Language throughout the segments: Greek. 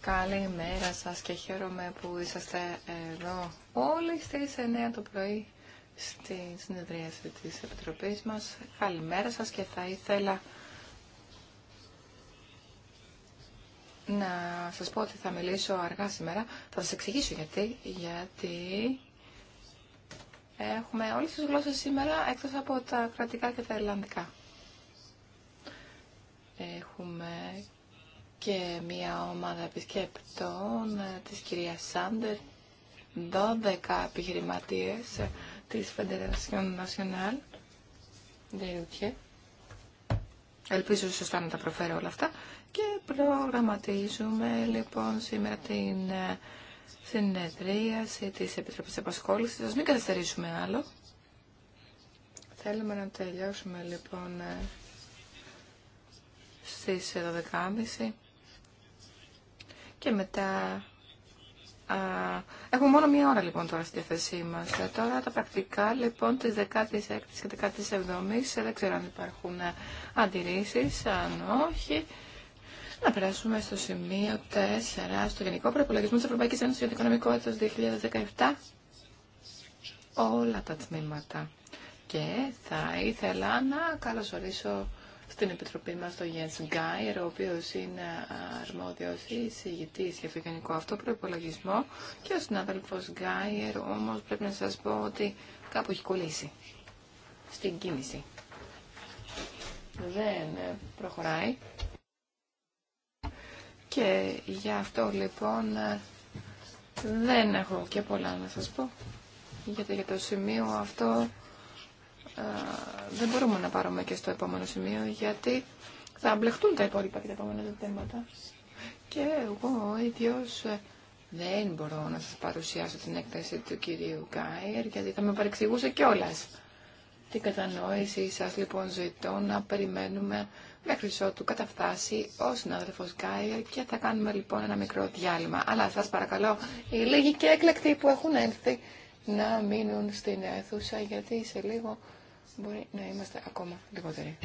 Καλημέρα σας και χαίρομαι που είσαστε εδώ όλοι στις 9 το πρωί στη συνεδρίαση της Επιτροπής μας. Καλημέρα σας και θα ήθελα να σας πω ότι θα μιλήσω αργά σήμερα. Θα σας εξηγήσω γιατί. Γιατί έχουμε όλες τις γλώσσες σήμερα εκτός από τα κρατικά και τα ελληνικά. Έχουμε και μια ομάδα επισκεπτών της κυρίας Σάντερ, 12 επιχειρηματίες της Federation Νασιονάλ, de Ελπίζω σωστά να τα προφέρω όλα αυτά. Και προγραμματίζουμε λοιπόν σήμερα την ε, συνεδρίαση της Επιτροπής Επασχόλησης. Ας μην καθυστερήσουμε άλλο. Θέλουμε να τελειώσουμε λοιπόν ε, στις 12.30 ε, και μετά... Α, έχουμε μόνο μία ώρα λοιπόν τώρα στη διαθέσή μας. Ε, τώρα τα πρακτικά λοιπόν τις 16ης και 17ης ε, δεν ξέρω αν υπάρχουν αντιρρήσεις, αν όχι. Να περάσουμε στο σημείο 4, στο Γενικό Προπολογισμό της Ευρωπαϊκής Ένωσης για το Οικονομικό έτος 2017. Όλα τα τμήματα. Και θα ήθελα να καλωσορίσω στην Επιτροπή μας τον Γιάννη Γκάιερ, ο οποίος είναι αρμόδιος εισηγητής για φυγανικό αυτό προπολογισμό και ο συνάδελφος Γκάιερ όμως πρέπει να σας πω ότι κάπου έχει κολλήσει στην κίνηση. Δεν προχωράει. Και γι' αυτό λοιπόν δεν έχω και πολλά να σας πω. Γιατί για το σημείο αυτό ε, δεν μπορούμε να πάρουμε και στο επόμενο σημείο, γιατί θα μπλεχτούν τα υπόλοιπα και τα επόμενα θέματα. Και εγώ ο ίδιος ε, δεν μπορώ να σας παρουσιάσω την έκθεση του κυρίου Γκάιερ, γιατί θα με παρεξηγούσε κιόλα. Την κατανόησή σας λοιπόν ζητώ να περιμένουμε μέχρι ότου καταφτάσει ο συνάδελφος Γκάιερ και θα κάνουμε λοιπόν ένα μικρό διάλειμμα. Αλλά σας παρακαλώ, οι λίγοι και έκλεκτοι που έχουν έρθει να μείνουν στην αίθουσα, γιατί σε λίγο μπορεί να είμαστε ακόμα λιγότεροι.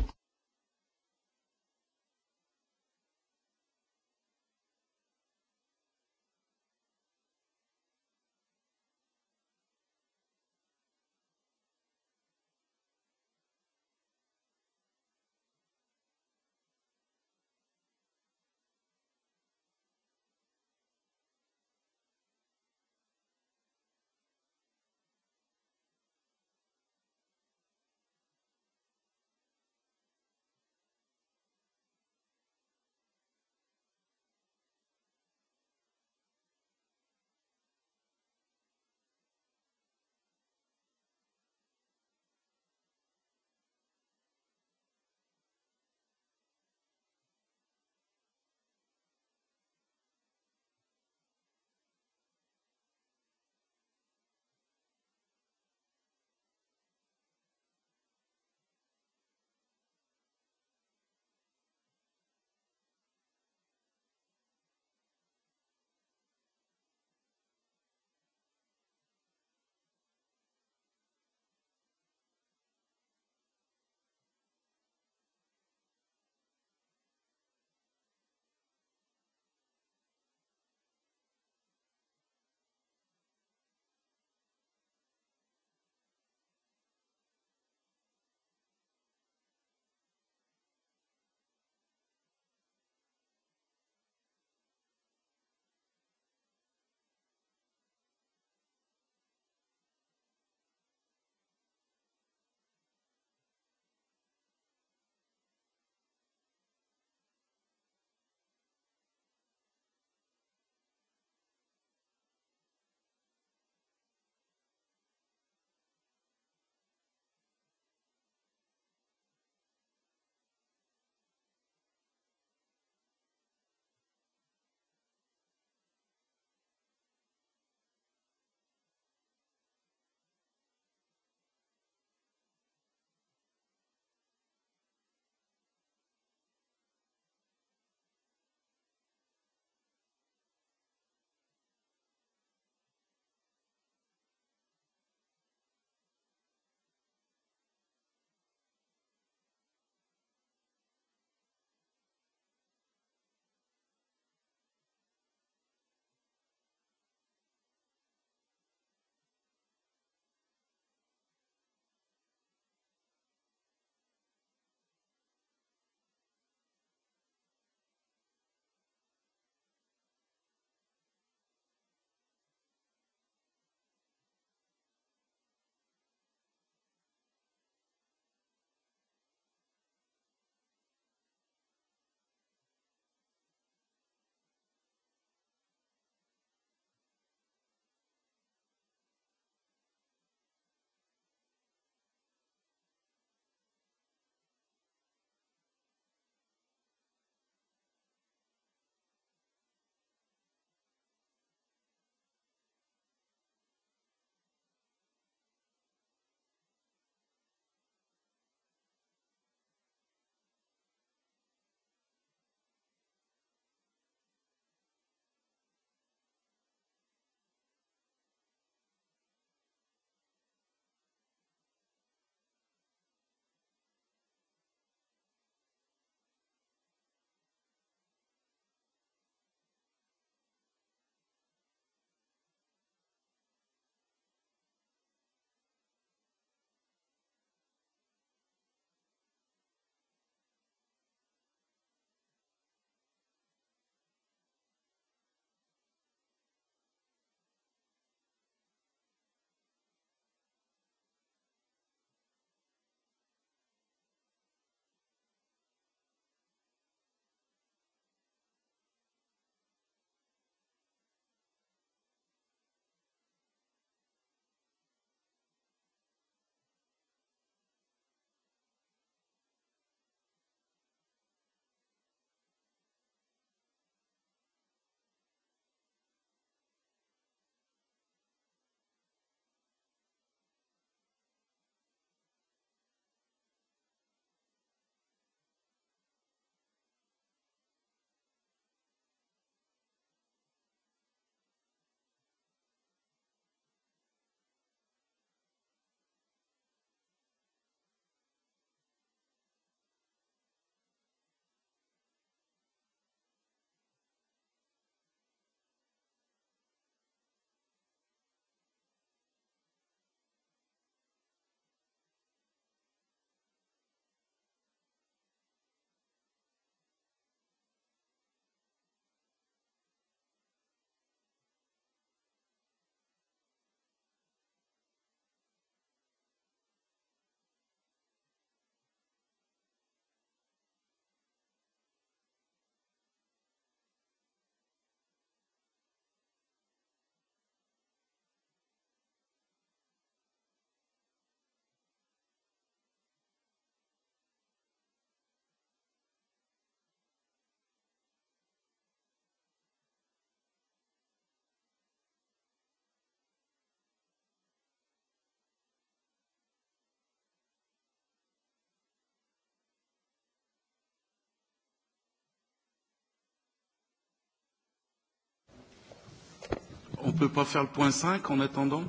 peut pas faire le point 5 en attendant?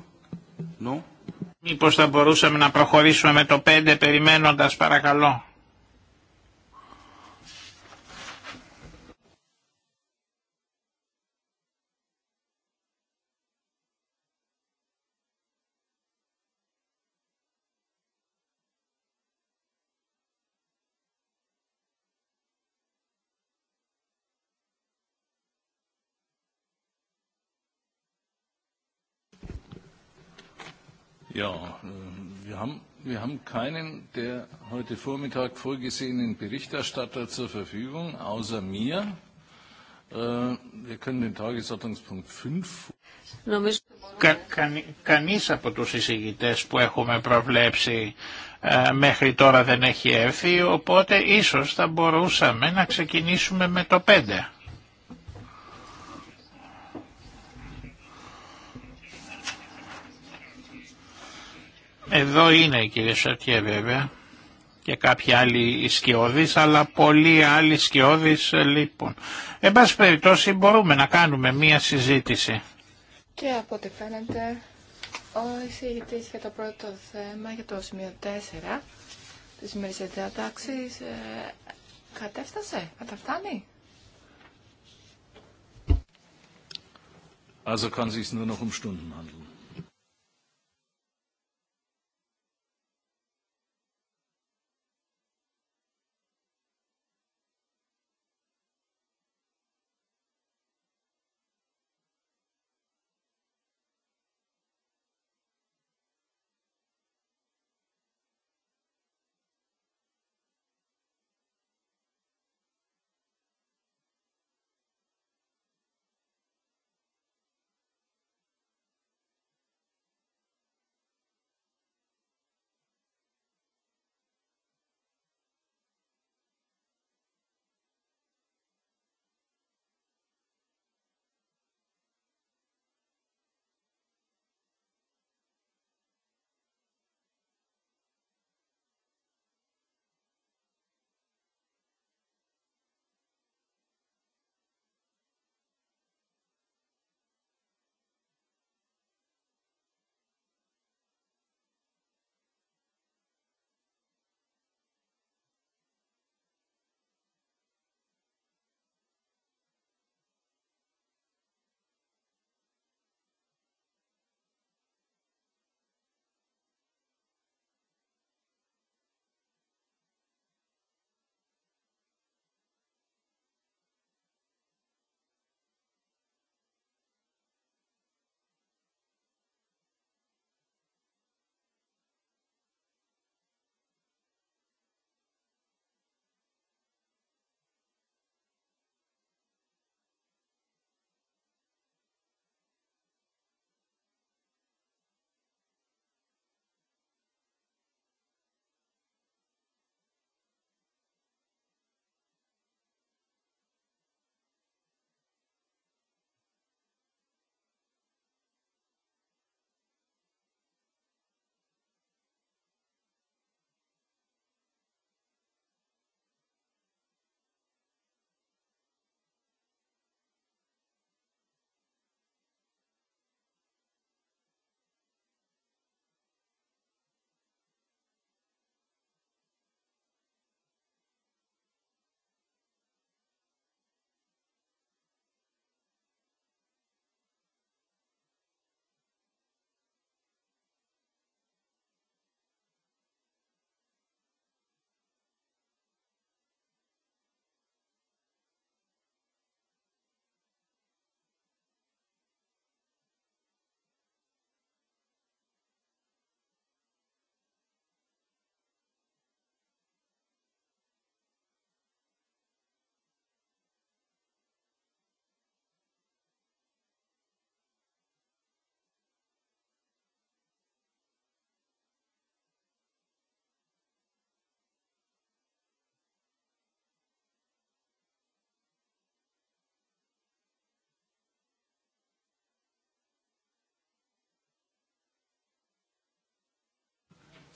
Non? Μήπως θα μπορούσαμε να προχωρήσουμε με το 5 περιμένοντας παρακαλώ. Ja, wir haben, wir haben keinen der heute Vormittag vorgesehenen Berichterstatter zur Verfügung, außer mir. Wir können den Tagesordnungspunkt 5. Κα, κα, κανείς από τους εισηγητές που έχουμε προβλέψει ε, μέχρι τώρα δεν έχει έρθει, οπότε ίσως θα μπορούσαμε να ξεκινήσουμε με το 5. Εδώ είναι η κυρία Σαρτιέ βέβαια και κάποιοι άλλοι σκιώδεις, αλλά πολλοί άλλοι σκιώδεις ε, λείπουν. Εν πάση περιπτώσει μπορούμε να κάνουμε μία συζήτηση. Και από ό,τι φαίνεται ο εισηγητής για το πρώτο θέμα, για το σημείο 4 της σημερινής διατάξης, ε, κατέφτασε, καταφτάνει. Also kann sich's nur noch um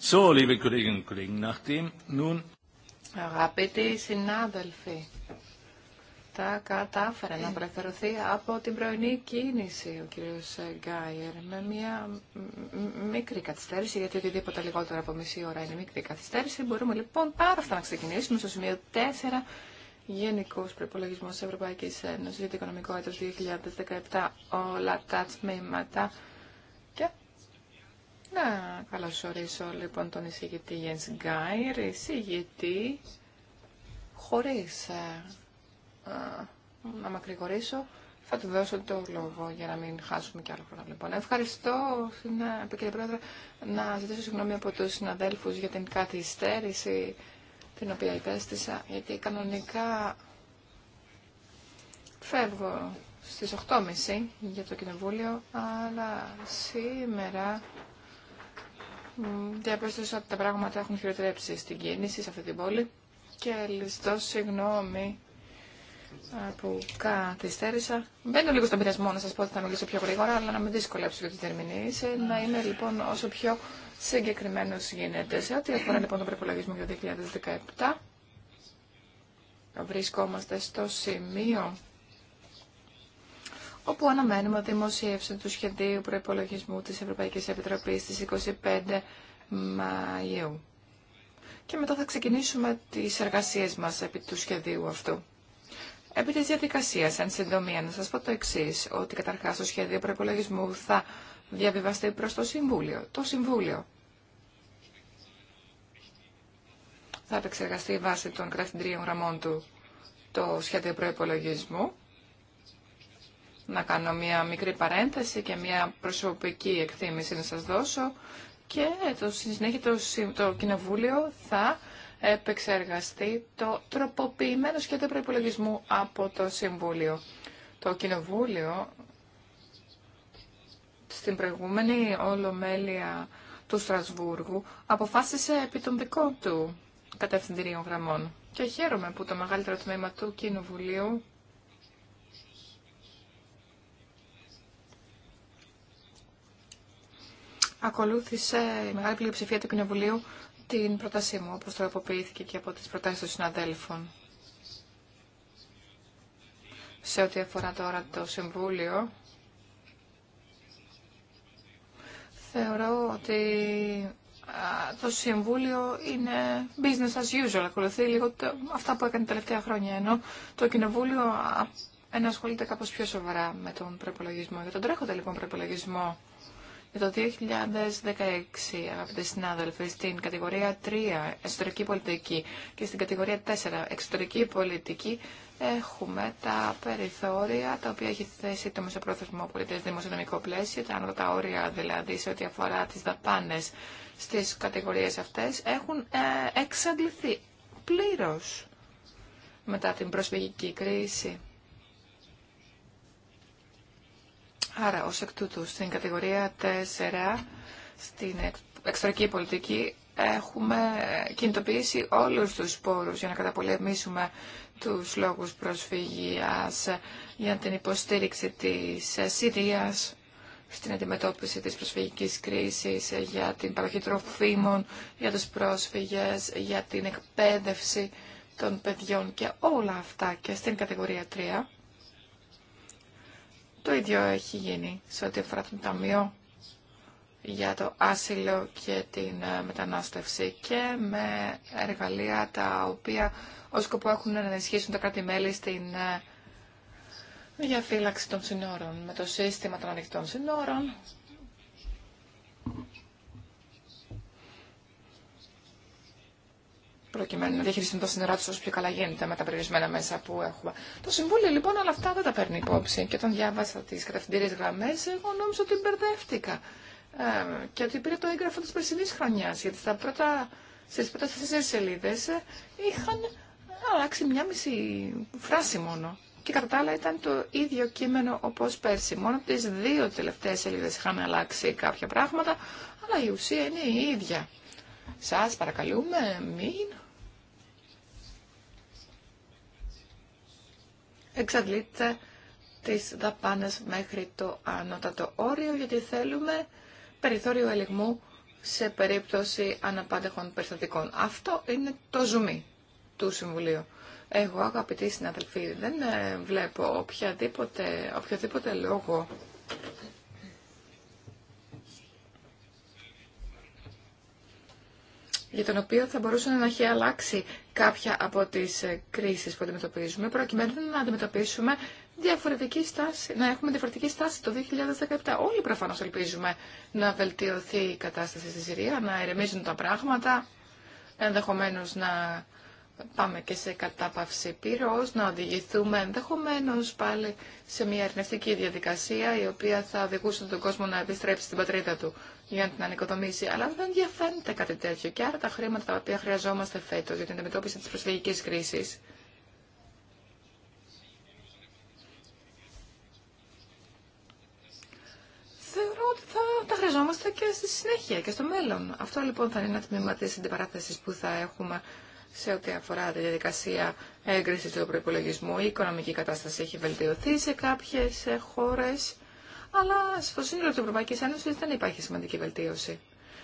So, liebe Kolleginnen und Kollegen, nachdem nun... Αγαπητοί συνάδελφοι, τα κατάφερε να απελευθερωθεί από την πρωινή κίνηση ο κύριος Γκάιερ με μια μικρή καθυστέρηση, γιατί οτιδήποτε λιγότερο από μισή ώρα είναι μικρή καθυστέρηση. Μπορούμε λοιπόν πάρα αυτά να ξεκινήσουμε στο σημείο 4, Γενικό Προπολογισμό τη Ευρωπαϊκή Ένωση για το Οικονομικό Έτο 2017, όλα τα τμήματα. Και να καλωσορίσω λοιπόν τον εισηγητή Γιένς Γκάιρ, εισηγητή χωρίς ε, ε, να μακρηγορήσω. Θα του δώσω το λόγο για να μην χάσουμε κι άλλο χρόνο. Λοιπόν, ευχαριστώ, κύριε Πρόεδρε, να ζητήσω συγγνώμη από τους συναδέλφους για την καθυστέρηση την οποία υπέστησα, γιατί κανονικά φεύγω στις 8.30 για το Κοινοβούλιο, αλλά σήμερα διαπίστωσα ότι τα πράγματα έχουν χειροτρέψει στην κίνηση σε αυτή την πόλη και ληστώ συγγνώμη που καθυστέρησα. Μπαίνω λίγο στον πειρασμό να σα πω ότι θα μιλήσω πιο γρήγορα, αλλά να με δυσκολέψω για τη τερμηνείς. Ε, να είμαι λοιπόν όσο πιο συγκεκριμένο γίνεται. Σε ό,τι αφορά λοιπόν τον προπολογισμό για το 2017, βρισκόμαστε στο σημείο όπου αναμένουμε δημοσίευση του σχεδίου προϋπολογισμού της Ευρωπαϊκής Επιτροπής στις 25 Μαΐου. Και μετά θα ξεκινήσουμε τις εργασίες μας επί του σχεδίου αυτού. Επί της διαδικασίας, εν συντομία, να σας πω το εξή ότι καταρχάς το σχέδιο προϋπολογισμού θα διαβιβαστεί προς το Συμβούλιο. Το Συμβούλιο θα επεξεργαστεί βάσει των κρατηντρίων γραμμών του το σχέδιο προϋπολογισμού να κάνω μια μικρή παρένθεση και μια προσωπική εκτίμηση να σας δώσω και το συνέχεια το, το Κοινοβούλιο θα επεξεργαστεί το τροποποιημένο σχέδιο προπολογισμού από το Συμβούλιο. Το Κοινοβούλιο στην προηγούμενη ολομέλεια του Στρασβούργου αποφάσισε επί των δικών του κατευθυντηρίων γραμμών. Και χαίρομαι που το μεγαλύτερο τμήμα του Κοινοβουλίου ακολούθησε η μεγάλη πλειοψηφία του Κοινοβουλίου την πρότασή μου, όπως τροποποιήθηκε και από τις προτάσεις των συναδέλφων. Σε ό,τι αφορά τώρα το Συμβούλιο, θεωρώ ότι το Συμβούλιο είναι business as usual, ακολουθεί λίγο το, αυτά που έκανε τα τελευταία χρόνια, ενώ το Κοινοβούλιο ενασχολείται κάπως πιο σοβαρά με τον προπολογισμό. Για τον τρέχοντα λοιπόν προπολογισμό, το 2016, αγαπητοί συνάδελφοι, στην κατηγορία 3, εσωτερική πολιτική, και στην κατηγορία 4, εξωτερική πολιτική, έχουμε τα περιθώρια τα οποία έχει θέσει το Μεσοπρόθεσμο Πολιτές Δημοσιονομικό Πλαίσιο, τα όρια δηλαδή σε ό,τι αφορά τις δαπάνες στις κατηγορίες αυτές, έχουν ε, εξαντληθεί πλήρως μετά την προσφυγική κρίση. Άρα, ως εκ τούτου, στην κατηγορία 4, στην εξωτερική πολιτική, έχουμε κινητοποιήσει όλους τους πόρους για να καταπολεμήσουμε τους λόγους προσφυγίας, για την υποστήριξη της Συρίας στην αντιμετώπιση της προσφυγικής κρίσης, για την παροχή τροφίμων, για τους πρόσφυγες, για την εκπαίδευση των παιδιών και όλα αυτά και στην κατηγορία 3 το ίδιο έχει γίνει σε ό,τι αφορά τον Ταμείο για το άσυλο και την ε, μετανάστευση και με εργαλεία τα οποία ως σκοπό έχουν να ενισχύσουν τα κράτη-μέλη στην ε, διαφύλαξη των συνόρων. Με το σύστημα των ανοιχτών συνόρων προκειμένου να διαχειριστούν το σύνορά του όσο πιο καλά γίνεται με τα περιορισμένα μέσα που έχουμε. Το Συμβούλιο λοιπόν όλα αυτά δεν τα παίρνει υπόψη. Και όταν διάβασα τι κατευθυντήριε γραμμέ, εγώ νόμιζα ότι μπερδεύτηκα. Ε, και ότι πήρε το έγγραφο τη περσινή χρονιά. Γιατί στα πρώτα, στι πρώτε τέσσερι σελίδε ε, είχαν αλλάξει μια μισή φράση μόνο. Και κατά τα άλλα ήταν το ίδιο κείμενο όπω πέρσι. Μόνο τι δύο τελευταίε σελίδε είχαν αλλάξει κάποια πράγματα, αλλά η ουσία είναι η ίδια. Σας παρακαλούμε μην εξαντλείται τις δαπάνες μέχρι το ανώτατο όριο, γιατί θέλουμε περιθώριο ελιγμού σε περίπτωση αναπάντεχων περιστατικών. Αυτό είναι το ζουμί του Συμβουλίου. Εγώ, αγαπητοί συναδελφοί, δεν ε, βλέπω οποιαδήποτε, οποιοδήποτε λόγο για τον οποίο θα μπορούσε να έχει αλλάξει κάποια από τις ε, κρίσεις που αντιμετωπίζουμε, προκειμένου να αντιμετωπίσουμε διαφορετική στάση, να έχουμε διαφορετική στάση το 2017. Όλοι προφανώς ελπίζουμε να βελτιωθεί η κατάσταση στη Συρία, να ερεμίζουν τα πράγματα, ενδεχομένως να πάμε και σε κατάπαυση πυρός, να οδηγηθούμε ενδεχομένως πάλι σε μια ερνευτική διαδικασία η οποία θα οδηγούσε τον κόσμο να επιστρέψει στην πατρίδα του για να την ανοικοδομήσει, αλλά δεν διαφαίνεται κάτι τέτοιο. Και άρα τα χρήματα τα οποία χρειαζόμαστε φέτο για την αντιμετώπιση τη προσφυγική κρίση. θεωρώ ότι θα τα χρειαζόμαστε και στη συνέχεια και στο μέλλον. Αυτό λοιπόν θα είναι ένα τμήμα τη αντιπαράθεση που θα έχουμε σε ό,τι αφορά τη διαδικασία έγκριση του προπολογισμού. Η οικονομική κατάσταση έχει βελτιωθεί σε κάποιες ε, χώρες αλλά στο σύνολο τη Ευρωπαϊκή Ένωση δεν υπάρχει σημαντική βελτίωση.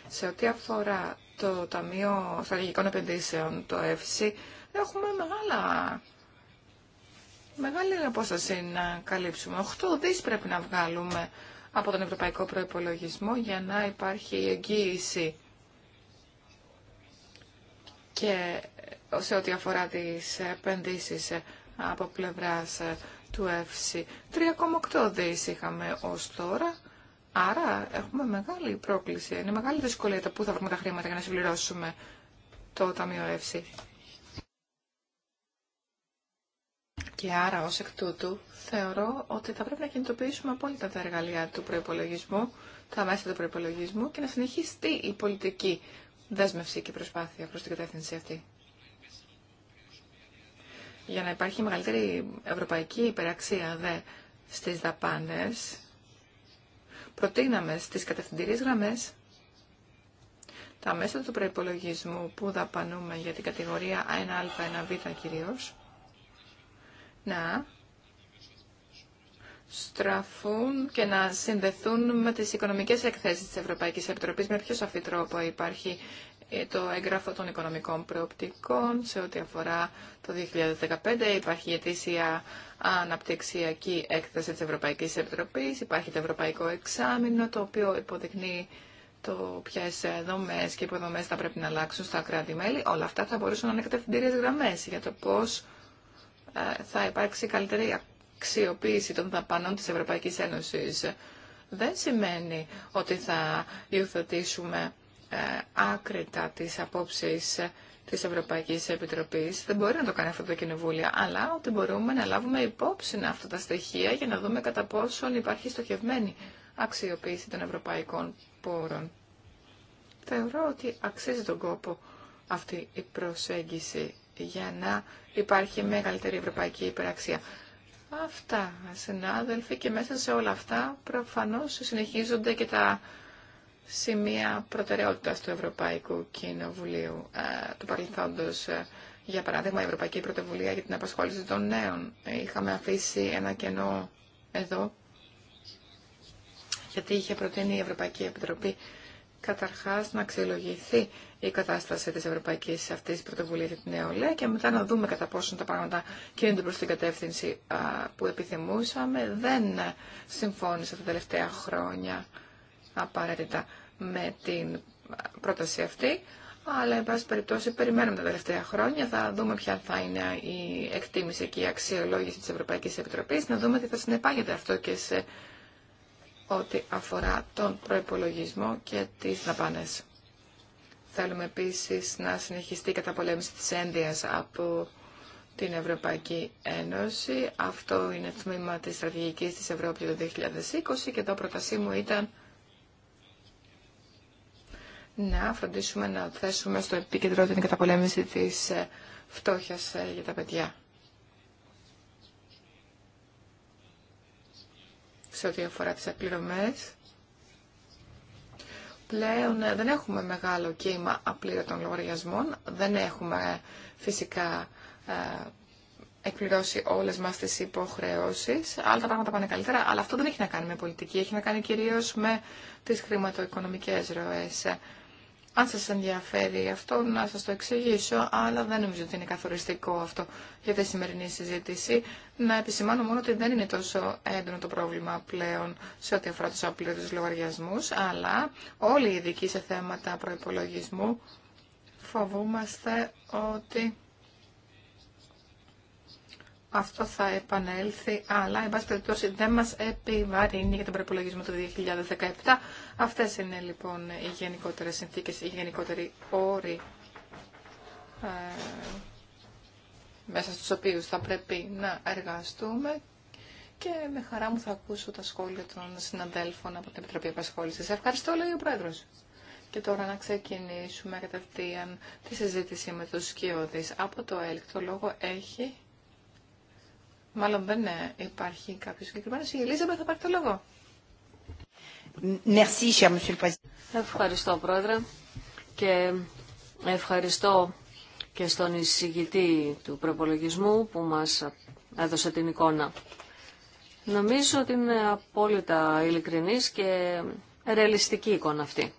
Σε ό,τι αφορά το Ταμείο Στρατηγικών Επενδύσεων, το ΕΦΣΥ, έχουμε μεγάλα, μεγάλη απόσταση να καλύψουμε. 8 δις πρέπει να βγάλουμε από τον Ευρωπαϊκό Προϋπολογισμό για να υπάρχει εγγύηση και σε ό,τι αφορά τις επενδύσεις από πλευράς του ΕΦΣΥ. 3,8 δις είχαμε ως τώρα. Άρα έχουμε μεγάλη πρόκληση. Είναι μεγάλη δυσκολία τα πού θα βρούμε τα χρήματα για να συμπληρώσουμε το Ταμείο ΕΦΣΥ. Και άρα ως εκ τούτου θεωρώ ότι θα πρέπει να κινητοποιήσουμε απόλυτα τα εργαλεία του προϋπολογισμού, τα μέσα του προϋπολογισμού και να συνεχιστεί η πολιτική δέσμευση και προσπάθεια προς την κατεύθυνση αυτή για να υπάρχει μεγαλύτερη ευρωπαϊκή υπεραξία δε στις δαπάνες, προτείναμε στις κατευθυντηρίες γραμμές τα μέσα του προϋπολογισμού που δαπανούμε για την κατηγορία 1α, 1β κυρίως, να στραφούν και να συνδεθούν με τις οικονομικές εκθέσεις της Ευρωπαϊκής Επιτροπής με πιο σαφή τρόπο υπάρχει ε, το έγγραφο των οικονομικών προοπτικών σε ό,τι αφορά το 2015. Υπάρχει η ετήσια αναπτυξιακή έκθεση της Ευρωπαϊκής Επιτροπής. Υπάρχει το Ευρωπαϊκό Εξάμεινο, το οποίο υποδεικνύει το ποιε δομέ και υποδομέ θα πρέπει να αλλάξουν στα κράτη-μέλη. Όλα αυτά θα μπορούσαν να είναι κατευθυντήριε γραμμέ για το πώ ε, θα υπάρξει καλύτερη αξιοποίηση των δαπανών της Ευρωπαϊκής Ένωσης. Δεν σημαίνει ότι θα υιοθετήσουμε ε, άκρητα τις απόψεις της Ευρωπαϊκής Επιτροπής. Δεν μπορεί να το κάνει αυτό το κοινοβούλιο, αλλά ότι μπορούμε να λάβουμε υπόψη αυτά τα στοιχεία για να δούμε κατά πόσον υπάρχει στοχευμένη αξιοποίηση των ευρωπαϊκών πόρων. Θεωρώ ότι αξίζει τον κόπο αυτή η προσέγγιση για να υπάρχει μεγαλύτερη ευρωπαϊκή υπεραξία. Αυτά, συνάδελφοι, και μέσα σε όλα αυτά προφανώς συνεχίζονται και τα σημεία προτεραιότητα του Ευρωπαϊκού Κοινοβουλίου ε, του παρελθόντος. Ε, για παράδειγμα, η Ευρωπαϊκή Πρωτοβουλία για την Απασχόληση των Νέων. Είχαμε αφήσει ένα κενό εδώ, γιατί είχε προτείνει η Ευρωπαϊκή Επιτροπή καταρχά να αξιολογηθεί η κατάσταση τη ευρωπαϊκής αυτή Πρωτοβουλία για την νεολαία και μετά να δούμε κατά πόσο τα πράγματα κινούνται προ την κατεύθυνση που επιθυμούσαμε. Δεν ε, συμφώνησε τα τελευταία χρόνια απαραίτητα με την πρόταση αυτή. Αλλά, εν πάση περιπτώσει, περιμένουμε τα τελευταία χρόνια. Θα δούμε ποια θα είναι η εκτίμηση και η αξιολόγηση της Ευρωπαϊκής Επιτροπής. Να δούμε τι θα συνεπάγεται αυτό και σε ό,τι αφορά τον προϋπολογισμό και τις δαπάνες. Θέλουμε επίσης να συνεχιστεί η καταπολέμηση της ένδυας από την Ευρωπαϊκή Ένωση. Αυτό είναι τμήμα της στρατηγικής της Ευρώπης το 2020 και το πρότασή μου ήταν να φροντίσουμε να θέσουμε στο επίκεντρο την καταπολέμηση της ε, φτώχειας ε, για τα παιδιά. Σε ό,τι αφορά τις απληρωμές, πλέον ε, δεν έχουμε μεγάλο κύμα απλήρωτων λογαριασμών, δεν έχουμε φυσικά εκπληρώσει όλες μας τις υποχρεώσεις. Άλλα τα πράγματα πάνε καλύτερα, αλλά αυτό δεν έχει να κάνει με πολιτική. Έχει να κάνει κυρίως με τι χρηματοοικονομικέ ροέ. Αν σας ενδιαφέρει αυτό, να σας το εξηγήσω, αλλά δεν νομίζω ότι είναι καθοριστικό αυτό για τη σημερινή συζήτηση. Να επισημάνω μόνο ότι δεν είναι τόσο έντονο το πρόβλημα πλέον σε ό,τι αφορά τους απλήρωτους λογαριασμούς, αλλά όλοι οι ειδικοί σε θέματα προϋπολογισμού φοβούμαστε ότι αυτό θα επανέλθει, αλλά εν περιπτώσει δεν μας επιβαρύνει για τον προπολογισμό του 2017, Αυτές είναι λοιπόν οι γενικότερες συνθήκες, οι γενικότεροι όροι ε, μέσα στους οποίους θα πρέπει να εργαστούμε και με χαρά μου θα ακούσω τα σχόλια των συναντέλφων από την Επιτροπή Επασχόλησης. Ευχαριστώ, λέει ο Πρόεδρος. Και τώρα να ξεκινήσουμε κατευθείαν τη συζήτηση με τους σκιώδεις. Από το ΕΛΚ το λόγο έχει... Μάλλον δεν ε, υπάρχει κάποιος συγκεκριμένος. Η Ελίζα θα πάρει το λόγο. Ευχαριστώ, Πρόεδρε, και ευχαριστώ και στον εισηγητή του προπολογισμού που μας έδωσε την εικόνα. Νομίζω ότι είναι απόλυτα ειλικρινής και ρεαλιστική εικόνα αυτή.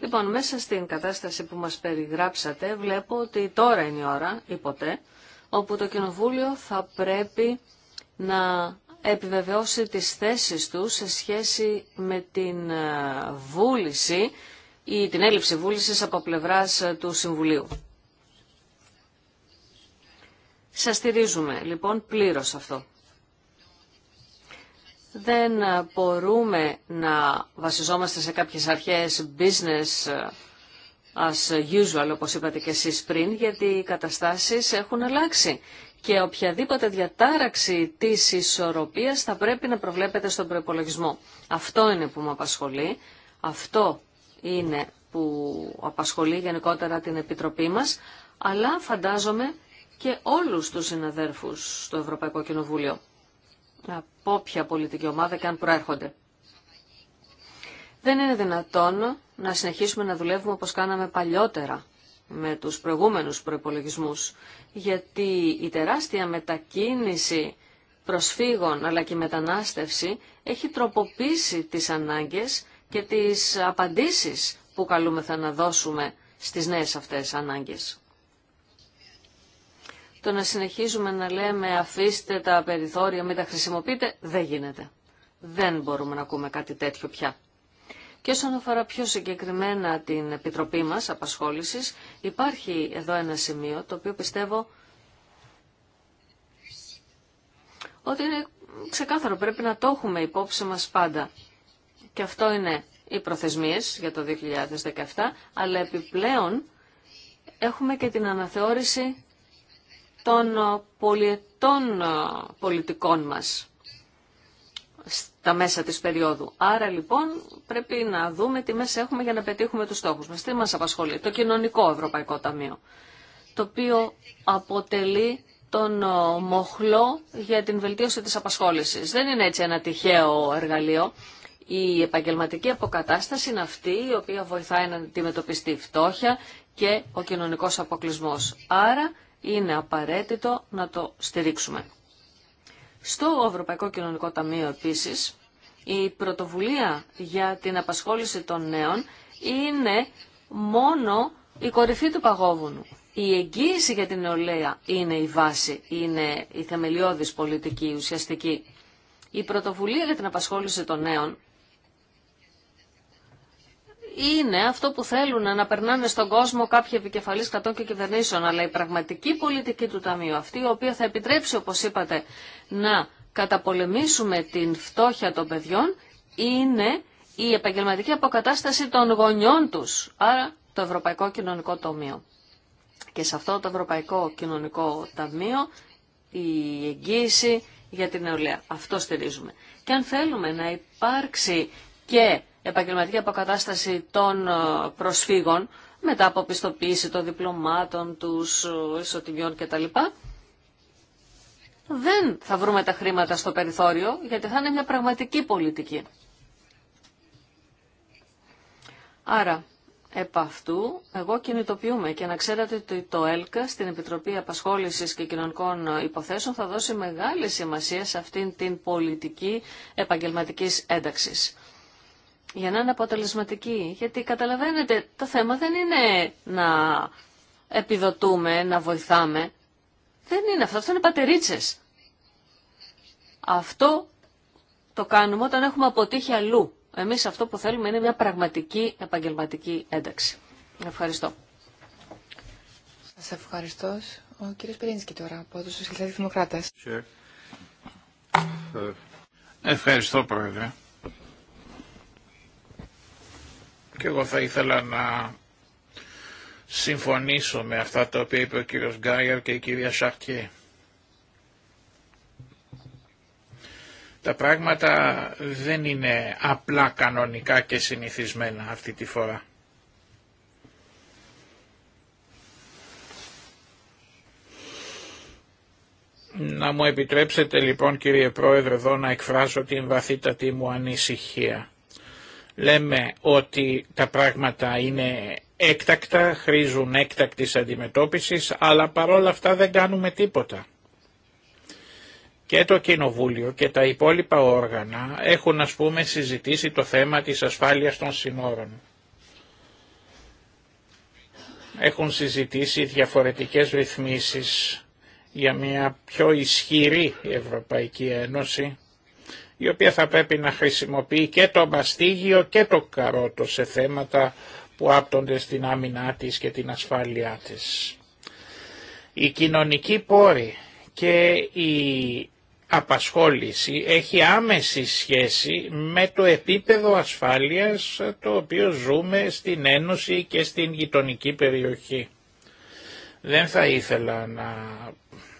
Λοιπόν, μέσα στην κατάσταση που μας περιγράψατε βλέπω ότι τώρα είναι η ώρα, ή ποτέ, όπου το Κοινοβούλιο θα πρέπει να επιβεβαιώσει τις θέσεις του σε σχέση με την ε, βούληση ή την έλλειψη βούλησης από πλευράς ε, του Συμβουλίου. Σας στηρίζουμε λοιπόν πλήρως αυτό. Δεν ε, μπορούμε να βασιζόμαστε σε κάποιες αρχές business as usual, όπως είπατε και εσείς πριν, γιατί οι καταστάσεις έχουν αλλάξει και οποιαδήποτε διατάραξη της ισορροπίας θα πρέπει να προβλέπεται στον προπολογισμό. Αυτό είναι που με απασχολεί, αυτό είναι που απασχολεί γενικότερα την Επιτροπή μας, αλλά φαντάζομαι και όλους τους συναδέρφους στο Ευρωπαϊκό Κοινοβούλιο, από όποια πολιτική ομάδα και αν προέρχονται. Δεν είναι δυνατόν να συνεχίσουμε να δουλεύουμε όπως κάναμε παλιότερα με τους προηγούμενους προϋπολογισμούς, γιατί η τεράστια μετακίνηση προσφύγων αλλά και η μετανάστευση έχει τροποποίησει τις ανάγκες και τις απαντήσεις που καλούμεθα να δώσουμε στις νέες αυτές ανάγκες. Το να συνεχίζουμε να λέμε αφήστε τα περιθώρια, μην τα χρησιμοποιείτε, δεν γίνεται. Δεν μπορούμε να ακούμε κάτι τέτοιο πια. Και όσον αφορά πιο συγκεκριμένα την Επιτροπή μας Απασχόλησης, υπάρχει εδώ ένα σημείο το οποίο πιστεύω ότι είναι ξεκάθαρο, πρέπει να το έχουμε υπόψη μας πάντα. Και αυτό είναι οι προθεσμίες για το 2017, αλλά επιπλέον έχουμε και την αναθεώρηση των πολιετών ε, πολιτικών μας στα μέσα της περίοδου. Άρα λοιπόν πρέπει να δούμε τι μέσα έχουμε για να πετύχουμε τους στόχους μας. Τι μας απασχολεί. Το κοινωνικό Ευρωπαϊκό Ταμείο, το οποίο αποτελεί τον μοχλό για την βελτίωση της απασχόλησης. Δεν είναι έτσι ένα τυχαίο εργαλείο. Η επαγγελματική αποκατάσταση είναι αυτή η οποία βοηθάει να αντιμετωπιστεί η φτώχεια και ο κοινωνικός αποκλεισμός. Άρα είναι απαραίτητο να το στηρίξουμε. Στο Ευρωπαϊκό Κοινωνικό Ταμείο επίσης, η πρωτοβουλία για την απασχόληση των νέων είναι μόνο η κορυφή του παγόβουνου. Η εγγύηση για την νεολαία είναι η βάση, είναι η θεμελιώδης πολιτική, ουσιαστική. Η πρωτοβουλία για την απασχόληση των νέων είναι αυτό που θέλουν να περνάνε στον κόσμο κάποιοι επικεφαλεί κρατών και κυβερνήσεων, αλλά η πραγματική πολιτική του Ταμείου, αυτή η οποία θα επιτρέψει, όπω είπατε, να καταπολεμήσουμε την φτώχεια των παιδιών, είναι η επαγγελματική αποκατάσταση των γονιών του. Άρα το Ευρωπαϊκό Κοινωνικό Ταμείο. Και σε αυτό το Ευρωπαϊκό Κοινωνικό Ταμείο η εγγύηση για την νεολαία. Αυτό στηρίζουμε. Και αν θέλουμε να υπάρξει και επαγγελματική αποκατάσταση των ε, προσφύγων μετά από πιστοποίηση των διπλωμάτων, τους ε, ισοτιμιών κτλ. Δεν θα βρούμε τα χρήματα στο περιθώριο γιατί θα είναι μια πραγματική πολιτική. Άρα, επ' αυτού, εγώ κινητοποιούμε και να ξέρετε ότι το ΕΛΚΑ στην Επιτροπή Απασχόλησης και Κοινωνικών Υποθέσεων θα δώσει μεγάλη σημασία σε αυτήν την πολιτική επαγγελματικής ένταξης για να είναι αποτελεσματική. Γιατί καταλαβαίνετε, το θέμα δεν είναι να επιδοτούμε, να βοηθάμε. Δεν είναι αυτό, αυτό είναι πατερίτσες. Αυτό το κάνουμε όταν έχουμε αποτύχει αλλού. Εμείς αυτό που θέλουμε είναι μια πραγματική επαγγελματική ένταξη. Ευχαριστώ. Σας ευχαριστώ. Ο κύριος Πυρίνσκι τώρα από τους Σοσιαλιστές Δημοκράτες. Ευχαριστώ, Πρόεδρε. Και εγώ θα ήθελα να συμφωνήσω με αυτά τα οποία είπε ο κύριος Γκάιερ και η κυρία Σαρκή. Τα πράγματα δεν είναι απλά κανονικά και συνηθισμένα αυτή τη φορά. Να μου επιτρέψετε λοιπόν κύριε Πρόεδρε εδώ να εκφράσω την βαθύτατη μου ανησυχία λέμε ότι τα πράγματα είναι έκτακτα, χρήζουν έκτακτης αντιμετώπισης, αλλά παρόλα αυτά δεν κάνουμε τίποτα. Και το Κοινοβούλιο και τα υπόλοιπα όργανα έχουν ας πούμε συζητήσει το θέμα της ασφάλειας των συνόρων. Έχουν συζητήσει διαφορετικές ρυθμίσεις για μια πιο ισχυρή Ευρωπαϊκή Ένωση η οποία θα πρέπει να χρησιμοποιεί και το μαστίγιο και το καρότο σε θέματα που άπτονται στην άμυνά της και την ασφάλειά της. Η κοινωνική πόρη και η απασχόληση έχει άμεση σχέση με το επίπεδο ασφάλειας το οποίο ζούμε στην Ένωση και στην γειτονική περιοχή. Δεν θα ήθελα να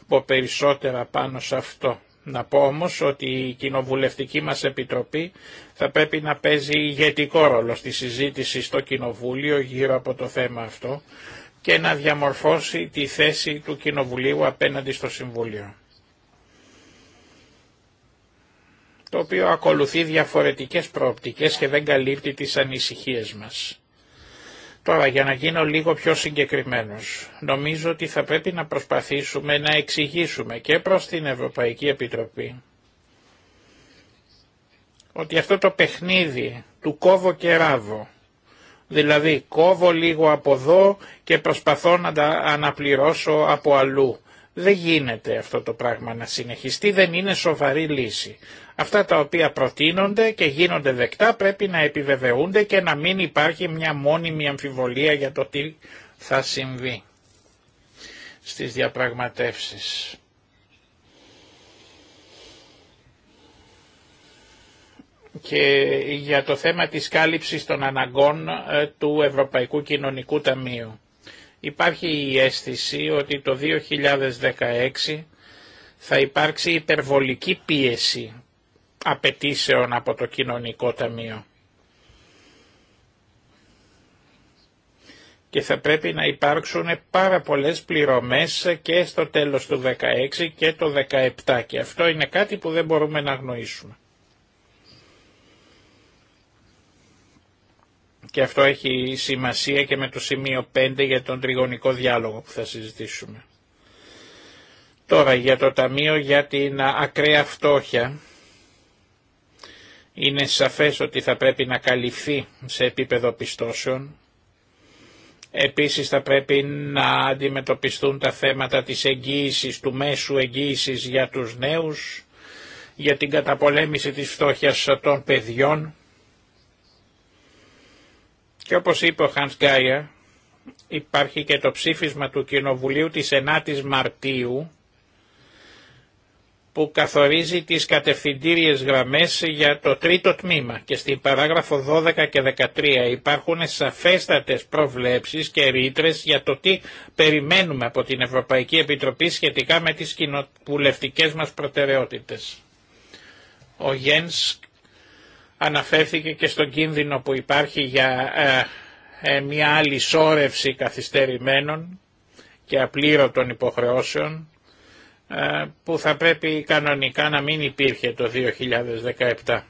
πω περισσότερα πάνω σε αυτό. Να πω όμως ότι η κοινοβουλευτική μας επιτροπή θα πρέπει να παίζει ηγετικό ρόλο στη συζήτηση στο Κοινοβούλιο γύρω από το θέμα αυτό και να διαμορφώσει τη θέση του Κοινοβουλίου απέναντι στο Συμβούλιο. Το οποίο ακολουθεί διαφορετικές προοπτικές και δεν καλύπτει τις ανησυχίες μας. Τώρα για να γίνω λίγο πιο συγκεκριμένος, νομίζω ότι θα πρέπει να προσπαθήσουμε να εξηγήσουμε και προς την Ευρωπαϊκή Επιτροπή ότι αυτό το παιχνίδι του κόβω και ράβω, δηλαδή κόβω λίγο από εδώ και προσπαθώ να τα αναπληρώσω από αλλού. Δεν γίνεται αυτό το πράγμα να συνεχιστεί, δεν είναι σοβαρή λύση. Αυτά τα οποία προτείνονται και γίνονται δεκτά πρέπει να επιβεβαιούνται και να μην υπάρχει μια μόνιμη αμφιβολία για το τι θα συμβεί στις διαπραγματεύσεις. και για το θέμα της κάλυψης των αναγκών ε, του Ευρωπαϊκού Κοινωνικού Ταμείου. Υπάρχει η αίσθηση ότι το 2016 θα υπάρξει υπερβολική πίεση απαιτήσεων από το κοινωνικό ταμείο. Και θα πρέπει να υπάρξουν πάρα πολλές πληρωμές και στο τέλος του 16 και το 17 και αυτό είναι κάτι που δεν μπορούμε να γνωρίσουμε Και αυτό έχει σημασία και με το σημείο 5 για τον τριγωνικό διάλογο που θα συζητήσουμε. Τώρα για το Ταμείο για την ακραία φτώχεια είναι σαφές ότι θα πρέπει να καλυφθεί σε επίπεδο πιστώσεων. Επίσης θα πρέπει να αντιμετωπιστούν τα θέματα της εγγύησης, του μέσου εγγύησης για τους νέους, για την καταπολέμηση της φτώχειας των παιδιών. Και όπως είπε ο Χανς Γκάια, υπάρχει και το ψήφισμα του Κοινοβουλίου της 9ης Μαρτίου, που καθορίζει τις κατευθυντήριες γραμμές για το τρίτο τμήμα και στην παράγραφο 12 και 13 υπάρχουν σαφέστατες προβλέψεις και ρήτρε για το τι περιμένουμε από την Ευρωπαϊκή Επιτροπή σχετικά με τις κοινοβουλευτικές μας προτεραιότητες. Ο Γένς αναφέρθηκε και στον κίνδυνο που υπάρχει για ε, ε, μια άλλη σώρευση καθυστερημένων και απλήρωτων υποχρεώσεων ε, που θα πρέπει κανονικά να μην υπήρχε το 2017.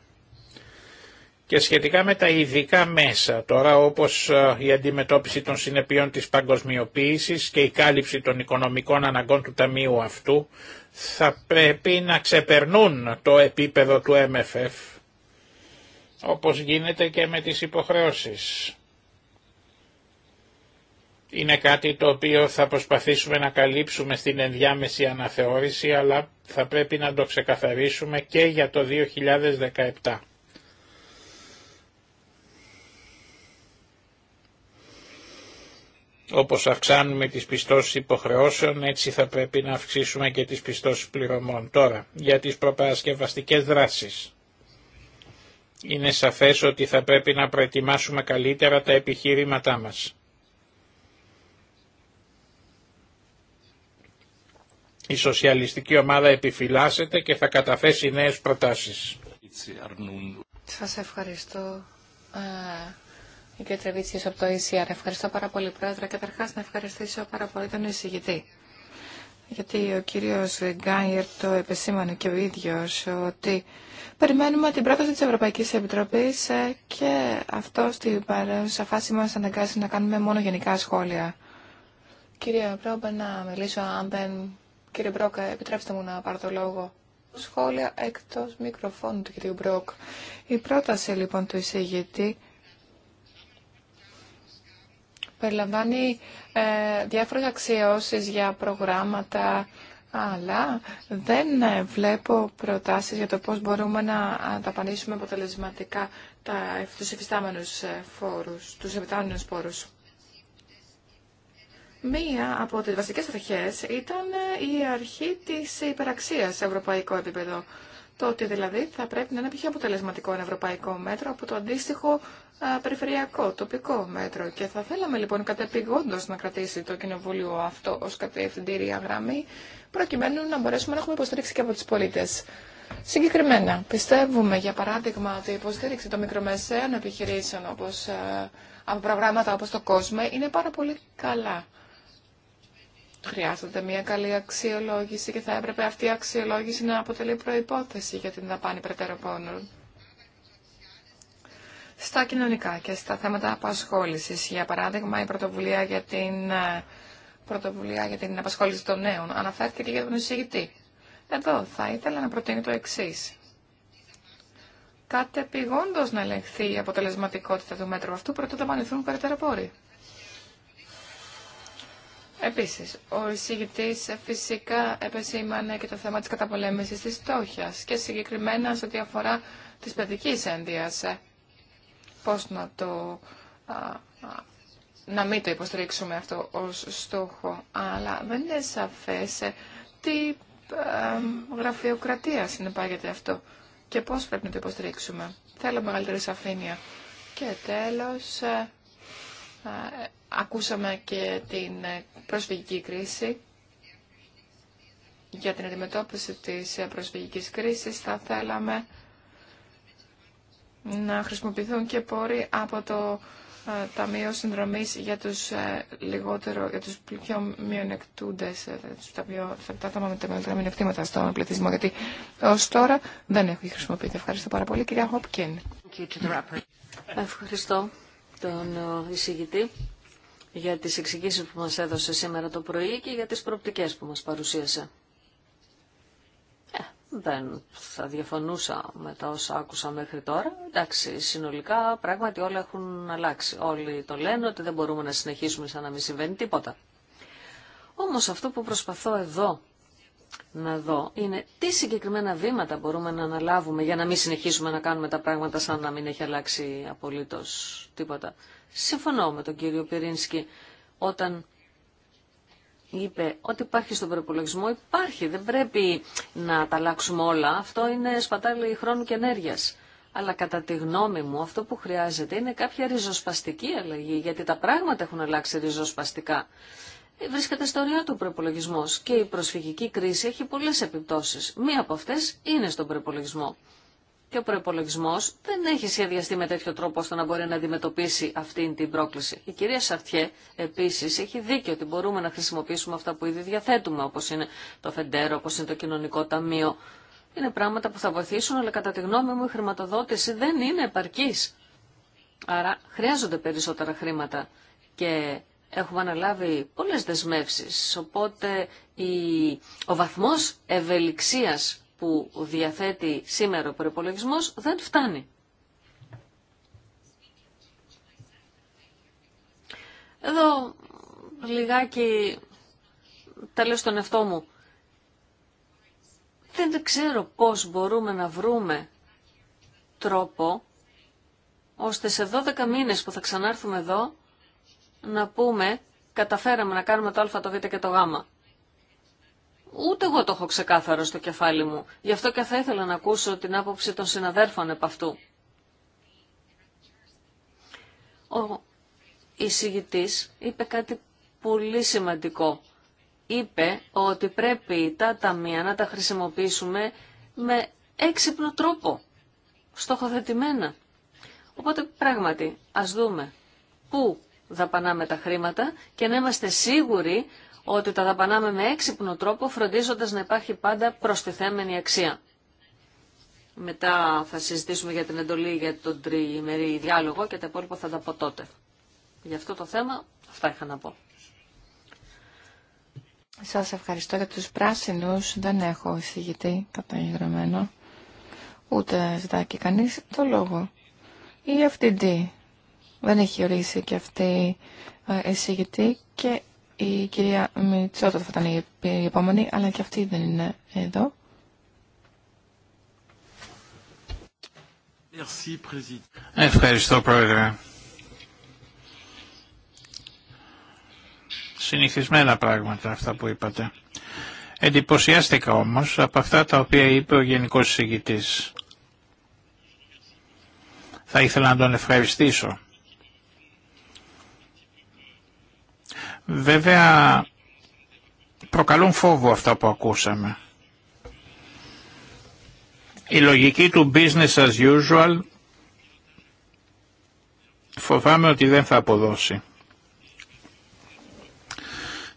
Και σχετικά με τα ειδικά μέσα, τώρα όπως ε, η αντιμετώπιση των συνεπειών της παγκοσμιοποίησης και η κάλυψη των οικονομικών αναγκών του Ταμείου αυτού, θα πρέπει να ξεπερνούν το επίπεδο του MFF, όπως γίνεται και με τις υποχρεώσεις είναι κάτι το οποίο θα προσπαθήσουμε να καλύψουμε στην ενδιάμεση αναθεώρηση, αλλά θα πρέπει να το ξεκαθαρίσουμε και για το 2017. Όπως αυξάνουμε τις πιστώσεις υποχρεώσεων, έτσι θα πρέπει να αυξήσουμε και τις πιστώσεις πληρωμών. Τώρα, για τις προπαρασκευαστικές δράσεις. Είναι σαφές ότι θα πρέπει να προετοιμάσουμε καλύτερα τα επιχείρηματά μας. η σοσιαλιστική ομάδα επιφυλάσσεται και θα καταθέσει νέες προτάσεις. Σας ευχαριστώ. Ε, η κ. από το ECR. Ευχαριστώ πάρα πολύ, Πρόεδρε. Καταρχάς, να ευχαριστήσω πάρα πολύ τον εισηγητή. Γιατί ο κύριος Γκάιερ το επεσήμανε και ο ίδιος ότι περιμένουμε την πρόταση της Ευρωπαϊκής Επιτροπής ε, και αυτό στην παρέμβαση φάση μας αναγκάζει να κάνουμε μόνο γενικά σχόλια. Κύριε πρέπει να μιλήσω αν δεν Κύριε Μπρόκ, επιτρέψτε μου να πάρω το λόγο. Σχόλια εκτός μικροφώνου του κυρίου Μπρόκ. Η πρόταση λοιπόν του εισηγητή περιλαμβάνει ε, διάφορες αξιώσεις για προγράμματα, αλλά δεν ε, βλέπω προτάσεις για το πώς μπορούμε να ανταπανίσουμε αποτελεσματικά τα, τους φόρου. Ε, φόρους, τους πόρους. Μία από τις βασικές αρχές ήταν ε, η αρχή της υπεραξίας σε ευρωπαϊκό επίπεδο. Το ότι δηλαδή θα πρέπει να είναι πιο αποτελεσματικό ένα ευρωπαϊκό μέτρο από το αντίστοιχο ε, περιφερειακό, τοπικό μέτρο. Και θα θέλαμε λοιπόν κατεπηγόντως να κρατήσει το Κοινοβούλιο αυτό ως κατευθυντήρια γραμμή, προκειμένου να μπορέσουμε να έχουμε υποστήριξη και από τους πολίτες. Συγκεκριμένα, πιστεύουμε για παράδειγμα ότι η υποστήριξη των μικρομεσαίων επιχειρήσεων όπως, ε, από προγράμματα όπως το COSME είναι πάρα πολύ καλά Χρειάζεται μια καλή αξιολόγηση και θα έπρεπε αυτή η αξιολόγηση να αποτελεί προϋπόθεση για την δαπάνη πόνων. Στα κοινωνικά και στα θέματα απασχόλησης, για παράδειγμα η πρωτοβουλία για την, ε, πρωτοβουλία για την απασχόληση των νέων αναφέρθηκε και για τον εισηγητή. Εδώ θα ήθελα να προτείνω το εξή. Κατεπηγόντως να ελεγχθεί η αποτελεσματικότητα του μέτρου αυτού, θα πανηθούν περαιτέρω πόροι. Επίσης, ο εισηγητή φυσικά επεσήμανε και το θέμα της καταπολέμησης της στόχιας και συγκεκριμένα σε ό,τι αφορά της παιδική ένδυας. Πώς να το... να μην το υποστρίξουμε αυτό ως στόχο, αλλά δεν είναι σαφές τι γραφειοκρατία συνεπάγεται αυτό και πώς πρέπει να το υποστηρίξουμε. Θέλω μεγαλύτερη σαφήνεια. Και τέλος, ε, ε, Ακούσαμε και την προσφυγική κρίση. Για την αντιμετώπιση της προσφυγικής κρίσης θα θέλαμε να χρησιμοποιηθούν και πόροι από το ε, Ταμείο Συνδρομής για τους ε, λιγότερο, για τους πιο μειονεκτούντες, ε, τα, πιο, τα με τα μειονεκτήματα στον πληθυσμό, γιατί ως τώρα δεν έχει χρησιμοποιηθεί. Ευχαριστώ πάρα πολύ, κυρία Χόπκιν. Ευχαριστώ τον εισηγητή για τις εξηγήσεις που μας έδωσε σήμερα το πρωί και για τις προοπτικές που μας παρουσίασε. Ε, δεν θα διαφωνούσα με τα όσα άκουσα μέχρι τώρα. Εντάξει, συνολικά πράγματι όλα έχουν αλλάξει. Όλοι το λένε ότι δεν μπορούμε να συνεχίσουμε σαν να μην συμβαίνει τίποτα. Όμως αυτό που προσπαθώ εδώ να δω είναι τι συγκεκριμένα βήματα μπορούμε να αναλάβουμε για να μην συνεχίσουμε να κάνουμε τα πράγματα σαν να μην έχει αλλάξει απολύτως τίποτα. Συμφωνώ με τον κύριο Πυρίνσκι όταν είπε ότι υπάρχει στον προπολογισμό, υπάρχει, δεν πρέπει να τα αλλάξουμε όλα. Αυτό είναι σπατάλη χρόνου και ενέργειας. Αλλά κατά τη γνώμη μου αυτό που χρειάζεται είναι κάποια ριζοσπαστική αλλαγή, γιατί τα πράγματα έχουν αλλάξει ριζοσπαστικά βρίσκεται στο ριό του προπολογισμό και η προσφυγική κρίση έχει πολλέ επιπτώσει. Μία από αυτέ είναι στον προπολογισμό. Και ο προπολογισμό δεν έχει σχεδιαστεί με τέτοιο τρόπο ώστε να μπορεί να αντιμετωπίσει αυτή την πρόκληση. Η κυρία Σαρτιέ επίση έχει δίκιο ότι μπορούμε να χρησιμοποιήσουμε αυτά που ήδη διαθέτουμε, όπω είναι το Φεντέρο, όπω είναι το Κοινωνικό Ταμείο. Είναι πράγματα που θα βοηθήσουν, αλλά κατά τη γνώμη μου η χρηματοδότηση δεν είναι επαρκή. Άρα χρειάζονται περισσότερα χρήματα. Και έχουμε αναλάβει πολλές δεσμεύσεις, οπότε η... ο βαθμός ευελιξίας που διαθέτει σήμερα ο προπολογισμό δεν φτάνει. Εδώ λιγάκι τα λέω στον εαυτό μου. Δεν ξέρω πώς μπορούμε να βρούμε τρόπο ώστε σε 12 μήνες που θα ξανάρθουμε εδώ να πούμε καταφέραμε να κάνουμε το α, το β και το γ. Ούτε εγώ το έχω ξεκάθαρο στο κεφάλι μου. Γι' αυτό και θα ήθελα να ακούσω την άποψη των συναδέρφων επ' αυτού. Ο εισηγητής είπε κάτι πολύ σημαντικό. Είπε ότι πρέπει τα ταμεία να τα χρησιμοποιήσουμε με έξυπνο τρόπο, στοχοθετημένα. Οπότε πράγματι, ας δούμε πού δαπανάμε τα χρήματα και να είμαστε σίγουροι ότι τα δαπανάμε με έξυπνο τρόπο, φροντίζοντας να υπάρχει πάντα προστιθέμενη αξία. Μετά θα συζητήσουμε για την εντολή για τον τριημερή διάλογο και τα υπόλοιπα θα τα πω τότε. Για αυτό το θέμα αυτά είχα να πω. Σας ευχαριστώ για τους πράσινους. Δεν έχω εισηγητή καταγεγραμμένο. Ούτε ζητάει και το λόγο. Η δεν έχει ορίσει και αυτή η ε, εισηγητή και η κυρία Μητσότα θα ήταν η επόμενη, αλλά και αυτή δεν είναι εδώ. Ευχαριστώ Πρόεδρε. Συνηθισμένα πράγματα αυτά που είπατε. Εντυπωσιάστηκα όμως από αυτά τα οποία είπε ο Γενικός Συγητής. Θα ήθελα να τον ευχαριστήσω Βέβαια προκαλούν φόβο αυτά που ακούσαμε. Η λογική του business as usual φοβάμαι ότι δεν θα αποδώσει.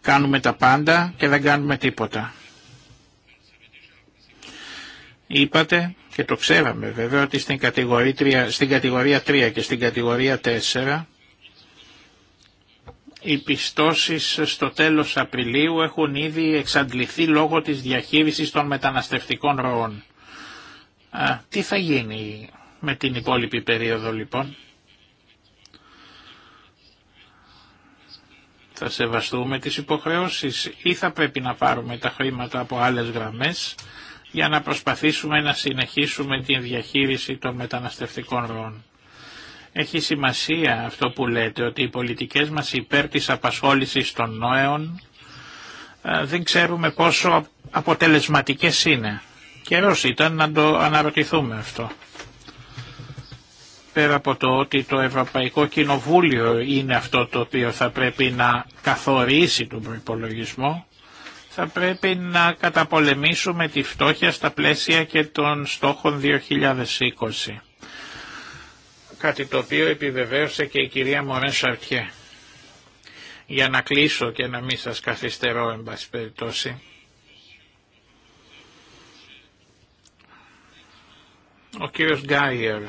Κάνουμε τα πάντα και δεν κάνουμε τίποτα. Είπατε και το ξέραμε βέβαια ότι στην κατηγορία, στην κατηγορία 3 και στην κατηγορία 4 οι πιστώσεις στο τέλος Απριλίου έχουν ήδη εξαντληθεί λόγω της διαχείρισης των μεταναστευτικών ροών. τι θα γίνει με την υπόλοιπη περίοδο λοιπόν. Θα σεβαστούμε τις υποχρεώσεις ή θα πρέπει να πάρουμε τα χρήματα από άλλες γραμμές για να προσπαθήσουμε να συνεχίσουμε την διαχείριση των μεταναστευτικών ροών. Έχει σημασία αυτό που λέτε ότι οι πολιτικές μας υπέρ της απασχόλησης των νόεων ε, δεν ξέρουμε πόσο αποτελεσματικές είναι. Καιρός ήταν να το αναρωτηθούμε αυτό. Πέρα από το ότι το Ευρωπαϊκό Κοινοβούλιο είναι αυτό το οποίο θα πρέπει να καθορίσει τον προϋπολογισμό, θα πρέπει να καταπολεμήσουμε τη φτώχεια στα πλαίσια και των στόχων 2020. Κάτι το οποίο επιβεβαίωσε και η κυρία Μωρέν Σαρτιέ. Για να κλείσω και να μην σας καθυστερώ, εν πάση περιπτώσει. Ο κύριος Γκάιερ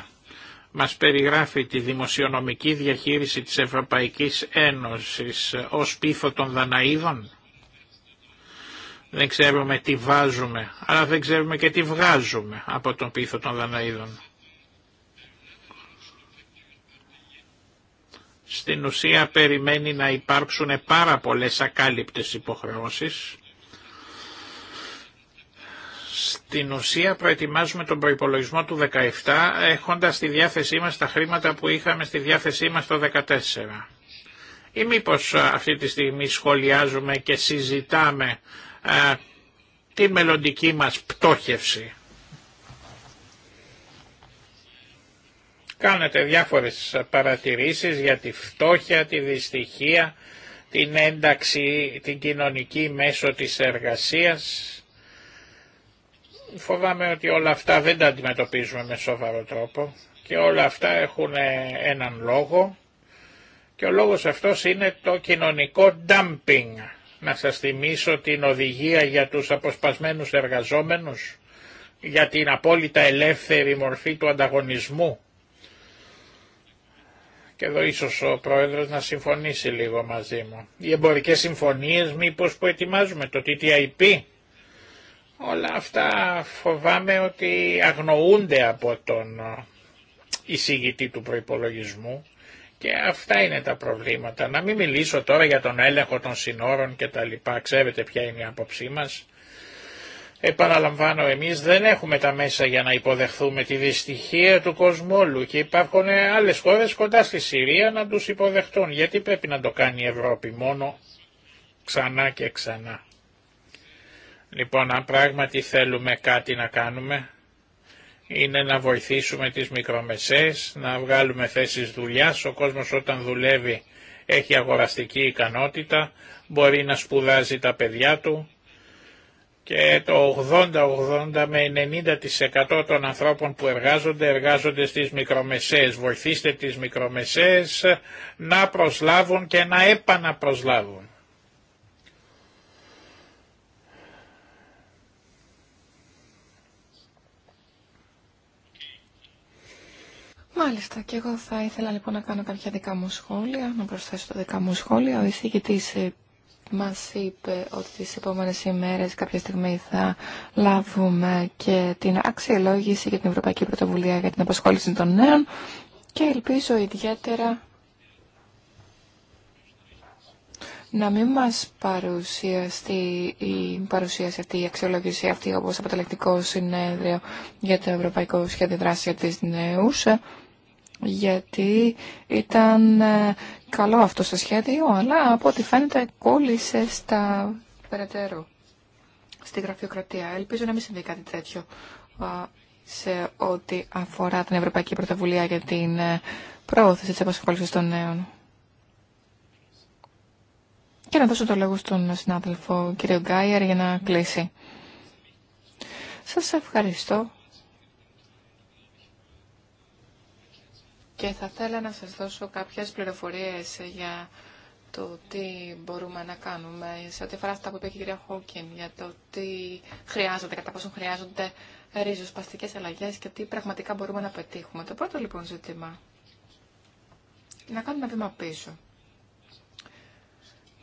μας περιγράφει τη δημοσιονομική διαχείριση της Ευρωπαϊκής Ένωσης ως πίθο των Δαναίδων. Δεν ξέρουμε τι βάζουμε, αλλά δεν ξέρουμε και τι βγάζουμε από τον πίθο των Δαναίδων. στην ουσία περιμένει να υπάρξουν πάρα πολλές ακάλυπτες υποχρεώσεις. Στην ουσία προετοιμάζουμε τον προϋπολογισμό του 17 έχοντας στη διάθεσή μας τα χρήματα που είχαμε στη διάθεσή μας το 14. Ή μήπω αυτή τη στιγμή σχολιάζουμε και συζητάμε τη μελλοντική μας πτώχευση. Κάνετε διάφορες παρατηρήσεις για τη φτώχεια, τη δυστυχία, την ένταξη, την κοινωνική μέσω της εργασίας. Φοβάμαι ότι όλα αυτά δεν τα αντιμετωπίζουμε με σοβαρό τρόπο και όλα αυτά έχουν έναν λόγο και ο λόγος αυτός είναι το κοινωνικό dumping. Να σας θυμίσω την οδηγία για τους αποσπασμένους εργαζόμενους, για την απόλυτα ελεύθερη μορφή του ανταγωνισμού και εδώ ίσως ο Πρόεδρος να συμφωνήσει λίγο μαζί μου. Οι εμπορικές συμφωνίες μήπως που ετοιμάζουμε, το TTIP, όλα αυτά φοβάμαι ότι αγνοούνται από τον εισηγητή του προϋπολογισμού και αυτά είναι τα προβλήματα. Να μην μιλήσω τώρα για τον έλεγχο των συνόρων και τα λοιπά, ξέρετε ποια είναι η άποψή μας. Επαναλαμβάνω εμείς δεν έχουμε τα μέσα για να υποδεχθούμε τη δυστυχία του κόσμου όλου και υπάρχουν άλλες χώρες κοντά στη Συρία να τους υποδεχτούν. Γιατί πρέπει να το κάνει η Ευρώπη μόνο ξανά και ξανά. Λοιπόν, αν πράγματι θέλουμε κάτι να κάνουμε, είναι να βοηθήσουμε τις μικρομεσαίες να βγάλουμε θέσεις δουλειάς. Ο κόσμος όταν δουλεύει έχει αγοραστική ικανότητα, μπορεί να σπουδάζει τα παιδιά του, και το 80-80 με 90% των ανθρώπων που εργάζονται, εργάζονται στις μικρομεσαίες. Βοηθήστε τις μικρομεσαίες να προσλάβουν και να επαναπροσλάβουν. Μάλιστα και εγώ θα ήθελα λοιπόν να κάνω κάποια δικά μου σχόλια, να προσθέσω τα δικά μου σχόλια. Ο εισηγητής ε, μας είπε ότι τις επόμενες ημέρες κάποια στιγμή θα λάβουμε και την αξιολόγηση για την Ευρωπαϊκή Πρωτοβουλία για την απασχόληση των νέων και ελπίζω ιδιαίτερα να μην μας παρουσιαστεί η παρουσίαση αυτή, η αξιολόγηση αυτή όπως αποτελεκτικό συνέδριο για το Ευρωπαϊκό Σχέδιο Δράσης της Νέους γιατί ήταν ε, καλό αυτό το σχέδιο, αλλά από ό,τι φαίνεται κόλλησε στα περαιτέρω, στη γραφειοκρατία. Ελπίζω να μην συμβεί κάτι τέτοιο σε ό,τι αφορά την Ευρωπαϊκή Πρωτοβουλία για την ε, προώθηση της απασχόλησης των νέων. Και να δώσω το λόγο στον συνάδελφο κύριο Γκάιερ για να κλείσει. Σας ευχαριστώ και θα ήθελα να σας δώσω κάποιες πληροφορίες για το τι μπορούμε να κάνουμε σε ό,τι αφορά αυτά που είπε η κυρία Χόκκιν για το τι χρειάζονται, κατά πόσο χρειάζονται ριζοσπαστικές αλλαγές και τι πραγματικά μπορούμε να πετύχουμε. Το πρώτο λοιπόν ζήτημα να κάνουμε βήμα πίσω.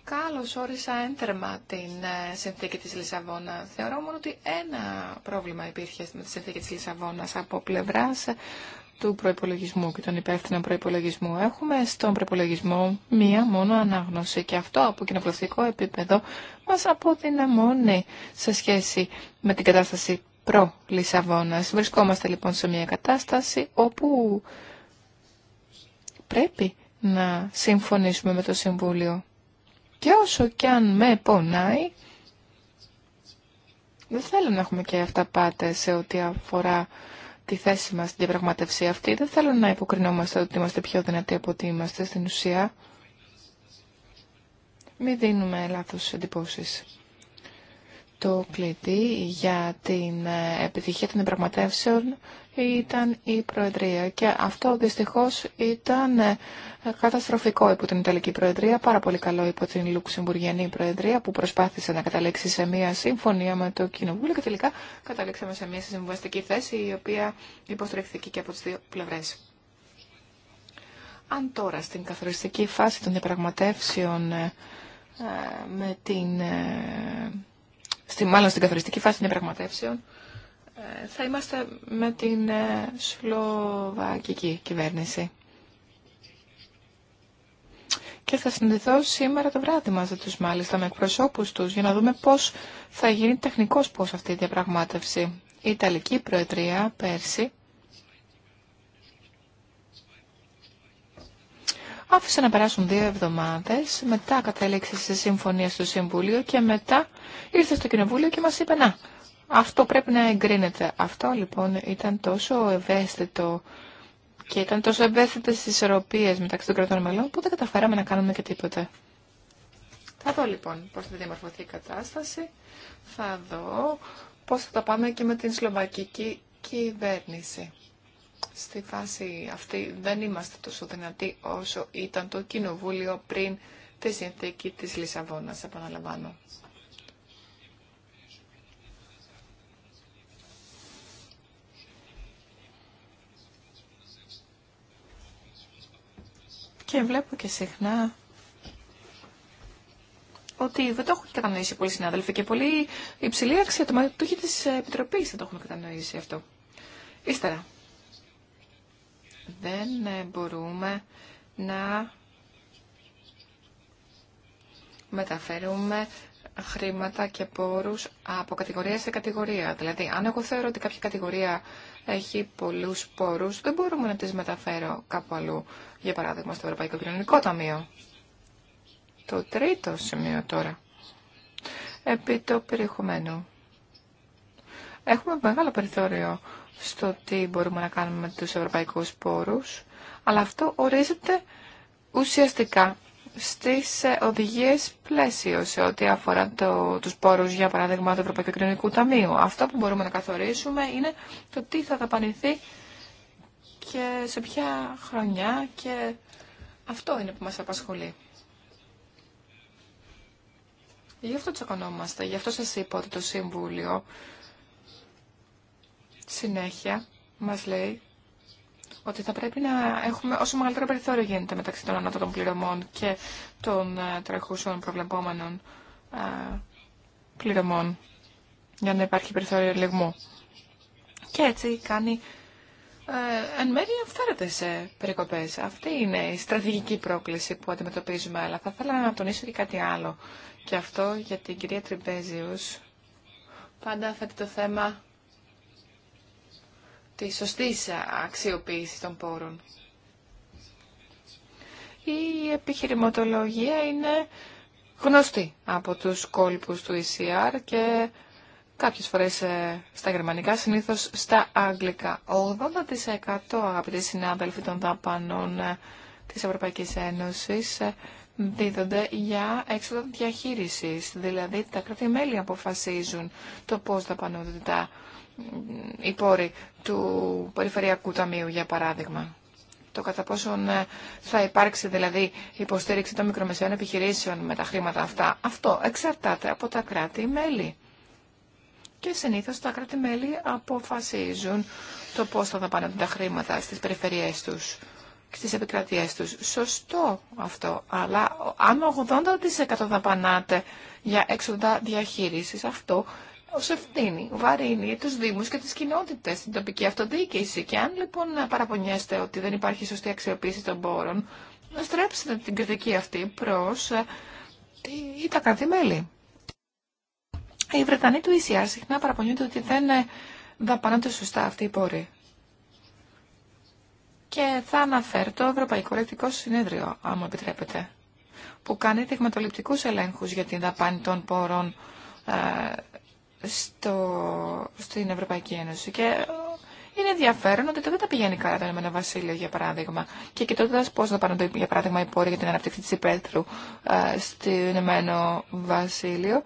Καλώς όρισα έντερμα την ε, συνθήκη της Λισαβόνα. Θεωρώ μόνο ότι ένα πρόβλημα υπήρχε με τη συνθήκη της Λισαβόνα από πλευράς του προϋπολογισμού και των υπεύθυνων προϋπολογισμού. Έχουμε στον προϋπολογισμό μία μόνο ανάγνωση και αυτό από κοινοβουλευτικό επίπεδο μας αποδυναμώνει σε σχέση με την κατάσταση προ-Λισαβόνας. Βρισκόμαστε λοιπόν σε μία κατάσταση όπου πρέπει να συμφωνήσουμε με το Συμβούλιο. Και όσο κι αν με πονάει, δεν θέλω να έχουμε και αυτά σε ό,τι αφορά τη θέση μας στην διαπραγματευσή αυτή. Δεν θέλω να υποκρινόμαστε ότι είμαστε πιο δυνατοί από ότι είμαστε στην ουσία. Μην δίνουμε λάθος εντυπώσεις. Το κλειδί για την επιτυχία των διαπραγματεύσεων ήταν η Προεδρία. Και αυτό δυστυχώς ήταν ε, καταστροφικό υπό την Ιταλική Προεδρία, πάρα πολύ καλό υπό την Λουξεμβουργιανή Προεδρία που προσπάθησε να καταλήξει σε μια συμφωνία με το Κοινοβούλιο και τελικά καταλήξαμε σε μια συμβουλευτική θέση η οποία υποστηριχθήκε και από τι δύο πλευρές. Αν τώρα στην καθοριστική φάση των διαπραγματεύσεων ε, ε, με την... Στη, μάλλον στην καθοριστική φάση των διαπραγματεύσεων θα είμαστε με την ε, Σλοβακική κυβέρνηση. Και θα συνδεθώ σήμερα το βράδυ μαζί τους μάλιστα με εκπροσώπους τους για να δούμε πώς θα γίνει τεχνικός πώς αυτή η διαπραγμάτευση. Η Ιταλική Προεδρία πέρσι άφησε να περάσουν δύο εβδομάδες, μετά κατέληξε σε συμφωνία στο Συμβούλιο και μετά ήρθε στο Κοινοβούλιο και μας είπε να, αυτό πρέπει να εγκρίνεται. Αυτό λοιπόν ήταν τόσο ευαίσθητο και ήταν τόσο ευαίσθητε οι ισορροπίε μεταξύ των κρατών μελών που δεν καταφέραμε να κάνουμε και τίποτε. Θα δω λοιπόν πώ θα διαμορφωθεί η κατάσταση. Θα δω πώ θα τα πάμε και με την σλοβακική κυβέρνηση. Στη φάση αυτή δεν είμαστε τόσο δυνατοί όσο ήταν το κοινοβούλιο πριν τη συνθήκη της Λισαβόνας, επαναλαμβάνω. Και βλέπω και συχνά ότι δεν το έχουν κατανοήσει πολλοί συνάδελφοι και πολύ υψηλή αξία το μαθητούχη της Επιτροπής δεν το έχουν κατανοήσει αυτό. Ύστερα, δεν ε, μπορούμε να μεταφέρουμε χρήματα και πόρους από κατηγορία σε κατηγορία. Δηλαδή, αν εγώ θεωρώ ότι κάποια κατηγορία έχει πολλούς πόρου. δεν μπορούμε να τις μεταφέρω κάπου αλλού, για παράδειγμα στο Ευρωπαϊκό Κοινωνικό Ταμείο. Το τρίτο σημείο τώρα, επί το περιεχομένου. Έχουμε μεγάλο περιθώριο στο τι μπορούμε να κάνουμε με τους ευρωπαϊκούς πόρους, αλλά αυτό ορίζεται ουσιαστικά στις ε, οδηγίες πλαίσιο σε ό,τι αφορά το, τους πόρους, για παράδειγμα, του Ευρωπαϊκού Κοινωνικού Ταμείου. Αυτό που μπορούμε να καθορίσουμε είναι το τι θα δαπανηθεί και σε ποια χρονιά και αυτό είναι που μας απασχολεί. Γι' αυτό τσακωνόμαστε, γι' αυτό σας είπα ότι το Συμβούλιο συνέχεια μας λέει ότι θα πρέπει να έχουμε όσο μεγαλύτερο περιθώριο γίνεται μεταξύ των ανώτατων πληρωμών και των ε, τρεχούσεων προβλεπόμενων ε, πληρωμών για να υπάρχει περιθώριο λιγμού. Και έτσι κάνει ε, εν μέρει αυθαίρετε σε περικοπές. Αυτή είναι η στρατηγική πρόκληση που αντιμετωπίζουμε, αλλά θα ήθελα να τονίσω και κάτι άλλο. Και αυτό για την κυρία Τριμπέζιους. Πάντα θέτει το θέμα τη σωστή αξιοποίηση των πόρων. Η επιχειρηματολογία είναι γνωστή από τους κόλπους του ECR και κάποιες φορές ε, στα γερμανικά, συνήθως στα αγγλικά. 80% αγαπητοί συνάδελφοι των δαπανών ε, της Ευρωπαϊκής Ένωσης ε, δίδονται για έξοδο διαχείρισης. Δηλαδή τα κράτη-μέλη αποφασίζουν το πώς δαπανούνται τα οι πόροι του Περιφερειακού Ταμείου, για παράδειγμα. Το κατά πόσον ε, θα υπάρξει δηλαδή υποστήριξη των μικρομεσαίων επιχειρήσεων με τα χρήματα αυτά. Αυτό εξαρτάται από τα κράτη-μέλη. Και συνήθως τα κράτη-μέλη αποφασίζουν το πώς θα δαπανούν τα χρήματα στις περιφερειές τους και στις επικρατείες τους. Σωστό αυτό, αλλά αν 80% δαπανάτε για έξοδα διαχείρισης, αυτό ω ευθύνη βαρύνει του Δήμου και τι κοινότητε στην τοπική αυτοδιοίκηση. Και αν λοιπόν παραπονιέστε ότι δεν υπάρχει σωστή αξιοποίηση των πόρων, να στρέψετε την κριτική αυτή προ ε, τα μελη Οι Βρετανοί του ECR συχνά παραπονιούνται ότι δεν ε, δαπανώνται σωστά αυτή οι πόροι. Και θα αναφέρω το Ευρωπαϊκό Ρεκτικό Συνέδριο, άμα επιτρέπετε, που κάνει δειγματοληπτικούς ελέγχους για την δαπάνη των πόρων ε, στο, στην Ευρωπαϊκή Ένωση. Και ε, είναι ενδιαφέρον ότι το δεν τα πηγαίνει καλά το Ηνωμένο Βασίλειο, για παράδειγμα. Και κοιτώντα πώ θα πάνε, για παράδειγμα, οι πόροι για την αναπτύξη τη υπαίθρου ε, στο Ηνωμένο Βασίλειο,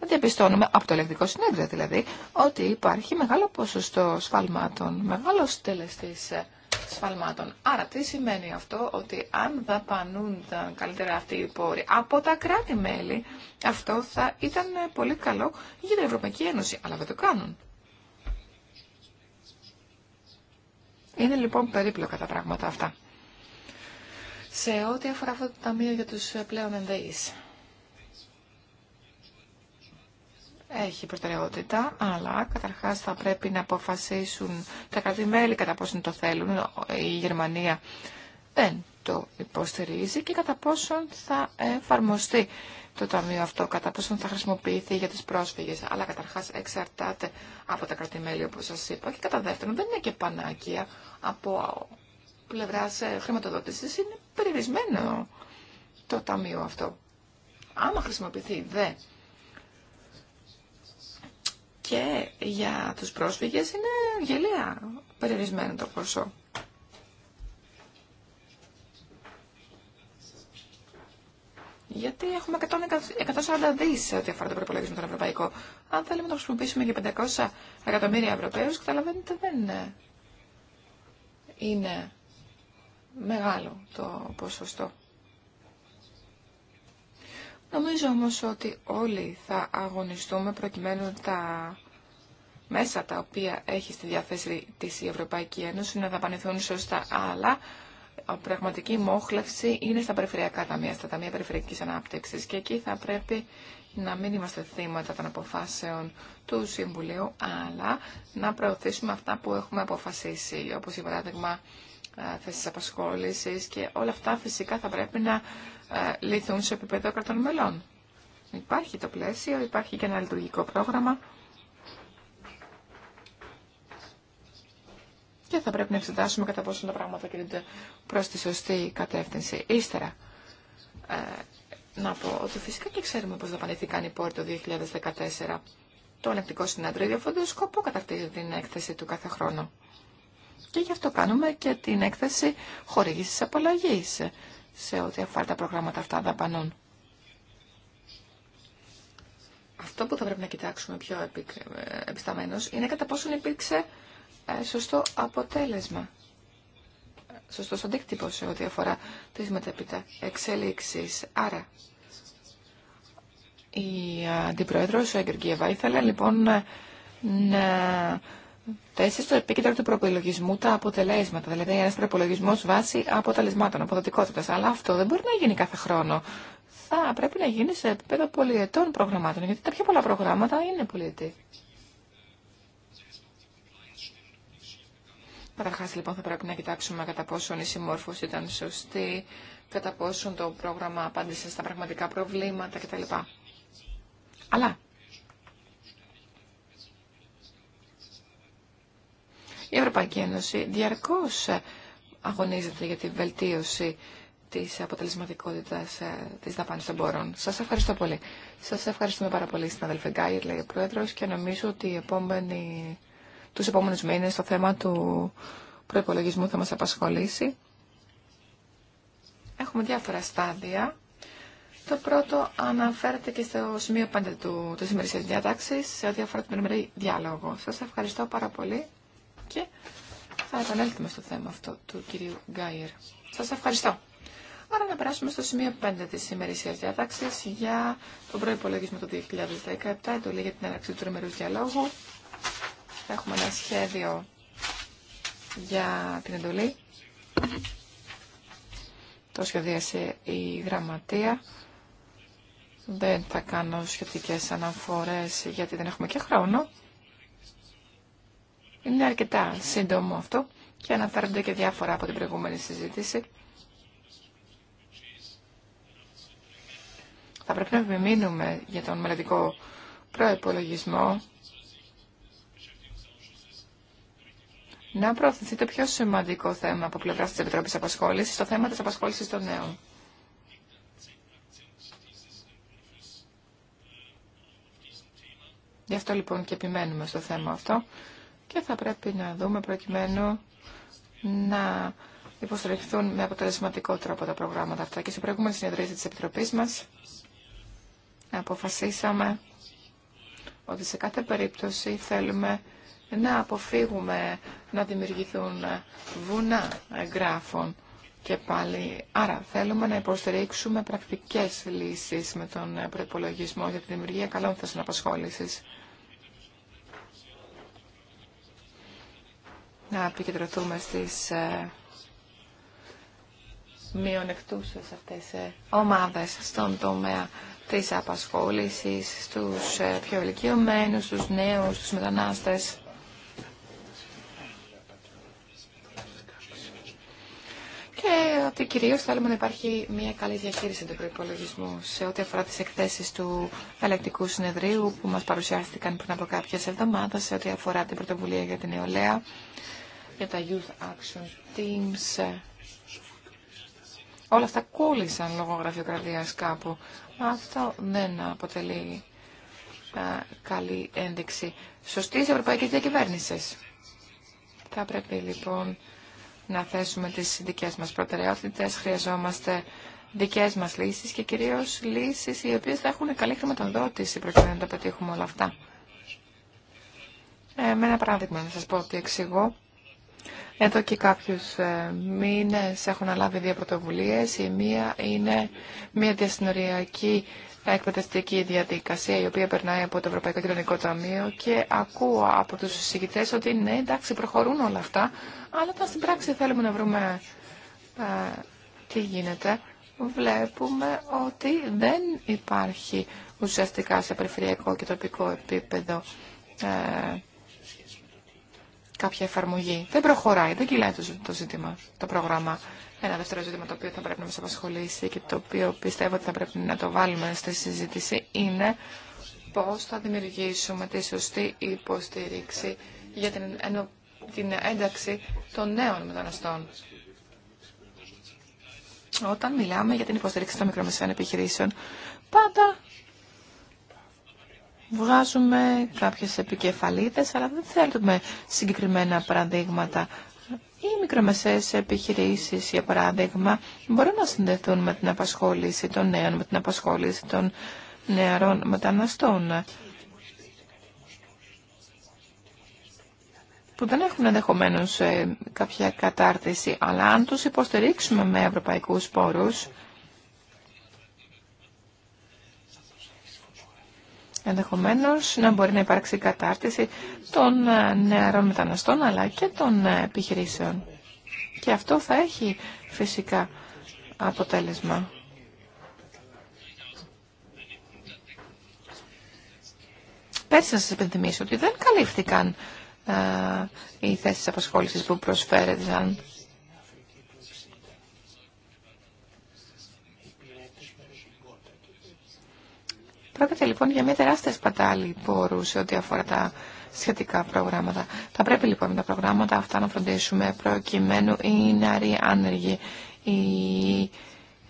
διαπιστώνουμε, από το ελεγκτικό συνέδριο δηλαδή, ότι υπάρχει μεγάλο ποσοστό σφαλμάτων, μεγάλο τελεστή Άρα τι σημαίνει αυτό, ότι αν δαπανούνταν καλύτερα αυτοί οι πόροι από τα κράτη-μέλη, αυτό θα ήταν πολύ καλό για την Ευρωπαϊκή Ένωση, αλλά δεν το κάνουν. Είναι λοιπόν περίπλοκα τα πράγματα αυτά. Σε ό,τι αφορά αυτό το ταμείο για τους πλέον ενδεείς. έχει προτεραιότητα, αλλά καταρχάς θα πρέπει να αποφασίσουν τα κρατημέλη κατά πόσον το θέλουν. Η Γερμανία δεν το υποστηρίζει και κατά πόσον θα εφαρμοστεί το ταμείο αυτό, κατά πόσον θα χρησιμοποιηθεί για τις πρόσφυγες. Αλλά καταρχάς εξαρτάται από τα κρατημέλη, όπως σας είπα. Και κατά δεύτερον, δεν είναι και πανάκια από Πλευρά ε, χρηματοδότησης. Είναι περιορισμένο το ταμείο αυτό. Άμα χρησιμοποιηθεί δε και για τους πρόσφυγες είναι γελία περιορισμένο το ποσό. Γιατί έχουμε 140 δις ό,τι αφορά το προπολογισμό των ευρωπαϊκό. Αν θέλουμε να χρησιμοποιήσουμε και 500 εκατομμύρια Ευρωπαίους, καταλαβαίνετε δεν είναι μεγάλο το ποσοστό. Νομίζω όμως ότι όλοι θα αγωνιστούμε προκειμένου τα μέσα τα οποία έχει στη διάθεση της η Ευρωπαϊκή Ένωση να δαπανηθούν σωστά, αλλά πραγματική μόχλευση είναι στα περιφερειακά ταμεία, στα ταμεία περιφερειακής ανάπτυξης και εκεί θα πρέπει να μην είμαστε θύματα των αποφάσεων του Συμβουλίου, αλλά να προωθήσουμε αυτά που έχουμε αποφασίσει, όπως για παράδειγμα θέσεις απασχόλησης και όλα αυτά φυσικά θα πρέπει να λυθούν σε επίπεδο κρατών μελών. Υπάρχει το πλαίσιο, υπάρχει και ένα λειτουργικό πρόγραμμα και θα πρέπει να εξετάσουμε κατά πόσο τα πράγματα κινούνται προ τη σωστή κατεύθυνση. Ύστερα, ε, να πω ότι φυσικά και ξέρουμε πώς δαπανηθήκαν οι πόροι το 2014. Το ελεκτικό συνέδριο για αυτόν τον σκοπό την έκθεση του κάθε χρόνο. Και γι' αυτό κάνουμε και την έκθεση χορήγηση απαλλαγή σε ό,τι αφορά τα προγράμματα αυτά δαπανών. Αυτό που θα πρέπει να κοιτάξουμε πιο ε, επισταμένως είναι κατά πόσον υπήρξε ε, σωστό αποτέλεσμα, Σωστό αντίκτυπο σε ό,τι αφορά τις μετέπειτα εξέλιξεις. Άρα, η Αντιπρόεδρος, η Γεωργίευα, ήθελε λοιπόν να θέσει στο επίκεντρο του προπολογισμού τα αποτελέσματα. Δηλαδή, ένα προπολογισμό βάσει αποτελεσμάτων, αποδοτικότητα. Αλλά αυτό δεν μπορεί να γίνει κάθε χρόνο. Θα πρέπει να γίνει σε επίπεδο πολιετών προγραμμάτων, γιατί τα πιο πολλά προγράμματα είναι πολυετή. Καταρχά, λοιπόν, θα πρέπει να κοιτάξουμε κατά πόσον η συμμόρφωση ήταν σωστή, κατά πόσον το πρόγραμμα απάντησε στα πραγματικά προβλήματα κτλ. Αλλά η Ευρωπαϊκή Ένωση διαρκώς αγωνίζεται για τη βελτίωση της αποτελεσματικότητας ε, της δαπάνης των πόρων. Σας ευχαριστώ πολύ. Σας ευχαριστούμε πάρα πολύ συνάδελφε Γκάιρ, λέει ο Πρόεδρος, και νομίζω ότι η επόμενη τους επόμενους μήνες το θέμα του προϋπολογισμού θα μας απασχολήσει. Έχουμε διάφορα στάδια. Το πρώτο αναφέρεται και στο σημείο 5 του, της ημερησίας διάταξης σε ό,τι αφορά την ημερή διάλογο. Σας ευχαριστώ πάρα πολύ και θα επανέλθουμε στο θέμα αυτό του κυρίου Γκάιερ. Σας ευχαριστώ. Άρα να περάσουμε στο σημείο 5 της ημερησίας διάταξης για τον προϋπολογισμό του 2017, εντολή για την έναρξη του ημερούς διαλόγου. Έχουμε ένα σχέδιο για την εντολή. Το σχεδίασε η γραμματεία. Δεν θα κάνω σχετικές αναφορές γιατί δεν έχουμε και χρόνο. Είναι αρκετά σύντομο αυτό και αναφέρονται και διάφορα από την προηγούμενη συζήτηση. Θα πρέπει να επιμείνουμε για τον μελλοντικό προϋπολογισμό να προωθηθεί το πιο σημαντικό θέμα από πλευρά τη Επιτροπή Απασχόληση, το θέμα τη απασχόληση των νέων. Γι' αυτό λοιπόν και επιμένουμε στο θέμα αυτό και θα πρέπει να δούμε προκειμένου να υποστηριχθούν με αποτελεσματικό τρόπο τα προγράμματα αυτά. Και σε προηγούμενη συνεδρίαση της Επιτροπής μας αποφασίσαμε ότι σε κάθε περίπτωση θέλουμε να αποφύγουμε να δημιουργηθούν βουνά γράφων και πάλι. Άρα θέλουμε να υποστηρίξουμε πρακτικές λύσεις με τον προπολογισμό για τη δημιουργία καλών θέσεων απασχόλησης. Να επικεντρωθούμε στις ε, μειονεκτούσες αυτές ε, ομάδες στον τομέα της απασχόλησης, στους ε, πιο ηλικιωμένους, στους νέους, στους μετανάστες. και ότι κυρίω θέλουμε να υπάρχει μια καλή διαχείριση του προπολογισμού σε ό,τι αφορά τι εκθέσει του ελεκτικού συνεδρίου που μα παρουσιάστηκαν πριν από κάποιε εβδομάδε, σε ό,τι αφορά την πρωτοβουλία για την νεολαία, για τα Youth Action Teams. Όλα αυτά κόλλησαν λόγω γραφειοκρατία κάπου. Αυτό δεν αποτελεί καλή ένδειξη σωστή ευρωπαϊκή διακυβέρνηση. Θα πρέπει λοιπόν να θέσουμε τις δικές μας προτεραιότητες, χρειαζόμαστε δικές μας λύσεις και κυρίως λύσεις οι οποίες θα έχουν καλή χρηματοδότηση προκειμένου να τα πετύχουμε όλα αυτά. Ε, με ένα παράδειγμα να σας πω ότι εξηγώ. Εδώ και κάποιους ε, μήνες έχουν λάβει δύο πρωτοβουλίε. Η μία είναι μια διασυνοριακή εκπαιδευτική διαδικασία η οποία περνάει από το Ευρωπαϊκό Κοινωνικό Ταμείο και ακούω από τους συζητητές ότι ναι, εντάξει, προχωρούν όλα αυτά, αλλά όταν στην πράξη θέλουμε να βρούμε ε, τι γίνεται, βλέπουμε ότι δεν υπάρχει ουσιαστικά σε περιφερειακό και τοπικό επίπεδο ε, κάποια εφαρμογή. Δεν προχωράει, δεν κυλάει το, το ζήτημα, το πρόγραμμα. Ένα δεύτερο ζήτημα το οποίο θα πρέπει να μας απασχολήσει και το οποίο πιστεύω ότι θα πρέπει να το βάλουμε στη συζήτηση είναι πώς θα δημιουργήσουμε τη σωστή υποστήριξη για την, την ένταξη των νέων μεταναστών. Όταν μιλάμε για την υποστήριξη των μικρομεσαίων επιχειρήσεων, πάντα βγάζουμε κάποιες επικεφαλίδες, αλλά δεν θέλουμε συγκεκριμένα παραδείγματα οι μικρομεσαίες επιχειρήσεις, για παράδειγμα, μπορούν να συνδεθούν με την απασχόληση των νέων, με την απασχόληση των νεαρών μεταναστών, που δεν έχουν ενδεχομένω ε, κάποια κατάρτιση, αλλά αν τους υποστηρίξουμε με ευρωπαϊκούς πόρους, Ενδεχομένως, να μπορεί να υπάρξει κατάρτιση των ε, νεαρών μεταναστών αλλά και των ε, επιχειρήσεων. Και αυτό θα έχει φυσικά αποτέλεσμα. Πέρσι να σας ότι δεν καλύφθηκαν α, ε, οι θέσεις απασχόλησης που προσφέρεται Πρόκειται λοιπόν για μια τεράστια σπατάλη πόρου σε ό,τι αφορά τα σχετικά προγράμματα. Θα πρέπει λοιπόν με τα προγράμματα αυτά να φροντίσουμε προκειμένου οι νεαροί άνεργοι, οι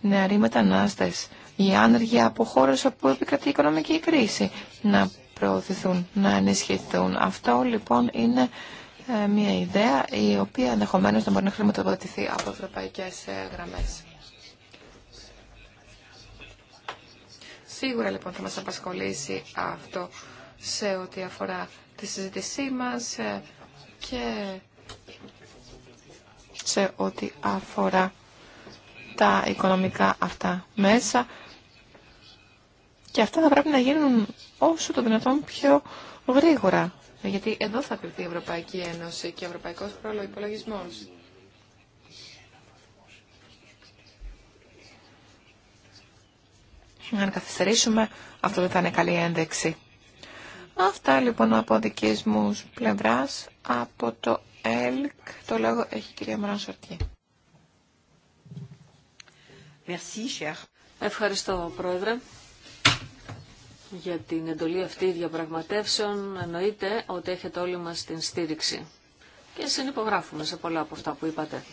νεαροί μετανάστες, οι άνεργοι από χώρε όπου επικρατεί η οικονομική κρίση να προωθηθούν, να ενισχυθούν. Αυτό λοιπόν είναι ε, μια ιδέα η οποία ενδεχομένω να μπορεί να χρηματοδοτηθεί από ευρωπαϊκέ ε, γραμμέ. Σίγουρα λοιπόν θα μας απασχολήσει αυτό σε ό,τι αφορά τη συζήτησή μας ε, και σε ό,τι αφορά τα οικονομικά αυτά μέσα. Και αυτά θα πρέπει να γίνουν όσο το δυνατόν πιο γρήγορα. Γιατί εδώ θα πληθεί η Ευρωπαϊκή Ένωση και ο Ευρωπαϊκός Προλογισμός. αν καθυστερήσουμε, αυτό δεν θα είναι καλή ένδειξη. Αυτά λοιπόν από δική μου πλευρά από το ΕΛΚ. Το λόγο έχει η κυρία Μωράν Σορτιέ. Ευχαριστώ, Πρόεδρε. Για την εντολή αυτή διαπραγματεύσεων εννοείται ότι έχετε όλοι μας την στήριξη. Και συνυπογράφουμε σε πολλά από αυτά που είπατε.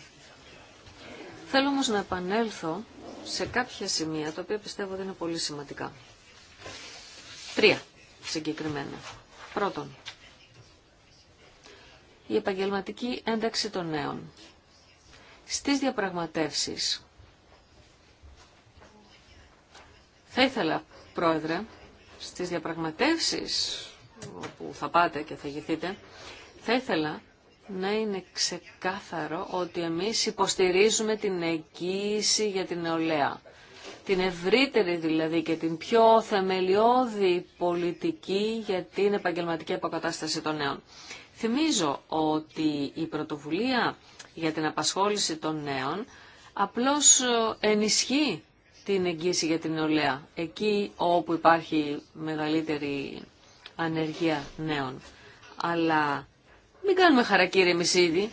Θέλω όμως να επανέλθω σε κάποια σημεία, τα οποία πιστεύω ότι είναι πολύ σημαντικά. Τρία συγκεκριμένα. Πρώτον, η επαγγελματική ένταξη των νέων. Στις διαπραγματεύσεις, θα ήθελα, Πρόεδρε, στις διαπραγματεύσεις όπου θα πάτε και θα γηθείτε, θα ήθελα να είναι ξεκάθαρο ότι εμείς υποστηρίζουμε την εγγύηση για την νεολαία. Την ευρύτερη δηλαδή και την πιο θεμελιώδη πολιτική για την επαγγελματική αποκατάσταση των νέων. Θυμίζω ότι η πρωτοβουλία για την απασχόληση των νέων απλώς ε, ενισχύει την εγγύηση για την νεολαία, εκεί όπου υπάρχει μεγαλύτερη ανεργία νέων. Αλλά μην κάνουμε εμείς ήδη,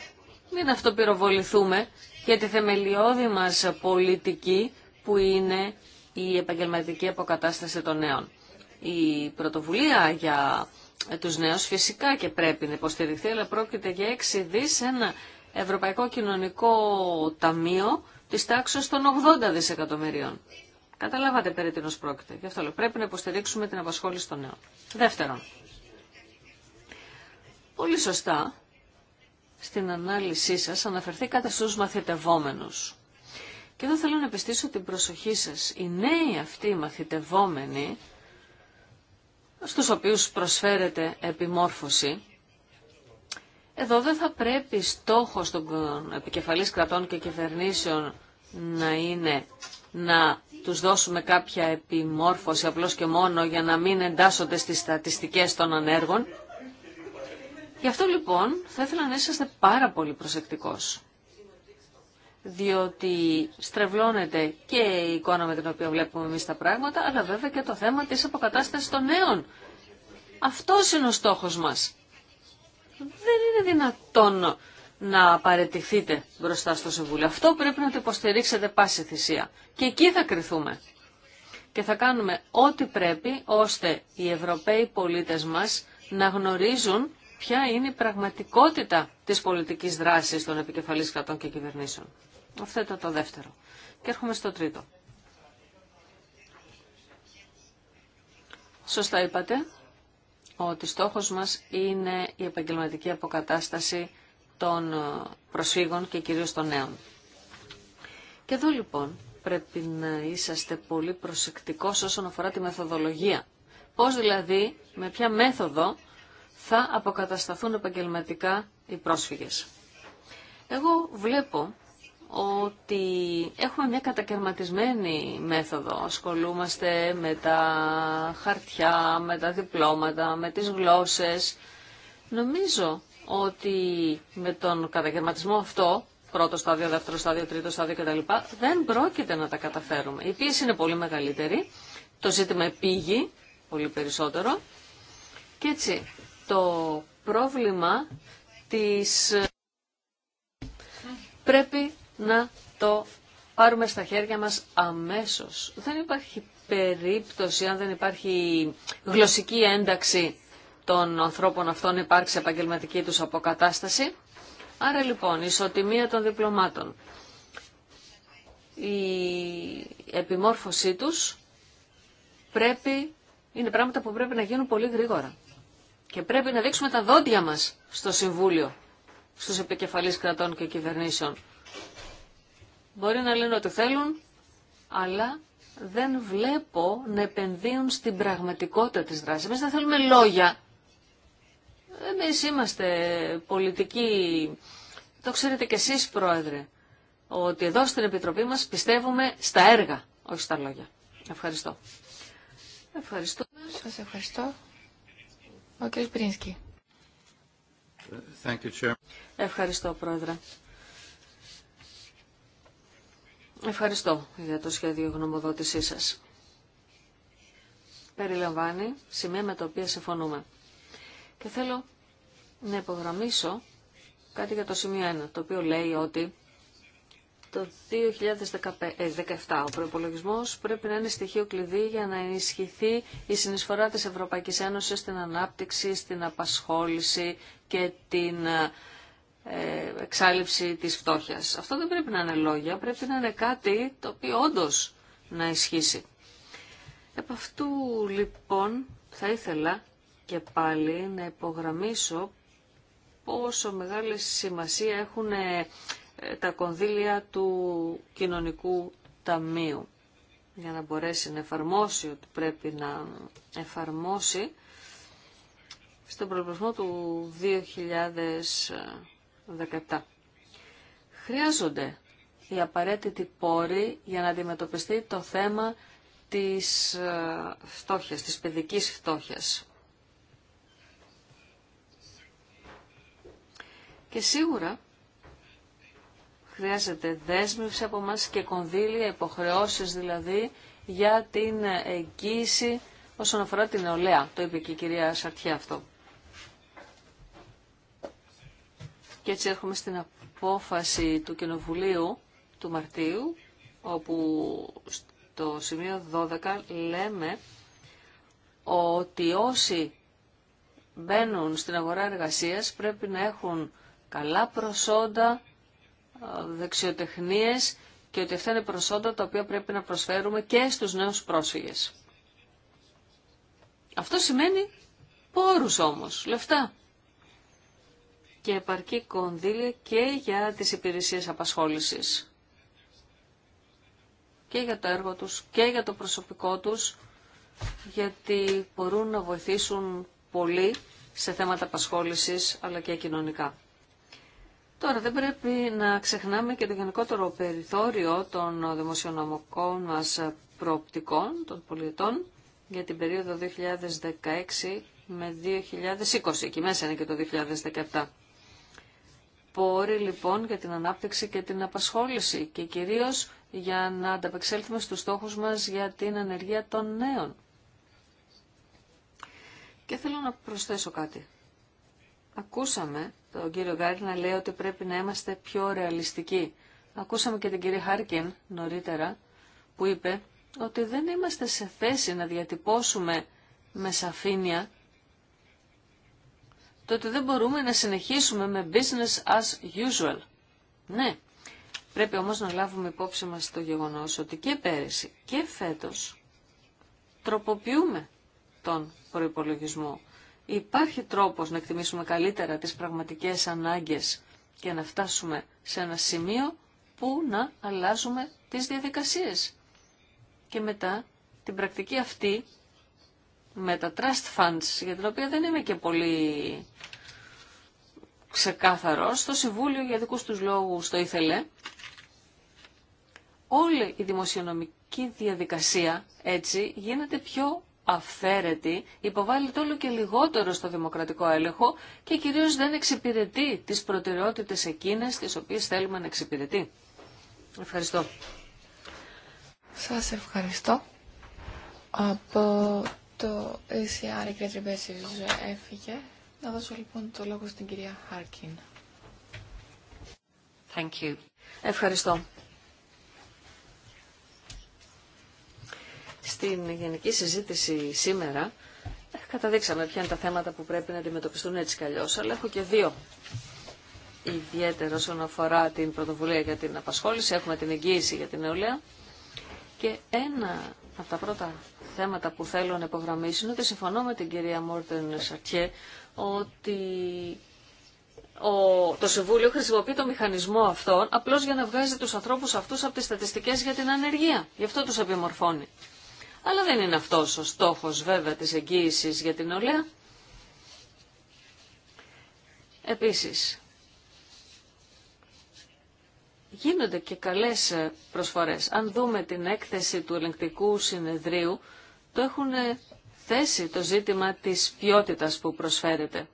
μην αυτοπυροβοληθούμε για τη θεμελιώδη μας πολιτική που είναι η επαγγελματική αποκατάσταση των νέων. Η πρωτοβουλία για τους νέους φυσικά και πρέπει να υποστηριχθεί, αλλά πρόκειται για 6 δις ένα Ευρωπαϊκό Κοινωνικό Ταμείο της τάξης των 80 δισεκατομμυρίων. Καταλάβατε περί τίνος πρόκειται. Γι' αυτό πρέπει να υποστηρίξουμε την απασχόληση των νέων. Δεύτερον, Πολύ σωστά, στην ανάλυση σας αναφερθήκατε στους μαθητευόμενους. Και εδώ θέλω να επιστήσω την προσοχή σας. Οι νέοι αυτοί μαθητευόμενοι, στους οποίους προσφέρεται επιμόρφωση, εδώ δεν θα πρέπει στόχος των επικεφαλής κρατών και κυβερνήσεων να είναι να τους δώσουμε κάποια επιμόρφωση απλώς και μόνο για να μην εντάσσονται στις στατιστικές των ανέργων. Γι' αυτό λοιπόν θα ήθελα να είσαστε πάρα πολύ προσεκτικός διότι στρεβλώνεται και η εικόνα με την οποία βλέπουμε εμείς τα πράγματα, αλλά βέβαια και το θέμα της αποκατάστασης των νέων. Αυτός είναι ο στόχος μας. Δεν είναι δυνατόν να παρετηθείτε μπροστά στο Συμβούλιο. Αυτό πρέπει να το υποστηρίξετε πάση θυσία. Και εκεί θα κρυθούμε. Και θα κάνουμε ό,τι πρέπει ώστε οι Ευρωπαίοι πολίτες μας να γνωρίζουν ποια είναι η πραγματικότητα της πολιτικής δράσης των επικεφαλής κρατών και κυβερνήσεων. Αυτό ήταν το δεύτερο. Και έρχομαι στο τρίτο. Σωστά είπατε ότι στόχος μας είναι η επαγγελματική αποκατάσταση των προσφύγων και κυρίως των νέων. Και εδώ λοιπόν πρέπει να είσαστε πολύ προσεκτικός όσον αφορά τη μεθοδολογία. Πώς δηλαδή, με ποια μέθοδο θα αποκατασταθούν επαγγελματικά οι πρόσφυγες. Εγώ βλέπω ότι έχουμε μια κατακαιρματισμένη μέθοδο. Ασχολούμαστε με τα χαρτιά, με τα διπλώματα, με τις γλώσσες. Νομίζω ότι με τον κατακαιρματισμό αυτό, πρώτο στάδιο, δεύτερο στάδιο, τρίτο στάδιο κτλ. δεν πρόκειται να τα καταφέρουμε. Η πίεση είναι πολύ μεγαλύτερη, το ζήτημα επίγει πολύ περισσότερο και έτσι το πρόβλημα της πρέπει να το πάρουμε στα χέρια μας αμέσως. Δεν υπάρχει περίπτωση, αν δεν υπάρχει γλωσσική ένταξη των ανθρώπων αυτών υπάρξει επαγγελματική τους αποκατάσταση. Άρα λοιπόν, η ισοτιμία των διπλωμάτων, η επιμόρφωσή τους πρέπει, είναι πράγματα που πρέπει να γίνουν πολύ γρήγορα. Και πρέπει να δείξουμε τα δόντια μας στο Συμβούλιο, στους επικεφαλείς κρατών και κυβερνήσεων. Μπορεί να λένε ό,τι θέλουν, αλλά δεν βλέπω να επενδύουν στην πραγματικότητα της δράσης. Εμείς δεν θέλουμε λόγια. Εμείς είμαστε πολιτικοί, το ξέρετε κι εσείς πρόεδρε, ότι εδώ στην Επιτροπή μας πιστεύουμε στα έργα, όχι στα λόγια. Ευχαριστώ. Ευχαριστώ. ευχαριστώ. Ευχαριστώ, Πρόεδρε. Ευχαριστώ για το σχέδιο γνωμοδότησής σας. Περιλαμβάνει σημεία με τα οποία συμφωνούμε. Και θέλω να υπογραμμίσω κάτι για το σημείο 1, το οποίο λέει ότι το 2017. Ε, Ο προπολογισμό πρέπει να είναι στοιχείο κλειδί για να ενισχυθεί η συνεισφορά της Ευρωπαϊκή Ένωση στην ανάπτυξη, στην απασχόληση και την ε, εξάλληψη της φτώχεια. Αυτό δεν πρέπει να είναι λόγια, πρέπει να είναι κάτι το οποίο όντω να ισχύσει. Επ' αυτού λοιπόν θα ήθελα και πάλι να υπογραμμίσω πόσο μεγάλη σημασία έχουν ε, τα κονδύλια του κοινωνικού ταμείου για να μπορέσει να εφαρμόσει ότι πρέπει να εφαρμόσει στον προβλησμό του 2017. Χρειάζονται οι απαραίτητοι πόροι για να αντιμετωπιστεί το θέμα της ε, φτώχειας, της παιδικής φτώχειας. Και σίγουρα Χρειάζεται δέσμευση από μας και κονδύλια, υποχρεώσεις δηλαδή, για την εγγύηση όσον αφορά την νεολαία. Το είπε και η κυρία Σαρτιά αυτό. Και έτσι έρχομαι στην απόφαση του Κοινοβουλίου του Μαρτίου, όπου στο σημείο 12 λέμε ότι όσοι μπαίνουν στην αγορά εργασίας πρέπει να έχουν καλά προσόντα, δεξιοτεχνίες και ότι αυτά είναι προσόντα τα οποία πρέπει να προσφέρουμε και στους νέους πρόσφυγες. Αυτό σημαίνει πόρους όμως, λεφτά και επαρκή κονδύλια και για τις υπηρεσίες απασχόλησης και για το έργο τους και για το προσωπικό τους γιατί μπορούν να βοηθήσουν πολύ σε θέματα απασχόλησης αλλά και κοινωνικά. Τώρα δεν πρέπει να ξεχνάμε και το γενικότερο περιθώριο των δημοσιονομικών μας προοπτικών των πολιτών για την περίοδο 2016 με 2020. Εκεί μέσα είναι και το 2017. Πόροι λοιπόν για την ανάπτυξη και την απασχόληση και κυρίως για να ανταπεξέλθουμε στους στόχους μας για την ανεργία των νέων. Και θέλω να προσθέσω κάτι. Ακούσαμε τον κύριο Γκάρτ να λέει ότι πρέπει να είμαστε πιο ρεαλιστικοί. Ακούσαμε και την κυρία Χάρκιν νωρίτερα που είπε ότι δεν είμαστε σε θέση να διατυπώσουμε με σαφήνεια το ότι δεν μπορούμε να συνεχίσουμε με business as usual. Ναι, πρέπει όμως να λάβουμε υπόψη μας το γεγονός ότι και πέρυσι και φέτος τροποποιούμε τον προϋπολογισμό. Υπάρχει τρόπος να εκτιμήσουμε καλύτερα τις πραγματικές ανάγκες και να φτάσουμε σε ένα σημείο που να αλλάζουμε τις διαδικασίες. Και μετά την πρακτική αυτή με τα trust funds, για την οποία δεν είμαι και πολύ ξεκάθαρος, το Συμβούλιο για δικούς τους λόγους το ήθελε, όλη η δημοσιονομική διαδικασία έτσι γίνεται πιο αυθαίρετη υποβάλλεται όλο και λιγότερο στο δημοκρατικό έλεγχο και κυρίως δεν εξυπηρετεί τις προτεραιότητες εκείνες τις οποίες θέλουμε να εξυπηρετεί. Ευχαριστώ. Σας ευχαριστώ. Από το ECR η έφυγε. Να δώσω λοιπόν το λόγο στην κυρία Χάρκιν. Thank you. Ευχαριστώ. Στην γενική συζήτηση σήμερα ε, καταδείξαμε ποια είναι τα θέματα που πρέπει να αντιμετωπιστούν έτσι κι αλλά έχω και δύο. Ιδιαίτερα όσον αφορά την πρωτοβουλία για την απασχόληση, έχουμε την εγγύηση για την νεολαία. Και ένα από τα πρώτα θέματα που θέλω να υπογραμμίσω είναι ότι συμφωνώ με την κυρία Μόρτεν Σαρτιέ ότι ο, το Συμβούλιο χρησιμοποιεί το μηχανισμό αυτόν απλώς για να βγάζει τους ανθρώπους αυτούς από τις στατιστικές για την ανεργία. Γι' αυτό τους επιμορφώνει. Αλλά δεν είναι αυτός ο στόχος βέβαια της εγγύησης για την ολέα. Επίσης, γίνονται και καλές προσφορές. Αν δούμε την έκθεση του ελεγκτικού συνεδρίου, το έχουν θέσει το ζήτημα της ποιότητας που προσφέρεται.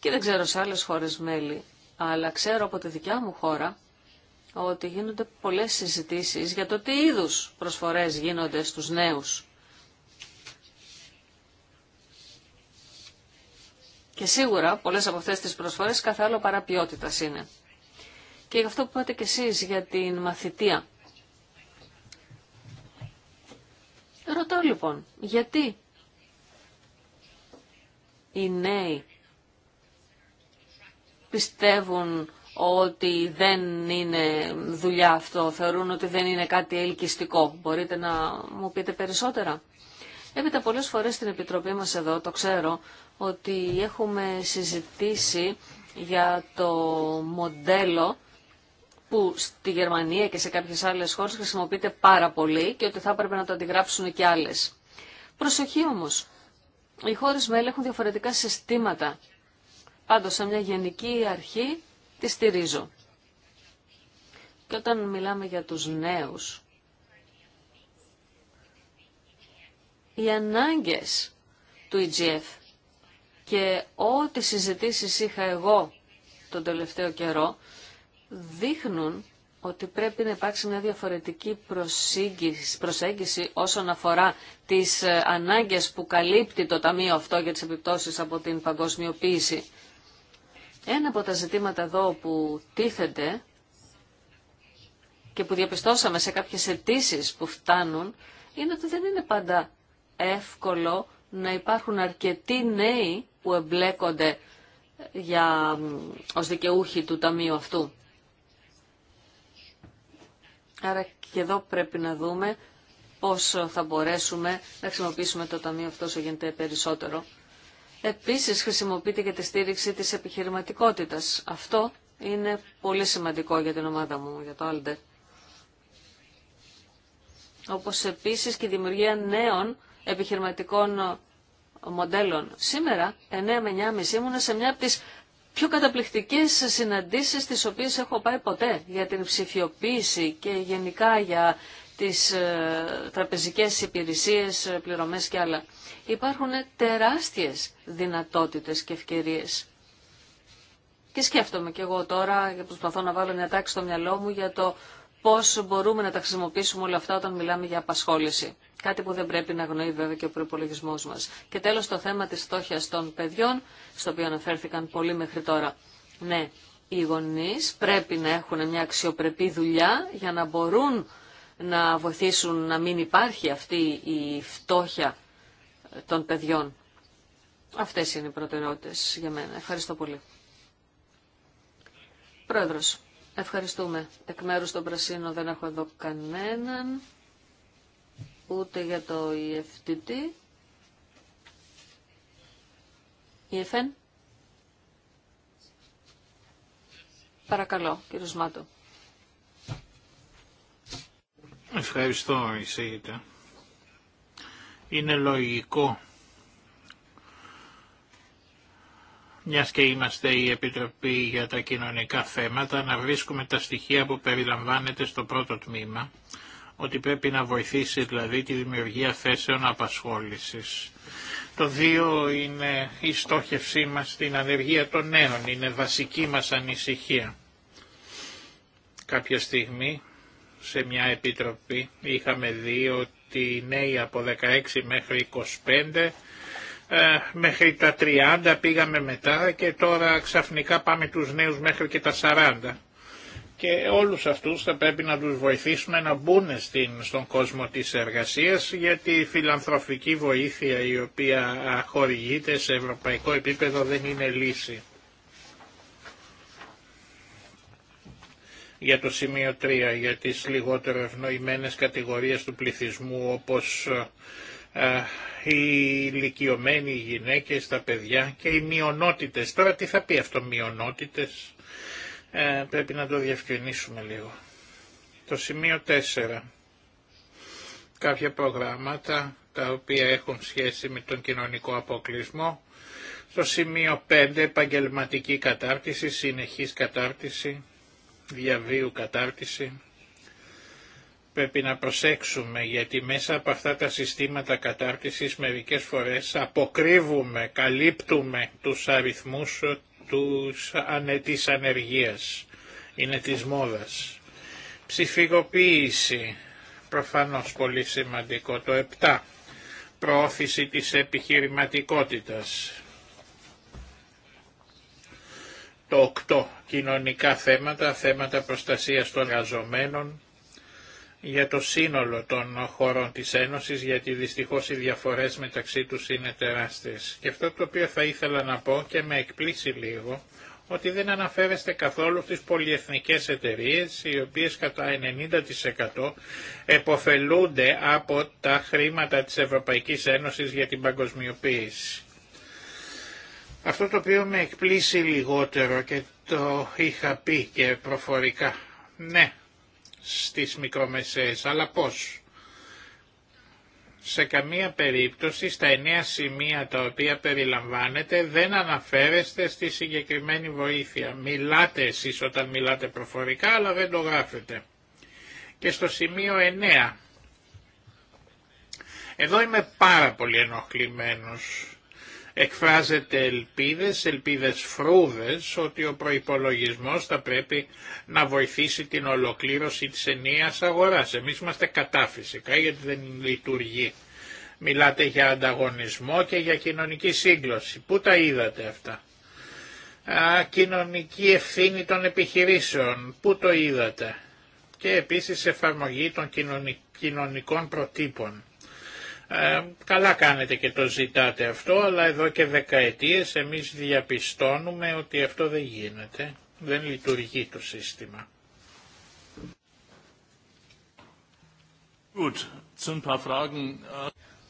Και δεν ξέρω σε άλλες χώρες μέλη, αλλά ξέρω από τη δικιά μου χώρα ότι γίνονται πολλές συζητήσεις για το τι είδους προσφορές γίνονται στους νέους. Και σίγουρα πολλές από αυτές τις προσφορές καθ' άλλο παρά ποιότητας είναι. Και γι' αυτό που είπατε και εσείς για την μαθητεία. Ρωτάω λοιπόν, γιατί οι νέοι πιστεύουν ότι δεν είναι δουλειά αυτό, θεωρούν ότι δεν είναι κάτι ελκυστικό. Μπορείτε να μου πείτε περισσότερα. Έπειτα πολλές φορές στην Επιτροπή μας εδώ, το ξέρω, ότι έχουμε συζητήσει για το μοντέλο που στη Γερμανία και σε κάποιες άλλες χώρες χρησιμοποιείται πάρα πολύ και ότι θα έπρεπε να το αντιγράψουν και άλλες. Προσοχή όμως, οι χώρες μέλη έχουν διαφορετικά συστήματα. Πάντως, σε μια γενική αρχή τη στηρίζω. Και όταν μιλάμε για τους νέους, οι ανάγκες του EGF και ό,τι συζητήσεις είχα εγώ τον τελευταίο καιρό δείχνουν ότι πρέπει να υπάρξει μια διαφορετική προσέγγιση όσον αφορά τις ε, ανάγκες που καλύπτει το Ταμείο αυτό για τις επιπτώσεις από την παγκοσμιοποίηση. Ένα από τα ζητήματα εδώ που τίθενται και που διαπιστώσαμε σε κάποιες αιτήσει που φτάνουν είναι ότι δεν είναι πάντα εύκολο να υπάρχουν αρκετοί νέοι που εμπλέκονται για, ως δικαιούχοι του ταμείου αυτού. Άρα και εδώ πρέπει να δούμε πώς θα μπορέσουμε να χρησιμοποιήσουμε το ταμείο αυτό όσο γίνεται περισσότερο επίσης χρησιμοποιείται για τη στήριξη της επιχειρηματικότητας. Αυτό είναι πολύ σημαντικό για την ομάδα μου, για το Άλντε. Όπως επίσης και η δημιουργία νέων επιχειρηματικών μοντέλων. Σήμερα, 9 με μισή ήμουν σε μια από τις πιο καταπληκτικές συναντήσεις τις οποίες έχω πάει ποτέ για την ψηφιοποίηση και γενικά για τις ε, τραπεζικές υπηρεσίες, ε, πληρωμές και άλλα. Υπάρχουν τεράστιες δυνατότητες και ευκαιρίες. Και σκέφτομαι και εγώ τώρα και προσπαθώ να βάλω μια τάξη στο μυαλό μου για το πώς μπορούμε να τα χρησιμοποιήσουμε όλα αυτά όταν μιλάμε για απασχόληση. Κάτι που δεν πρέπει να γνωρίζει βέβαια και ο προπολογισμό μας. Και τέλος το θέμα της φτώχεια των παιδιών, στο οποίο αναφέρθηκαν πολλοί μέχρι τώρα. Ναι, οι γονεί πρέπει να έχουν μια αξιοπρεπή δουλειά για να μπορούν να βοηθήσουν να μην υπάρχει αυτή η φτώχεια των παιδιών. Αυτές είναι οι προτεραιότητες για μένα. Ευχαριστώ πολύ. Πρόεδρος, ευχαριστούμε. Εκ μέρους των Πρασίνων δεν έχω εδώ κανέναν, ούτε για το EFTT. EFN. Παρακαλώ, κύριο Μάτο. Ευχαριστώ, εισήγητα. Είναι λογικό, μιας και είμαστε η Επιτροπή για τα κοινωνικά θέματα, να βρίσκουμε τα στοιχεία που περιλαμβάνεται στο πρώτο τμήμα, ότι πρέπει να βοηθήσει δηλαδή τη δημιουργία θέσεων απασχόλησης. Το δύο είναι η στόχευσή μας στην ανεργία των νέων, είναι βασική μας ανησυχία. Κάποια στιγμή σε μια επιτροπή είχαμε δει ότι οι νέοι από 16 μέχρι 25 ε, μέχρι τα 30 πήγαμε μετά και τώρα ξαφνικά πάμε τους νέους μέχρι και τα 40. Και όλους αυτούς θα πρέπει να τους βοηθήσουμε να μπουν στην, στον κόσμο της εργασίας γιατί η φιλανθρωπική βοήθεια η οποία χορηγείται σε ευρωπαϊκό επίπεδο δεν είναι λύση. για το σημείο 3, για τις λιγότερο ευνοημένες κατηγορίες του πληθυσμού όπως ε, ε, οι ηλικιωμένοι, οι γυναίκες, τα παιδιά και οι μειονότητες. Τώρα τι θα πει αυτό μειονότητες, ε, πρέπει να το διευκρινίσουμε λίγο. Το σημείο 4. Κάποια προγράμματα τα οποία έχουν σχέση με τον κοινωνικό αποκλεισμό. Το σημείο 5 επαγγελματική κατάρτιση, συνεχής κατάρτιση διαβίου κατάρτιση. Πρέπει να προσέξουμε γιατί μέσα από αυτά τα συστήματα κατάρτισης μερικές φορές αποκρύβουμε, καλύπτουμε τους αριθμούς τους, της ανεργίας. Είναι της μόδας. ψηφιγοποίηση προφανώς πολύ σημαντικό, το 7. Προώθηση της επιχειρηματικότητας. Το 8 κοινωνικά θέματα, θέματα προστασίας των εργαζομένων, για το σύνολο των χωρών της Ένωσης, γιατί δυστυχώς οι διαφορές μεταξύ τους είναι τεράστιες. Και αυτό το οποίο θα ήθελα να πω και με εκπλήσει λίγο, ότι δεν αναφέρεστε καθόλου στις πολυεθνικές εταιρείες, οι οποίες κατά 90% εποφελούνται από τα χρήματα της Ευρωπαϊκής Ένωσης για την παγκοσμιοποίηση. Αυτό το οποίο με εκπλήσει λιγότερο και το είχα πει και προφορικά. Ναι, στις μικρομεσαίες, αλλά πώς. Σε καμία περίπτωση στα εννέα σημεία τα οποία περιλαμβάνετε δεν αναφέρεστε στη συγκεκριμένη βοήθεια. Μιλάτε εσείς όταν μιλάτε προφορικά αλλά δεν το γράφετε. Και στο σημείο 9. Εδώ είμαι πάρα πολύ ενοχλημένος εκφράζεται ελπίδες, ελπίδες φρούδες ότι ο προϋπολογισμός θα πρέπει να βοηθήσει την ολοκλήρωση της ενίας αγοράς. Εμείς είμαστε κατά φυσικά γιατί δεν λειτουργεί. Μιλάτε για ανταγωνισμό και για κοινωνική σύγκλωση. Πού τα είδατε αυτά. Α, κοινωνική ευθύνη των επιχειρήσεων. Πού το είδατε. Και επίσης εφαρμογή των κοινωνικών προτύπων. Ε, καλά κάνετε και το ζητάτε αυτό, αλλά εδώ και δεκαετίες εμείς διαπιστώνουμε ότι αυτό δεν γίνεται, δεν λειτουργεί το σύστημα.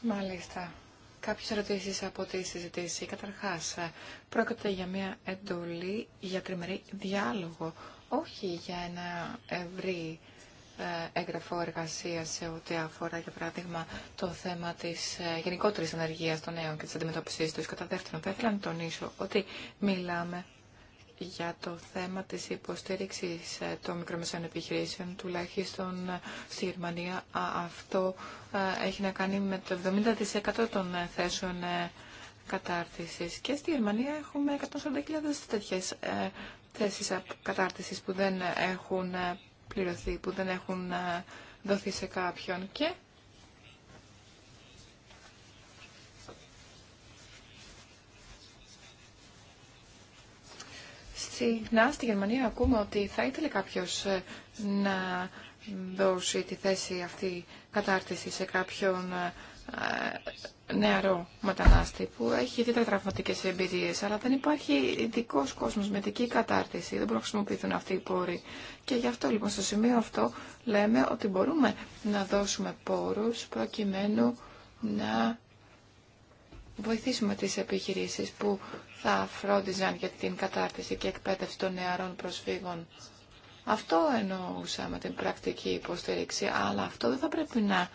Μάλιστα. Κάποιες ερωτήσεις από τη συζήτηση. Καταρχάς, ε, πρόκειται για μια εντολή για τριμερή διάλογο, όχι για ένα ευρύ ε, έγγραφο εργασία σε ό,τι αφορά, για παράδειγμα, το θέμα τη ε, γενικότερη ανεργία των νέων και τη αντιμετώπιση του. Κατά δεύτερον, θα ήθελα να τονίσω ότι μιλάμε για το θέμα της υποστήριξης ε, των μικρομεσαίων επιχειρήσεων, τουλάχιστον στη Γερμανία. Αυτό έχει να κάνει με το 70% των θέσεων κατάρτισης. Και στη Γερμανία έχουμε 140.000 τέτοιες θέσεις κατάρτισης που δεν έχουν πληρωθεί, που δεν έχουν ε, δοθεί σε κάποιον και συχνά στη Γερμανία ακούμε ότι θα ήθελε κάποιος ε, να δώσει τη θέση αυτή κατάρτιση σε κάποιον ε, νεαρό μετανάστη που έχει δύο τραυματικέ εμπειρίε, αλλά δεν υπάρχει ειδικό κόσμο με ειδική κατάρτιση, δεν μπορούν να χρησιμοποιηθούν αυτοί οι πόροι. Και γι' αυτό λοιπόν στο σημείο αυτό λέμε ότι μπορούμε να δώσουμε πόρου προκειμένου να βοηθήσουμε τις επιχειρήσεις που θα φρόντιζαν για την κατάρτιση και εκπαίδευση των νεαρών προσφύγων. Αυτό εννοούσα την πρακτική υποστήριξη, αλλά αυτό δεν θα πρέπει να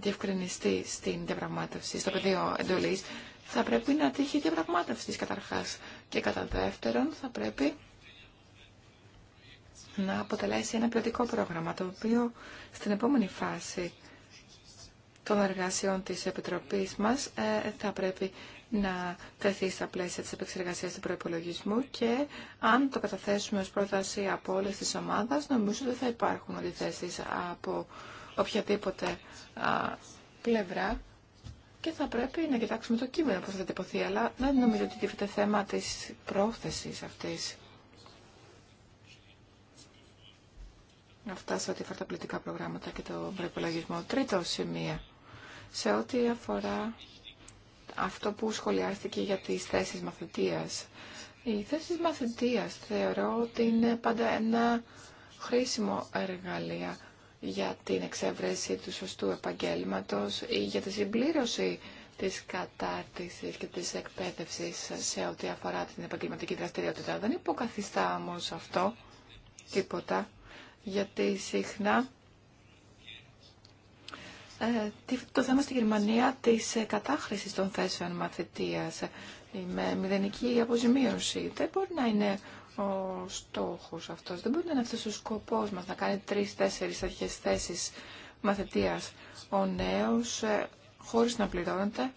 διευκρινιστεί στην διαπραγμάτευση, στο πεδίο εντολή, θα πρέπει να τύχει διαπραγμάτευση καταρχά. Και κατά δεύτερον θα πρέπει να αποτελέσει ένα ποιοτικό πρόγραμμα, το οποίο στην επόμενη φάση των εργασιών της Επιτροπής μας ε, θα πρέπει να τεθεί στα πλαίσια της επεξεργασίας του προϋπολογισμού και αν το καταθέσουμε ως πρόταση από όλες τις ομάδες, νομίζω ότι θα υπάρχουν αντιθέσεις από οποιαδήποτε πλευρά και θα πρέπει να κοιτάξουμε το κείμενο που θα τυπωθεί, αλλά δεν νομίζω ότι τίθεται θέμα της πρόθεσης αυτής. Αυτά σε ό,τι αφορά τα πολιτικά προγράμματα και το προπολογισμό. Τρίτο σημείο, σε ό,τι αφορά αυτό που σχολιάστηκε για τις θέσεις μαθητείας. Οι θέσεις μαθητείας θεωρώ ότι είναι πάντα ένα χρήσιμο εργαλείο για την εξεύρεση του σωστού επαγγέλματος ή για τη συμπλήρωση της κατάρτισης και της εκπαίδευσης σε ό,τι αφορά την επαγγελματική δραστηριότητα. Δεν υποκαθιστά όμω αυτό τίποτα, γιατί συχνά ε, το θέμα στη Γερμανία της ε, κατάχρησης των θέσεων μαθητείας ε, με μηδενική αποζημίωση δεν μπορεί να είναι ο στόχος αυτός. Δεν μπορεί να είναι αυτός ο σκοπός μας να κάνει τρεις-τέσσερις τέτοιες θέσεις μαθητείας ο νέος ε, χωρίς να πληρώνεται.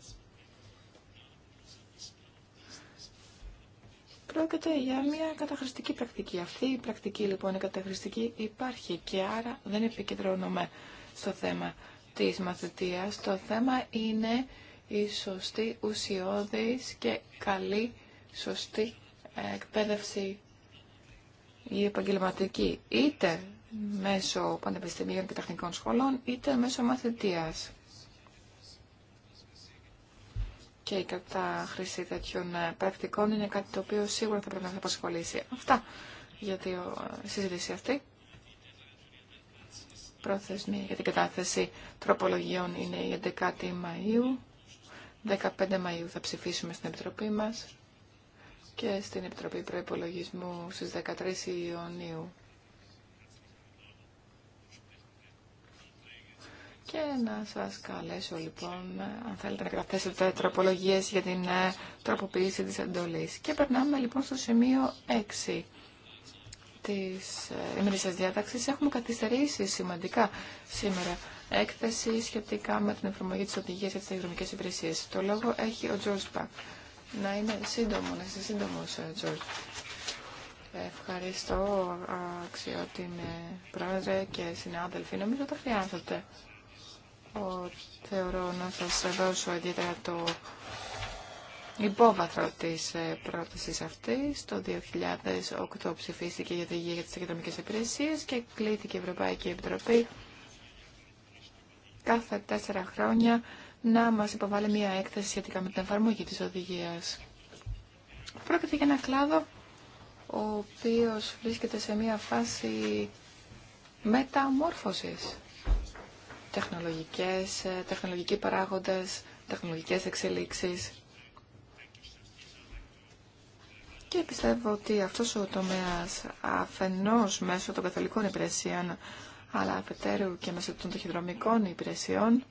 Πρόκειται για μια καταχρηστική πρακτική. Αυτή η πρακτική λοιπόν η καταχρηστική υπάρχει και άρα δεν επικεντρώνομαι στο θέμα της μαθητείας. Το θέμα είναι η σωστή ουσιώδης και καλή σωστή ε, εκπαίδευση η επαγγελματική, είτε μέσω πανεπιστημίων και τεχνικών σχολών, είτε μέσω μαθητείας. Και η κατάχρηση τέτοιων ε, πρακτικών είναι κάτι το οποίο σίγουρα θα πρέπει να θα απασχολήσει. Αυτά για τη ε, συζήτηση αυτή. Πρόθεσμη για την κατάθεση τροπολογιών είναι η 11η Μαΐου. 15 Μαΐου θα ψηφίσουμε στην Επιτροπή μας και στην Επιτροπή Προϋπολογισμού στις 13 Ιουνίου. Και να σας καλέσω λοιπόν, αν θέλετε να καταθέσετε τροπολογίες για την ε, τροποποίηση της εντολής. Και περνάμε λοιπόν στο σημείο 6 της ε, ημερήσιας διάταξης. Έχουμε καθυστερήσει σημαντικά σήμερα έκθεση σχετικά με την εφαρμογή της οδηγίας για τις ταχυδρομικές υπηρεσίες. Το λόγο έχει ο Τζορς να είναι σύντομο, να είσαι σύντομος, ε, Τζορτ. Ευχαριστώ, αξιότιμε πρόεδρε και συνάδελφοι. Νομίζω ότι χρειάζεται. Ο, θεωρώ να σα δώσω ιδιαίτερα το υπόβαθρο τη ε, πρόταση αυτή. Το 2008 ψηφίστηκε η οδηγία για τι εκδομικέ Υπηρεσίε και κλείθηκε η Ευρωπαϊκή Επιτροπή κάθε τέσσερα χρόνια να μας υποβάλει μια έκθεση σχετικά με την εφαρμογή της οδηγίας. Πρόκειται για ένα κλάδο ο οποίος βρίσκεται σε μια φάση μεταμόρφωσης. Τεχνολογικές, ε, τεχνολογικοί παράγοντες, τεχνολογικές εξελίξεις. Και πιστεύω ότι αυτός ο τομέας αφενός μέσω των καθολικών υπηρεσιών αλλά αφετέρου και μέσω των ταχυδρομικών υπηρεσιών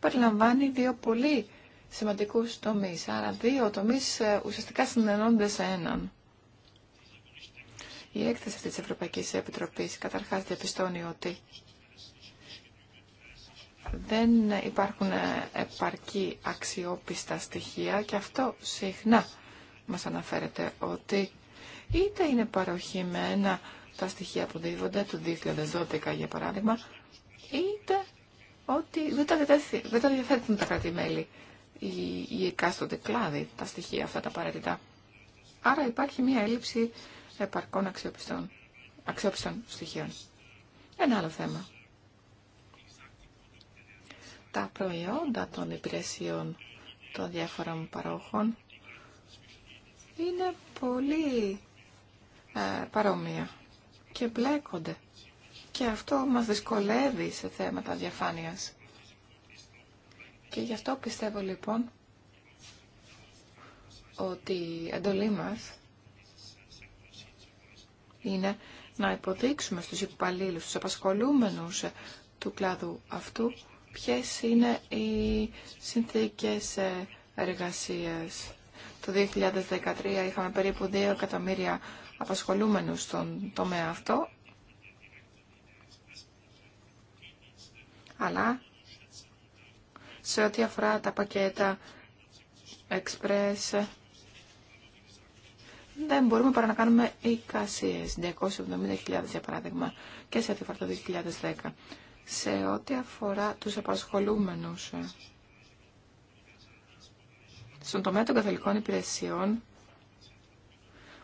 περιλαμβάνει δύο πολύ σημαντικούς τομείς. Άρα δύο τομείς ε, ουσιαστικά συνενώνται σε έναν. Η έκθεση της Ευρωπαϊκής Επιτροπής καταρχάς διαπιστώνει ότι δεν υπάρχουν ε, επαρκή αξιόπιστα στοιχεία και αυτό συχνά μας αναφέρεται ότι είτε είναι παροχημένα τα στοιχεία που δίδονται του 2012 για παράδειγμα, είτε ότι δεν τα, δεν τα διαθέτουν τα κράτη-μέλη οι, οι εκάστοτε κλάδοι τα στοιχεία αυτά τα απαραίτητα. Άρα υπάρχει μια έλλειψη επαρκών αξιόπιστων, στοιχείων. Ένα άλλο θέμα. Τα προϊόντα των υπηρεσιών των διάφορων παρόχων είναι πολύ ε, παρόμοια και μπλέκονται και αυτό μας δυσκολεύει σε θέματα διαφάνειας. Και γι' αυτό πιστεύω λοιπόν ότι η εντολή μας είναι να υποδείξουμε στους υπαλλήλους, στους απασχολούμενους του κλάδου αυτού, ποιες είναι οι συνθήκες εργασίας. Το 2013 είχαμε περίπου 2 εκατομμύρια απασχολούμενους στον τομέα αυτό. αλλά σε ό,τι αφορά τα πακέτα express δεν μπορούμε παρά να κάνουμε εικασίες, 270.000 για παράδειγμα και σε ό,τι αφορά το 2010. Σε ό,τι αφορά τους απασχολούμενους στον τομέα των καθολικών υπηρεσιών,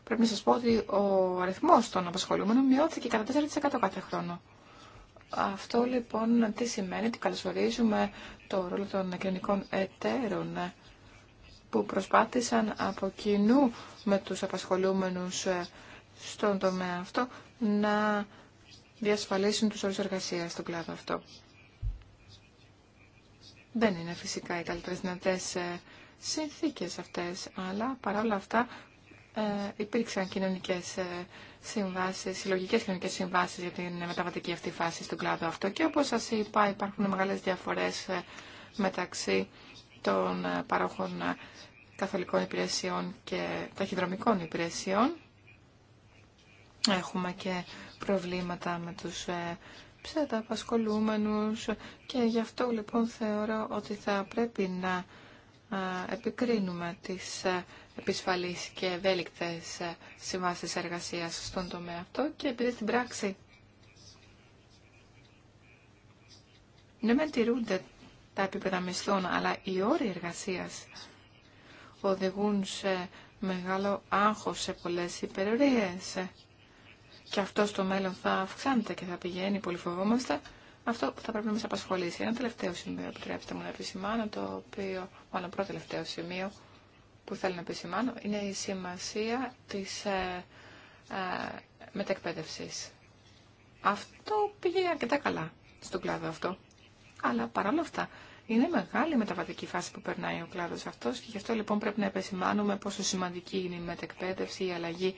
πρέπει να σας πω ότι ο αριθμός των απασχολούμενων μειώθηκε κατά 4% κάθε χρόνο. Αυτό λοιπόν τι σημαίνει ότι καλωσορίζουμε το ρόλο των κοινωνικών εταίρων που προσπάθησαν από κοινού με τους απασχολούμενους ε, στον τομέα αυτό να διασφαλίσουν τους όρους εργασίας στον κλάδο αυτό. Δεν είναι φυσικά οι καλύτερες δυνατές ε, συνθήκες αυτές, αλλά παρά όλα αυτά ε, υπήρξαν κοινωνικές ε, συμβάσεις, συλλογικές κοινωνικές συμβάσεις για την μεταβατική αυτή φάση στον κλάδο αυτό και όπως σα είπα υπάρχουν μεγάλες διαφορές ε, μεταξύ των παρόχων καθολικών υπηρεσιών και ταχυδρομικών υπηρεσιών. Έχουμε και προβλήματα με τους ψεταπασχολούμενους και γι' αυτό λοιπόν θεωρώ ότι θα πρέπει να επικρίνουμε τις ε, επισφαλείς και ευέλικτες ε, συμβάσεις εργασίας στον τομέα αυτό και επειδή στην πράξη ναι μεν τηρούνται τα επίπεδα μισθών αλλά οι όροι εργασίας οδηγούν σε μεγάλο άγχος σε πολλές υπερορίες και αυτό στο μέλλον θα αυξάνεται και θα πηγαίνει πολύ φοβόμαστε αυτό που θα πρέπει να μας απασχολήσει. Ένα τελευταίο σημείο, επιτρέψτε μου να επισημάνω, το οποίο, μάλλον πρώτο τελευταίο σημείο που θέλω να επισημάνω, είναι η σημασία τη ε, ε Αυτό πήγε αρκετά καλά στον κλάδο αυτό. Αλλά παρόλα αυτά, είναι μεγάλη μεταβατική φάση που περνάει ο κλάδο αυτό και γι' αυτό λοιπόν πρέπει να επισημάνουμε πόσο σημαντική είναι η μετεκπαίδευση, η αλλαγή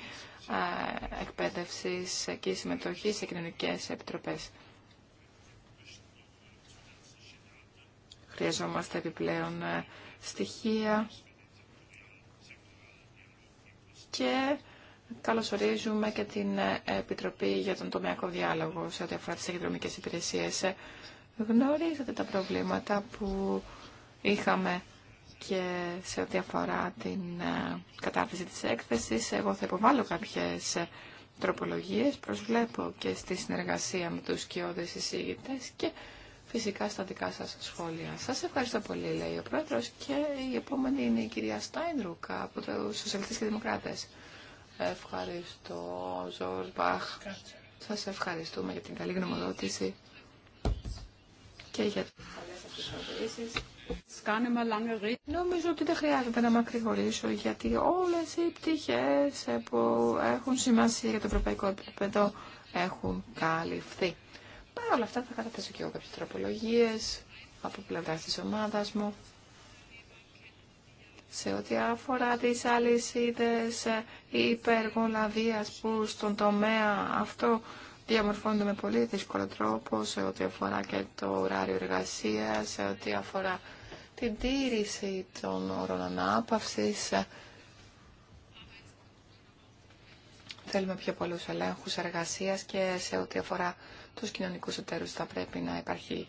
ε, εκπαίδευση και η συμμετοχή σε κοινωνικέ επιτροπέ. Χρειαζόμαστε επιπλέον ε, στοιχεία και καλωσορίζουμε και την ε, Επιτροπή για τον Τομιακό Διάλογο σε ό,τι αφορά τις εγκεντρωμικές υπηρεσίες. Ε, γνωρίζετε τα προβλήματα που είχαμε και σε ό,τι αφορά την κατάρτιση της έκθεσης. Εγώ θα υποβάλω κάποιες τροπολογίες, προσβλέπω και στη συνεργασία με τους κοιόδες εισηγητές και φυσικά στα δικά σας σχόλια. Σας ευχαριστώ πολύ, λέει ο Πρόεδρος, και η επόμενη είναι η κυρία Στάινρουκ από τους Σοσιαλιστές και Δημοκράτες. Ευχαριστώ, Ζορμπαχ. Μπαχ. Σας ευχαριστούμε για την καλή γνωμοδότηση και για τις καλές Νομίζω ότι δεν χρειάζεται να μακρηγορήσω, γιατί όλες οι πτυχές που έχουν σημασία για το ευρωπαϊκό επίπεδο έχουν καλυφθεί. Παρ' όλα αυτά θα καταθέσω και εγώ κάποιες τροπολογίες από πλευρά της ομάδας μου σε ό,τι αφορά τις αλυσίδες υπεργολαβίας που στον τομέα αυτό διαμορφώνονται με πολύ δύσκολο τρόπο σε ό,τι αφορά και το ωράριο εργασία, σε ό,τι αφορά την τήρηση των όρων ανάπαυσης. Θέλουμε πιο πολλούς ελέγχους εργασίας και σε ό,τι αφορά τους κοινωνικούς εταίρους θα πρέπει να υπάρχει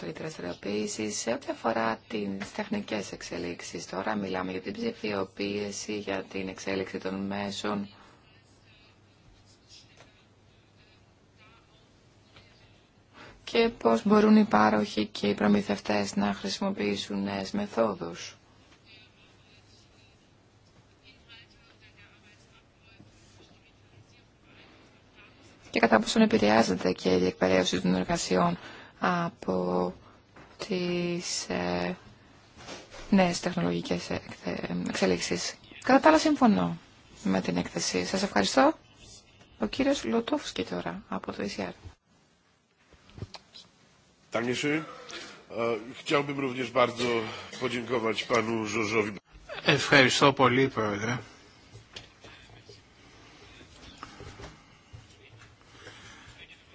τρίτη δραστηριοποίηση. Σε ό,τι αφορά τις τεχνικές εξελίξεις τώρα, μιλάμε για την ψηφιοποίηση, για την εξέλιξη των μέσων. και πώς μπορούν οι πάροχοι και οι προμηθευτές να χρησιμοποιήσουν νέες μεθόδους. και κατά πόσον επηρεάζεται και η εκπαίδευση των εργασιών από τις ε, νέες τεχνολογικές ε, ε, εξελίξεις. Κατά τα άλλα συμφωνώ με την έκθεση. Σας ευχαριστώ. Ο κύριος Λοτόφσκι τώρα από το ECR. E, ευχαριστώ πολύ, Πρόεδρε.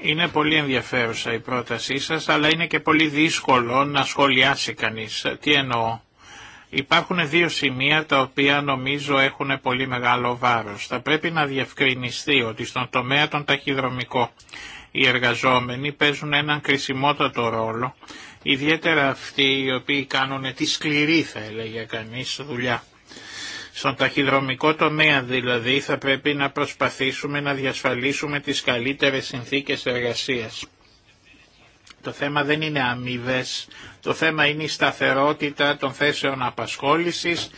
Είναι πολύ ενδιαφέρουσα η πρότασή σας, αλλά είναι και πολύ δύσκολο να σχολιάσει κανείς. Τι εννοώ. Υπάρχουν δύο σημεία τα οποία νομίζω έχουν πολύ μεγάλο βάρος. Θα πρέπει να διευκρινιστεί ότι στον τομέα των ταχυδρομικών οι εργαζόμενοι παίζουν έναν κρισιμότατο ρόλο, ιδιαίτερα αυτοί οι οποίοι κάνουν τη σκληρή θα έλεγε κανείς δουλειά. Στον ταχυδρομικό τομέα δηλαδή θα πρέπει να προσπαθήσουμε να διασφαλίσουμε τις καλύτερες συνθήκες εργασίας. Το θέμα δεν είναι αμοιβέ. Το θέμα είναι η σταθερότητα των θέσεων απασχόλησης,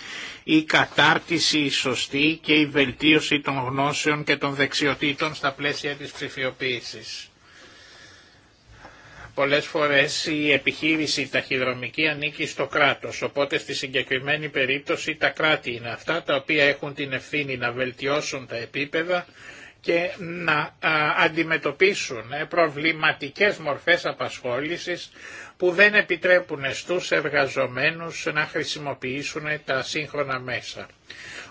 η κατάρτιση η σωστή και η βελτίωση των γνώσεων και των δεξιοτήτων στα πλαίσια της ψηφιοποίησης. Πολλές φορές η επιχείρηση ταχυδρομική ανήκει στο κράτος, οπότε στη συγκεκριμένη περίπτωση τα κράτη είναι αυτά τα οποία έχουν την ευθύνη να βελτιώσουν τα επίπεδα και να αντιμετωπίσουν ε, προβληματικές μορφές απασχόλησης που δεν επιτρέπουν στους εργαζομένους να χρησιμοποιήσουν τα σύγχρονα μέσα.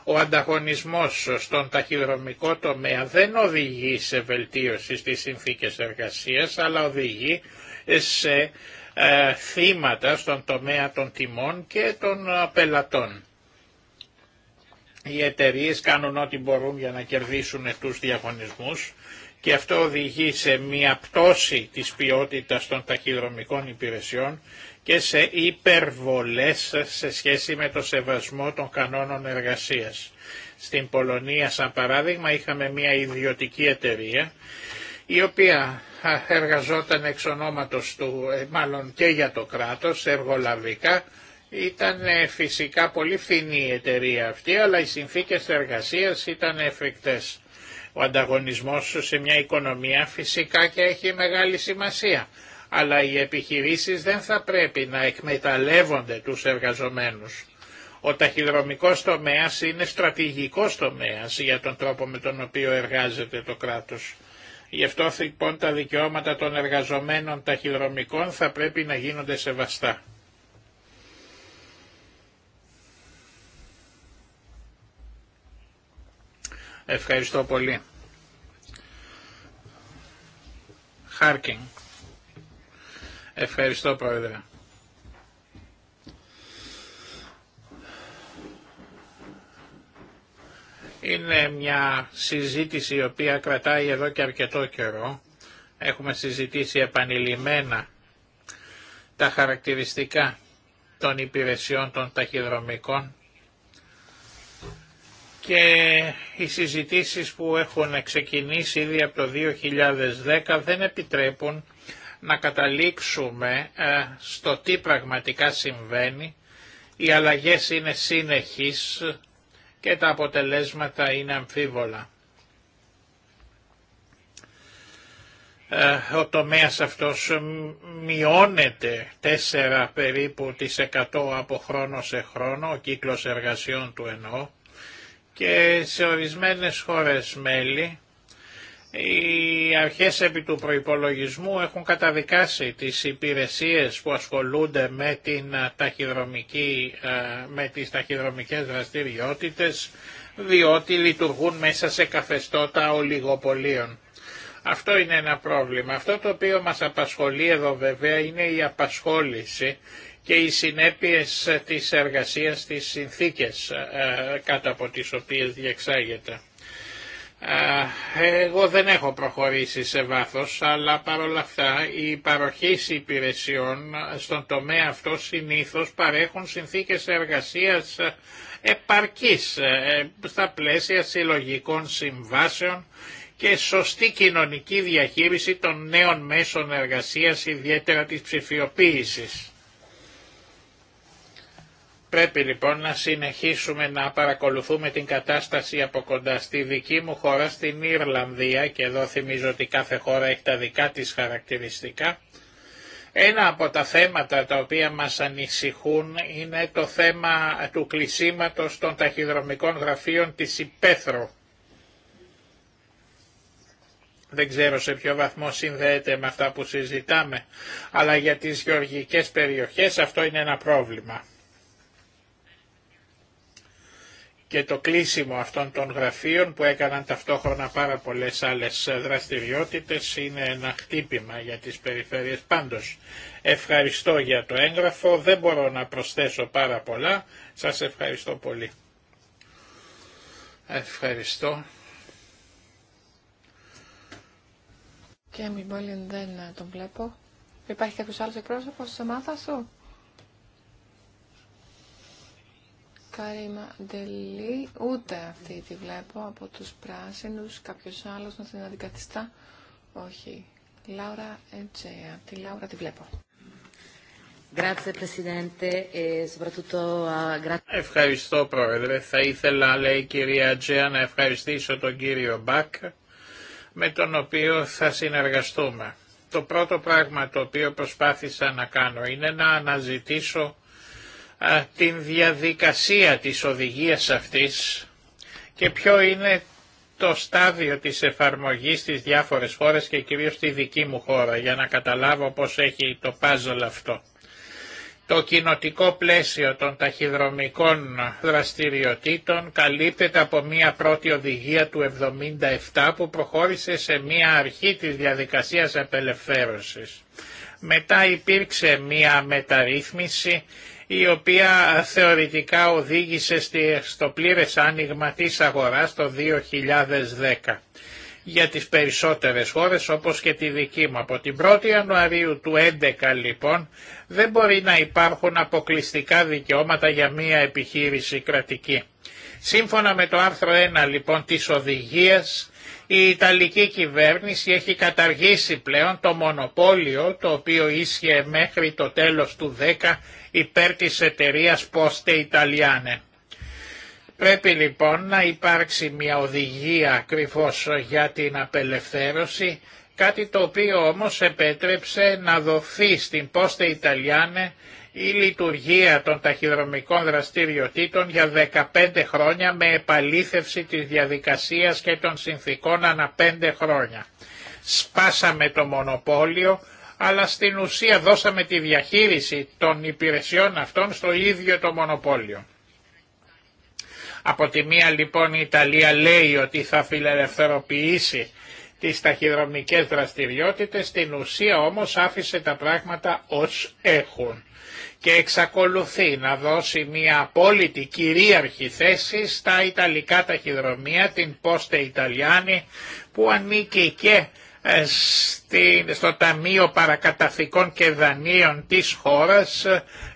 Ο ανταγωνισμός στον ταχυδρομικό τομέα δεν οδηγεί σε βελτίωση στις συνθήκες εργασίας, αλλά οδηγεί σε ε, θύματα στον τομέα των τιμών και των ε, πελατών. Οι εταιρείε κάνουν ό,τι μπορούν για να κερδίσουν τους διαγωνισμούς και αυτό οδηγεί σε μια πτώση της ποιότητας των ταχυδρομικών υπηρεσιών και σε υπερβολές σε σχέση με το σεβασμό των κανόνων εργασίας. Στην Πολωνία, σαν παράδειγμα, είχαμε μια ιδιωτική εταιρεία η οποία εργαζόταν εξ ονόματος του, ε, μάλλον και για το κράτος, εργολαβικά, ήταν ε, φυσικά πολύ φθηνή η εταιρεία αυτή, αλλά οι συνθήκες εργασίας ήταν εφικτές. Ο ανταγωνισμός σε μια οικονομία φυσικά και έχει μεγάλη σημασία, αλλά οι επιχειρήσεις δεν θα πρέπει να εκμεταλλεύονται τους εργαζομένους. Ο ταχυδρομικός τομέας είναι στρατηγικός τομέας για τον τρόπο με τον οποίο εργάζεται το κράτος. Γι' αυτό λοιπόν τα δικαιώματα των εργαζομένων ταχυδρομικών θα πρέπει να γίνονται σεβαστά. Ευχαριστώ πολύ. Χάρκινγκ. Ευχαριστώ πρόεδρε. Είναι μια συζήτηση η οποία κρατάει εδώ και αρκετό καιρό. Έχουμε συζητήσει επανειλημμένα τα χαρακτηριστικά των υπηρεσιών των ταχυδρομικών και οι συζητήσεις που έχουν ξεκινήσει ήδη από το 2010 δεν επιτρέπουν να καταλήξουμε ε, στο τι πραγματικά συμβαίνει. Οι αλλαγές είναι συνεχείς και τα αποτελέσματα είναι αμφίβολα. Ε, ο τομέας αυτός μειώνεται 4 περίπου τις 100 από χρόνο σε χρόνο, ο κύκλος εργασιών του εννοώ, και σε ορισμένες χώρες μέλη οι αρχές επί του προϋπολογισμού έχουν καταδικάσει τις υπηρεσίες που ασχολούνται με, την ε, ταχυδρομική, ε, με τις ταχυδρομικές δραστηριότητες διότι λειτουργούν μέσα σε καθεστώτα ολιγοπολίων. Αυτό είναι ένα πρόβλημα. Αυτό το οποίο μας απασχολεί εδώ βέβαια είναι η απασχόληση και οι συνέπειες της εργασίας στις συνθήκες ε, κάτω από τις οποίες διεξάγεται. Ε, εγώ δεν έχω προχωρήσει σε βάθος, αλλά παρόλα αυτά οι παροχές υπηρεσιών στον τομέα αυτό συνήθως παρέχουν συνθήκες εργασίας επαρκής ε, στα πλαίσια συλλογικών συμβάσεων και σωστή κοινωνική διαχείριση των νέων μέσων εργασίας, ιδιαίτερα της ψηφιοποίησης πρέπει λοιπόν να συνεχίσουμε να παρακολουθούμε την κατάσταση από κοντά στη δική μου χώρα, στην Ιρλανδία, και εδώ θυμίζω ότι κάθε χώρα έχει τα δικά της χαρακτηριστικά. Ένα από τα θέματα τα οποία μας ανησυχούν είναι το θέμα του κλεισίματος των ταχυδρομικών γραφείων της Υπέθρο. Δεν ξέρω σε ποιο βαθμό συνδέεται με αυτά που συζητάμε, αλλά για τις γεωργικές περιοχές αυτό είναι ένα πρόβλημα. και το κλείσιμο αυτών των γραφείων που έκαναν ταυτόχρονα πάρα πολλές άλλες δραστηριότητες είναι ένα χτύπημα για τις περιφέρειες. Πάντως, ευχαριστώ για το έγγραφο, δεν μπορώ να προσθέσω πάρα πολλά. Σας ευχαριστώ πολύ. Ευχαριστώ. Και μην δεν τον βλέπω. Υπάρχει κάποιος άλλος εκπρόσωπος σε ομάδας Καρίμα Ντελή, ούτε αυτή τη βλέπω από τους πράσινους, κάποιος άλλος να την αντικαθιστά. Όχι. Λάουρα Ετζέα. Τη Λάουρα τη βλέπω. E ah, Ευχαριστώ Πρόεδρε. Θα ήθελα, λέει η κυρία Τζέα, να ευχαριστήσω τον κύριο Μπακ, με τον οποίο θα συνεργαστούμε. Το πρώτο πράγμα το οποίο προσπάθησα να κάνω είναι να αναζητήσω την διαδικασία της οδηγίας αυτής και ποιο είναι το στάδιο της εφαρμογής στις διάφορες χώρες και κυρίως στη δική μου χώρα για να καταλάβω πώς έχει το παζλ αυτό. Το κοινοτικό πλαίσιο των ταχυδρομικών δραστηριοτήτων καλύπτεται από μία πρώτη οδηγία του 77 που προχώρησε σε μία αρχή της διαδικασίας απελευθέρωσης. Μετά υπήρξε μία μεταρρύθμιση η οποία θεωρητικά οδήγησε στο πλήρες άνοιγμα της αγοράς το 2010 για τις περισσότερες χώρες όπως και τη δική μου. Από την 1η Ιανουαρίου του 2011 λοιπόν δεν μπορεί να υπάρχουν αποκλειστικά δικαιώματα για μία επιχείρηση κρατική. Σύμφωνα με το άρθρο 1 λοιπόν της οδηγίας η Ιταλική κυβέρνηση έχει καταργήσει πλέον το μονοπόλιο το οποίο ίσχυε μέχρι το τέλος του 10 υπέρ της εταιρείας Poste Italiane. Πρέπει λοιπόν να υπάρξει μια οδηγία ακριβώς για την απελευθέρωση, κάτι το οποίο όμως επέτρεψε να δοθεί στην Poste Italiane η λειτουργία των ταχυδρομικών δραστηριοτήτων για 15 χρόνια με επαλήθευση της διαδικασίας και των συνθήκων ανά 5 χρόνια. Σπάσαμε το μονοπόλιο, αλλά στην ουσία δώσαμε τη διαχείριση των υπηρεσιών αυτών στο ίδιο το μονοπόλιο. Από τη μία λοιπόν η Ιταλία λέει ότι θα φιλελευθερωποιήσει τις ταχυδρομικές δραστηριότητες, στην ουσία όμως άφησε τα πράγματα ως έχουν και εξακολουθεί να δώσει μια λοιπον η ιταλια λεει οτι θα φιλελευθεροποιήσει τις ταχυδρομικες κυρίαρχη θέση στα Ιταλικά ταχυδρομεία, την Poste ιταλιανη που ανήκει και στο Ταμείο Παρακαταθήκων και Δανείων της χώρας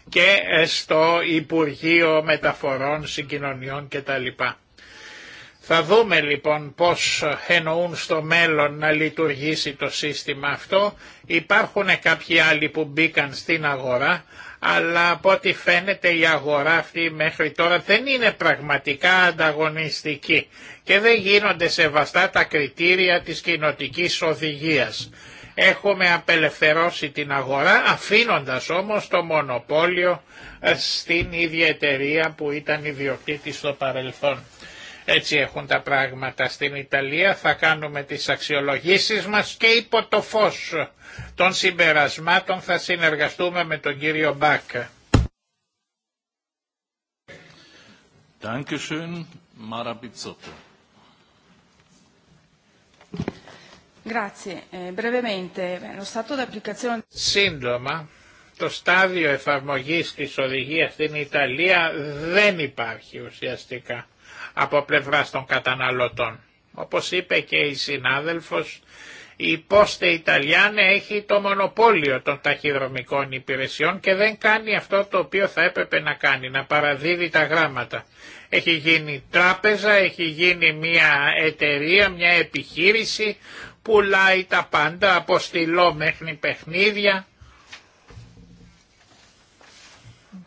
και στο Υπουργείο Μεταφορών, Συγκοινωνιών κτλ. Θα δούμε λοιπόν πώς εννοούν στο μέλλον να λειτουργήσει το σύστημα αυτό. Υπάρχουν κάποιοι άλλοι που μπήκαν στην αγορά, αλλά από ό,τι φαίνεται η αγορά αυτή μέχρι τώρα δεν είναι πραγματικά ανταγωνιστική και δεν γίνονται σεβαστά τα κριτήρια της κοινοτική οδηγίας. Έχουμε απελευθερώσει την αγορά αφήνοντας όμως το μονοπόλιο ε, στην ίδια εταιρεία που ήταν ιδιοκτήτη στο παρελθόν. Έτσι έχουν τα πράγματα στην Ιταλία, θα κάνουμε τις αξιολογήσεις μας και υπό το φως των συμπερασμάτων θα συνεργαστούμε με τον κύριο Μπάκ. Mara Eh, Σύντομα, το στάδιο εφαρμογής της οδηγίας στην Ιταλία δεν υπάρχει ουσιαστικά από πλευράς των καταναλωτών. Όπως είπε και η συνάδελφος, η Πόστε Ιταλιάνε έχει το μονοπόλιο των ταχυδρομικών υπηρεσιών και δεν κάνει αυτό το οποίο θα έπρεπε να κάνει, να παραδίδει τα γράμματα. Έχει γίνει τράπεζα, έχει γίνει μια εταιρεία, μια επιχείρηση πουλάει τα πάντα από στυλό μέχρι παιχνίδια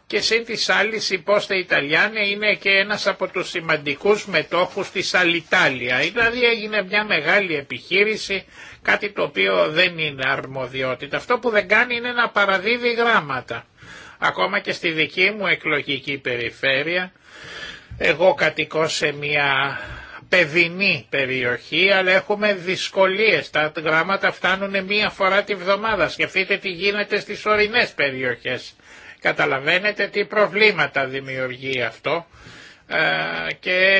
και σύν τη άλλη η Ιταλιάνε είναι και ένας από τους σημαντικούς μετόχους της Αλιτάλια. Δηλαδή έγινε μια μεγάλη επιχείρηση, κάτι το οποίο δεν είναι αρμοδιότητα. Αυτό που δεν κάνει είναι να παραδίδει γράμματα. Ακόμα και στη δική μου εκλογική περιφέρεια, εγώ κατοικώ σε μια παιδινή περιοχή, αλλά έχουμε δυσκολίες. Τα γράμματα φτάνουν μία φορά τη βδομάδα. Σκεφτείτε τι γίνεται στις ορεινές περιοχές. Καταλαβαίνετε τι προβλήματα δημιουργεί αυτό ε, και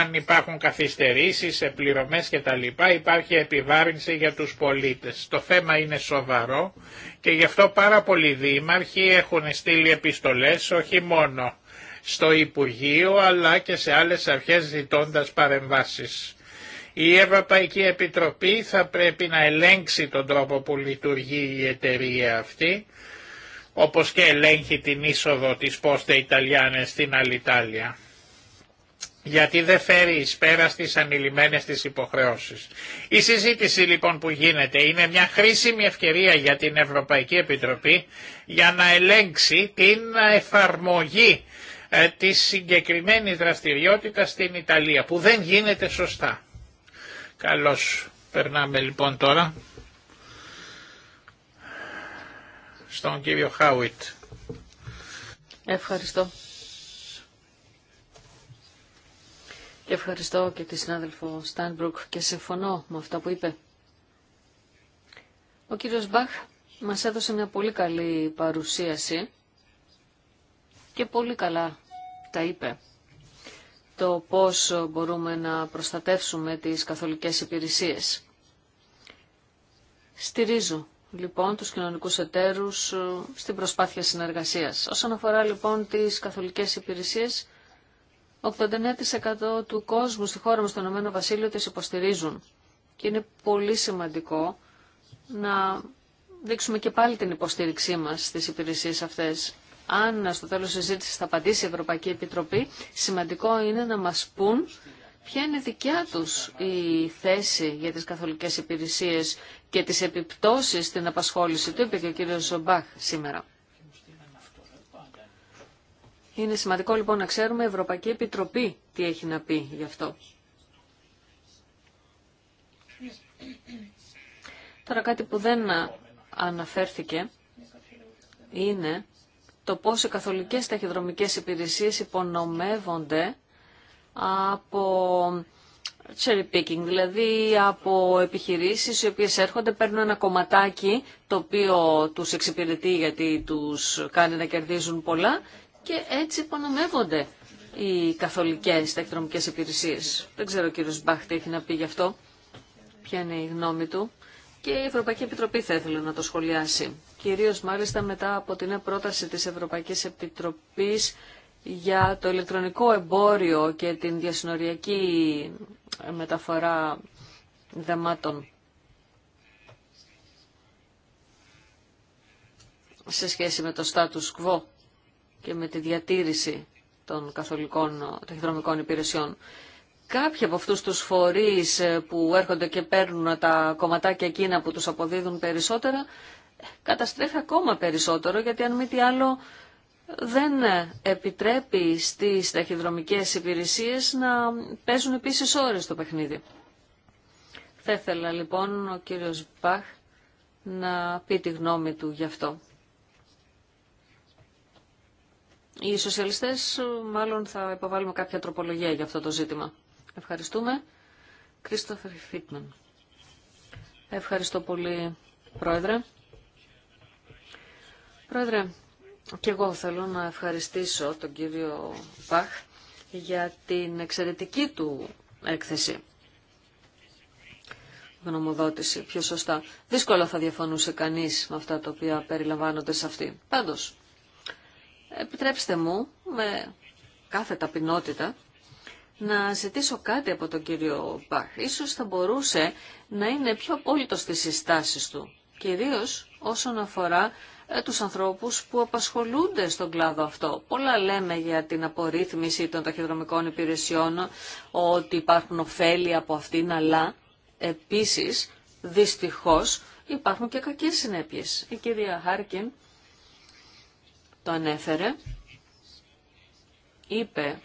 αν υπάρχουν καθυστερήσεις, επληρωμές και τα λοιπά υπάρχει επιβάρυνση για τους πολίτες. Το θέμα είναι σοβαρό και γι' αυτό πάρα πολλοί δήμαρχοι έχουν στείλει επιστολές όχι μόνο στο Υπουργείο αλλά και σε άλλες αρχές ζητώντας παρεμβάσεις. Η Ευρωπαϊκή Επιτροπή θα πρέπει να ελέγξει τον τρόπο που λειτουργεί η εταιρεία αυτή, όπως και ελέγχει την είσοδο της Πόστε Ιταλιάνε στην Αλιτάλια γιατί δεν φέρει εις πέρα στις ανηλυμένες της υποχρεώσεις. Η συζήτηση λοιπόν που γίνεται είναι μια χρήσιμη ευκαιρία για την Ευρωπαϊκή Επιτροπή για να ελέγξει την εφαρμογή ε, τη συγκεκριμένη δραστηριότητα στην Ιταλία που δεν γίνεται σωστά. Καλώς περνάμε λοιπόν τώρα στον κύριο Χάουιτ. Ευχαριστώ. Και ευχαριστώ και τη συνάδελφο Στάνμπρουκ και συμφωνώ με αυτά που είπε. Ο κύριος Μπαχ μας έδωσε μια πολύ καλή παρουσίαση και πολύ καλά τα είπε. Το πώς μπορούμε να προστατεύσουμε τις καθολικές υπηρεσίες. Στηρίζω λοιπόν τους κοινωνικούς εταίρους ε, στην προσπάθεια συνεργασίας. Όσον αφορά λοιπόν τις καθολικές υπηρεσίες, 89% του κόσμου στη χώρα μας, στον Ηνωμένο Βασίλειο, τις υποστηρίζουν. Και είναι πολύ σημαντικό να δείξουμε και πάλι την υποστήριξή μας στις υπηρεσίες αυτές αν στο τέλος συζήτηση θα απαντήσει η Ευρωπαϊκή Επιτροπή, σημαντικό είναι να μας πούν ποια είναι δικιά τους η θέση για τις καθολικές υπηρεσίες και τις επιπτώσεις στην απασχόληση. του, είπε και ο κύριος Ζομπάχ σήμερα. Είναι σημαντικό λοιπόν να ξέρουμε η Ευρωπαϊκή Επιτροπή τι έχει να πει γι' αυτό. Τώρα κάτι που δεν αναφέρθηκε είναι το πώς οι καθολικές ταχυδρομικές υπηρεσίες υπονομεύονται από cherry picking, δηλαδή από επιχειρήσεις οι οποίες έρχονται, παίρνουν ένα κομματάκι το οποίο τους εξυπηρετεί γιατί τους κάνει να κερδίζουν πολλά και έτσι υπονομεύονται οι καθολικές ταχυδρομικές υπηρεσίες. Δεν ξέρω ο κύριος Μπάχ τι έχει να πει γι' αυτό, ποια είναι η γνώμη του και η Ευρωπαϊκή Επιτροπή θα ήθελε να το σχολιάσει κυρίως μάλιστα μετά από την πρόταση της Ευρωπαϊκής Επιτροπής για το ηλεκτρονικό εμπόριο και την διασυνοριακή μεταφορά δεμάτων. σε σχέση με το status quo και με τη διατήρηση των καθολικών ταχυδρομικών υπηρεσιών. Κάποιοι από αυτούς τους φορείς που έρχονται και παίρνουν τα κομματάκια εκείνα που τους αποδίδουν περισσότερα καταστρέφει ακόμα περισσότερο γιατί αν μη τι άλλο δεν επιτρέπει στις ταχυδρομικές υπηρεσίες να παίζουν επίσης ώρες το παιχνίδι. Θα ήθελα λοιπόν ο κύριος Μπαχ να πει τη γνώμη του γι' αυτό. Οι σοσιαλιστές μάλλον θα υποβάλουμε κάποια τροπολογία για αυτό το ζήτημα. Ευχαριστούμε. Κρίστοφερ Φίτμαν. Ευχαριστώ πολύ, Πρόεδρε. Πρόεδρε, και εγώ θέλω να ευχαριστήσω τον κύριο Παχ για την εξαιρετική του έκθεση. Γνωμοδότηση, πιο σωστά. Δύσκολα θα διαφωνούσε κανείς με αυτά τα οποία περιλαμβάνονται σε αυτή. Πάντως, επιτρέψτε μου με κάθε ταπεινότητα να ζητήσω κάτι από τον κύριο Παχ. Ίσως θα μπορούσε να είναι πιο απόλυτο στις συστάσεις του, κυρίως όσον αφορά ε, τους ανθρώπους που απασχολούνται στον κλάδο αυτό. Πολλά λέμε για την απορρίθμιση των ταχυδρομικών υπηρεσιών, ότι υπάρχουν ωφέλη από αυτήν, αλλά επίσης, δυστυχώς, υπάρχουν και κακές συνέπειες. Η κυρία Χάρκιν το ανέφερε, είπε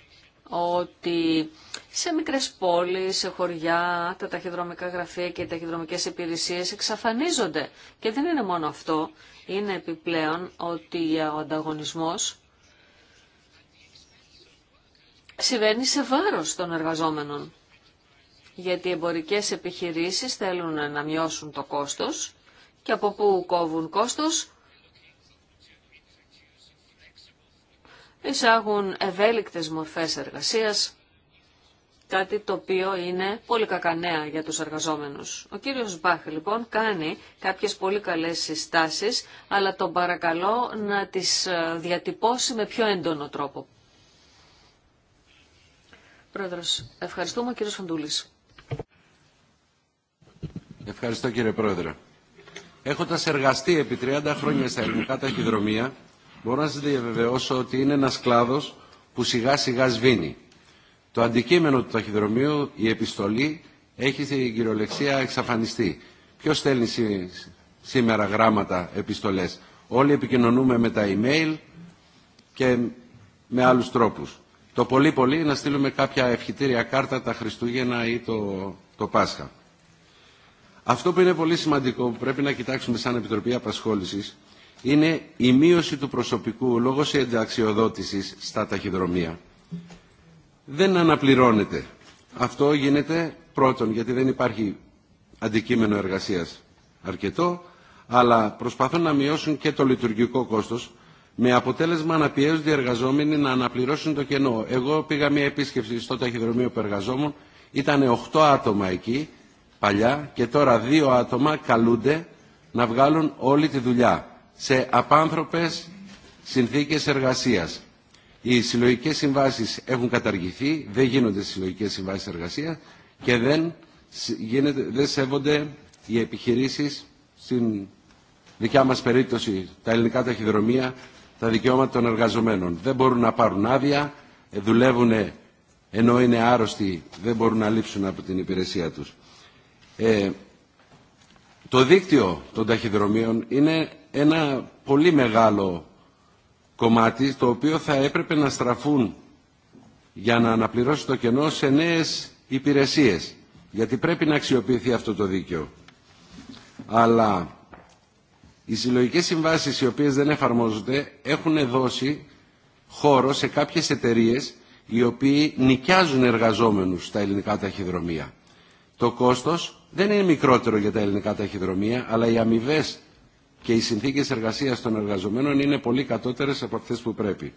ότι σε μικρές πόλεις, σε χωριά, τα ταχυδρομικά γραφεία και οι ταχυδρομικές υπηρεσίες εξαφανίζονται. Και δεν είναι μόνο αυτό είναι επιπλέον ότι ο ανταγωνισμός συμβαίνει σε βάρος των εργαζόμενων. Γιατί οι εμπορικές επιχειρήσεις θέλουν να μειώσουν το κόστος και από πού κόβουν κόστος εισάγουν ευέλικτες μορφές εργασίας κάτι το οποίο είναι πολύ κακανέα για τους εργαζόμενους. Ο κύριος Μπάχ λοιπόν κάνει κάποιες πολύ καλές συστάσεις, αλλά τον παρακαλώ να τις ε, διατυπώσει με πιο έντονο τρόπο. Πρόεδρος, ευχαριστούμε ο κύριος Φαντούλης. Ευχαριστώ κύριε Πρόεδρε. Έχοντας εργαστεί επί 30 χρόνια στα ελληνικά ταχυδρομεία, μπορώ να σας διαβεβαιώσω ότι είναι ένας κλάδος που σιγά σιγά σβήνει. Το αντικείμενο του ταχυδρομείου, η επιστολή, έχει στην κυριολεξία εξαφανιστεί. Ποιο στέλνει σήμερα γράμματα, επιστολές. Όλοι επικοινωνούμε με τα email και με άλλου τρόπου. Το πολύ πολύ να στείλουμε κάποια ευχητήρια κάρτα τα Χριστούγεννα ή το, το Πάσχα. Αυτό που είναι πολύ σημαντικό που πρέπει να κοιτάξουμε σαν Επιτροπή απασχοληση είναι η μείωση του προσωπικού λόγω συνταξιοδότηση στα ταχυδρομεία δεν αναπληρώνεται. Αυτό γίνεται πρώτον γιατί δεν υπάρχει αντικείμενο εργασίας αρκετό, αλλά προσπαθούν να μειώσουν και το λειτουργικό κόστος, με αποτέλεσμα να πιέζουν οι εργαζόμενοι να αναπληρώσουν το κενό. Εγώ πήγα μια επίσκεψη στο ταχυδρομείο που εργαζόμουν, ήταν 8 άτομα εκεί παλιά και τώρα 2 άτομα καλούνται να βγάλουν όλη τη δουλειά σε απάνθρωπες συνθήκες εργασίας. Οι συλλογικές συμβάσεις έχουν καταργηθεί, δεν γίνονται συλλογικές συμβάσεις εργασία και δεν, γίνεται, δεν σέβονται οι επιχειρήσεις στην δικιά μας περίπτωση, τα ελληνικά ταχυδρομεία, τα δικαιώματα των εργαζομένων. Δεν μπορούν να πάρουν άδεια, ε, δουλεύουν ενώ είναι άρρωστοι, δεν μπορούν να λείψουν από την υπηρεσία τους. Ε, το δίκτυο των ταχυδρομείων είναι ένα πολύ μεγάλο κομμάτι το οποίο θα έπρεπε να στραφούν για να αναπληρώσει το κενό σε νέες υπηρεσίες. Γιατί πρέπει να αξιοποιηθεί αυτό το δίκαιο. Αλλά οι συλλογικές συμβάσεις οι οποίες δεν εφαρμόζονται έχουν δώσει χώρο σε κάποιες εταιρείες οι οποίοι νοικιάζουν εργαζόμενους στα ελληνικά ταχυδρομεία. Το κόστος δεν είναι μικρότερο για τα ελληνικά ταχυδρομεία, αλλά οι αμοιβέ και οι συνθήκε εργασία των εργαζομένων είναι πολύ κατώτερε από αυτέ που πρέπει.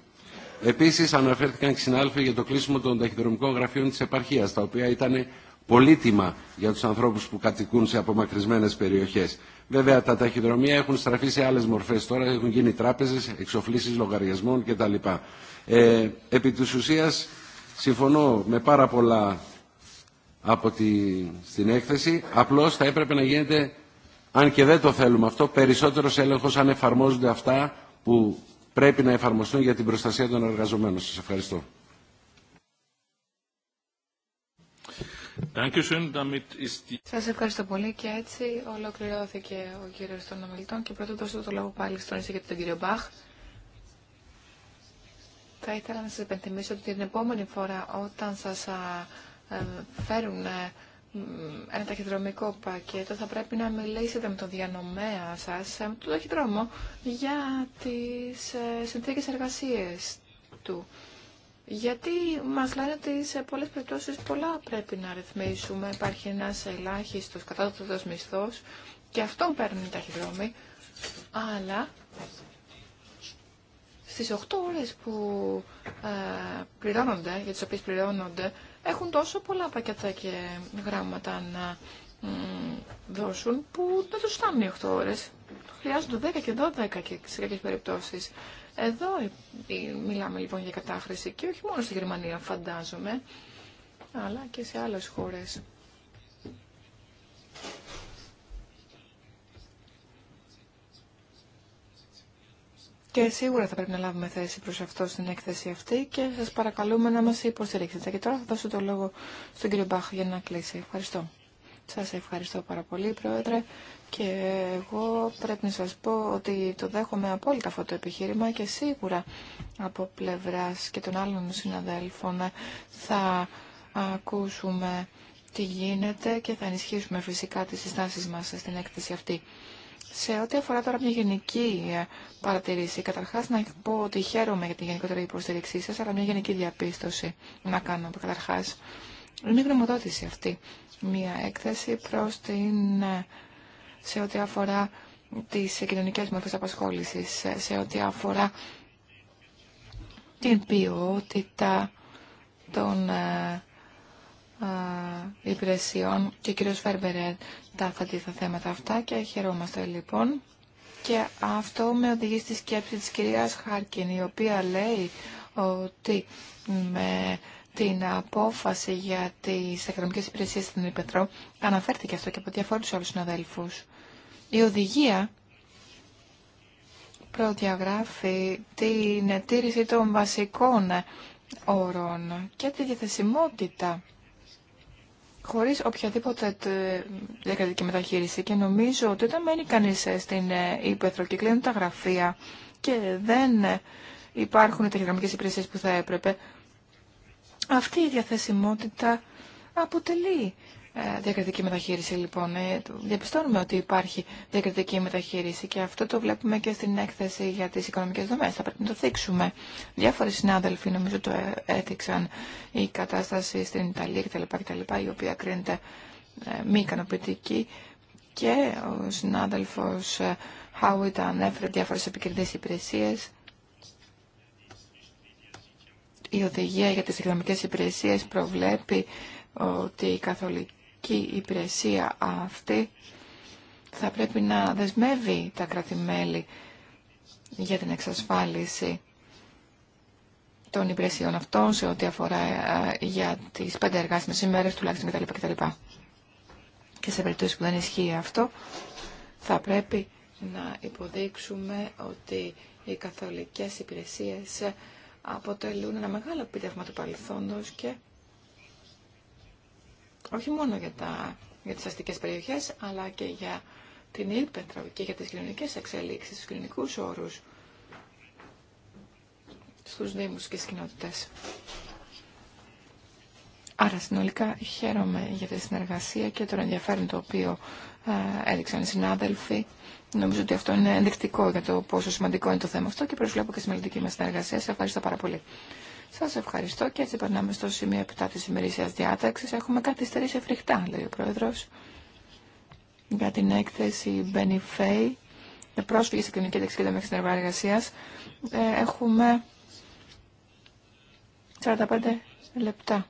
Επίση, αναφέρθηκαν συνάλφοι για το κλείσιμο των ταχυδρομικών γραφείων τη επαρχία, τα οποία ήταν πολύτιμα για του ανθρώπου που κατοικούν σε απομακρυσμένε περιοχέ. Βέβαια τα ταχυδρομεία έχουν στραφεί σε άλλε μορφέ τώρα, έχουν γίνει τράπεζε, εξοφλήσει λογαριασμών κτλ. Ε, επί τη ουσία, συμφωνώ με πάρα πολλά από τη, στην έκθεση, απλώς θα έπρεπε να γίνεται αν και δεν το θέλουμε αυτό, περισσότερος έλεγχος αν εφαρμόζονται αυτά που πρέπει να εφαρμοστούν για την προστασία των εργαζομένων. Σας ευχαριστώ. Σας ευχαριστώ πολύ και έτσι ολοκληρώθηκε ο κύριος των ομιλητών και πρώτα δώσω το λόγο πάλι στον εισηγητή τον κύριο Μπαχ. Θα ήθελα να σας υπενθυμίσω ότι την επόμενη φορά όταν σας ε, φέρουν ε, ένα ταχυδρομικό πακέτο θα πρέπει να μιλήσετε με τον διανομέα σας, ε, με τον ταχυδρόμο, για τις ε, συνθήκες εργασίες του. Γιατί μας λένε ότι σε πολλές περιπτώσεις πολλά πρέπει να ρυθμίσουμε. Υπάρχει ένας ελάχιστος κατάδοτος μισθός και αυτό παίρνουν τα ταχυδρόμοι. Αλλά στις 8 ώρες που ε, πληρώνονται, για τις οποίες πληρώνονται, έχουν τόσο πολλά πακέτα και γράμματα να δώσουν που δεν τους φτάνουν οι 8 ώρες. Χρειάζονται 10 και 12 και σε κάποιες περιπτώσεις. Εδώ ε, ε, μιλάμε λοιπόν για κατάχρηση και όχι μόνο στη Γερμανία φαντάζομαι, αλλά και σε άλλες χώρες. Και σίγουρα θα πρέπει να λάβουμε θέση προς αυτό στην έκθεση αυτή και σας παρακαλούμε να μας υποστηρίξετε. Και τώρα θα δώσω το λόγο στον κύριο Μπάχ για να κλείσει. Ευχαριστώ. Σας ευχαριστώ πάρα πολύ, Πρόεδρε. Και εγώ πρέπει να σας πω ότι το δέχομαι απόλυτα αυτό το επιχείρημα και σίγουρα από πλευράς και των άλλων συναδέλφων θα ακούσουμε τι γίνεται και θα ενισχύσουμε φυσικά τις συστάσεις μας στην έκθεση αυτή. Σε ό,τι αφορά τώρα μια γενική ε, παρατηρήση, καταρχά να πω ότι χαίρομαι για την γενικότερη υποστήριξή σα, αλλά μια γενική διαπίστωση να κάνω καταρχά. Είναι μια γνωμοδότηση αυτή. Μια έκθεση προ την. Ε, σε ό,τι αφορά τι κοινωνικέ μορφέ απασχόληση, ε, σε ό,τι αφορά την ποιότητα των υπηρεσιών και ο κύριος Φέρμπερερ τα τα θέματα αυτά και χαιρόμαστε λοιπόν. Και αυτό με οδηγεί στη σκέψη της κυρίας Χάρκιν, η οποία λέει ότι με την απόφαση για τις οικονομικές υπηρεσίες στην Υπετρό αναφέρθηκε αυτό και από διαφόρους άλλους συναδέλφους. Η οδηγία προδιαγράφει την τήρηση των βασικών όρων και τη διαθεσιμότητα χωρίς οποιαδήποτε διακριτική μεταχείριση και νομίζω ότι όταν μένει κανείς ε, στην Ήπεθρο ε, και κλείνουν τα γραφεία και δεν ε, υπάρχουν οι ταχυδραμικές υπηρεσίες που θα έπρεπε, αυτή η διαθεσιμότητα αποτελεί διακριτική μεταχείριση λοιπόν. Ε, διαπιστώνουμε ότι υπάρχει διακριτική μεταχείριση και αυτό το βλέπουμε και στην έκθεση για τις οικονομικές δομές. Θα πρέπει να το δείξουμε. Διάφοροι συνάδελφοι νομίζω το ε, έδειξαν η κατάσταση στην Ιταλία κτλ. κτλ η οποία κρίνεται ε, μη ικανοποιητική και ο συνάδελφος Χάουιτ ανέφερε διάφορες επικριτές υπηρεσίες η οδηγία για τις οικονομικές υπηρεσίες προβλέπει ότι η καθολική και η υπηρεσία αυτή θα πρέπει να δεσμεύει τα κράτη-μέλη για την εξασφάλιση των υπηρεσιών αυτών σε ό,τι αφορά ε, για τις πέντε εργάσιμες ημέρες τουλάχιστον κτλ. Και σε περίπτωση που δεν ισχύει αυτό θα πρέπει να υποδείξουμε ότι οι καθολικές υπηρεσίες αποτελούν ένα μεγάλο πίτευμα του παρελθόντος και όχι μόνο για, τα, για τις αστικές περιοχές, αλλά και για την Ήλπετρο και για τις κοινωνικές εξελίξεις, τους κοινωνικούς όρους στους Δήμους και στις κοινότητες. Άρα συνολικά χαίρομαι για τη συνεργασία και το ενδιαφέρον το οποίο ε, έδειξαν οι συνάδελφοι. Νομίζω ότι αυτό είναι ενδεικτικό για το πόσο σημαντικό είναι το θέμα αυτό και προσβλέπω και στη μελλοντική μα συνεργασία. Σα ευχαριστώ πάρα πολύ. Σας ευχαριστώ και έτσι περνάμε στο σημείο 7 της ημερήσιας διάταξης. Έχουμε καθυστερήσει φρικτά, λέει ο Πρόεδρος, για την έκθεση Φέι, με πρόσφυγες στην κοινωνική δεξιότητα μέχρι την εργασία Έχουμε 45 λεπτά.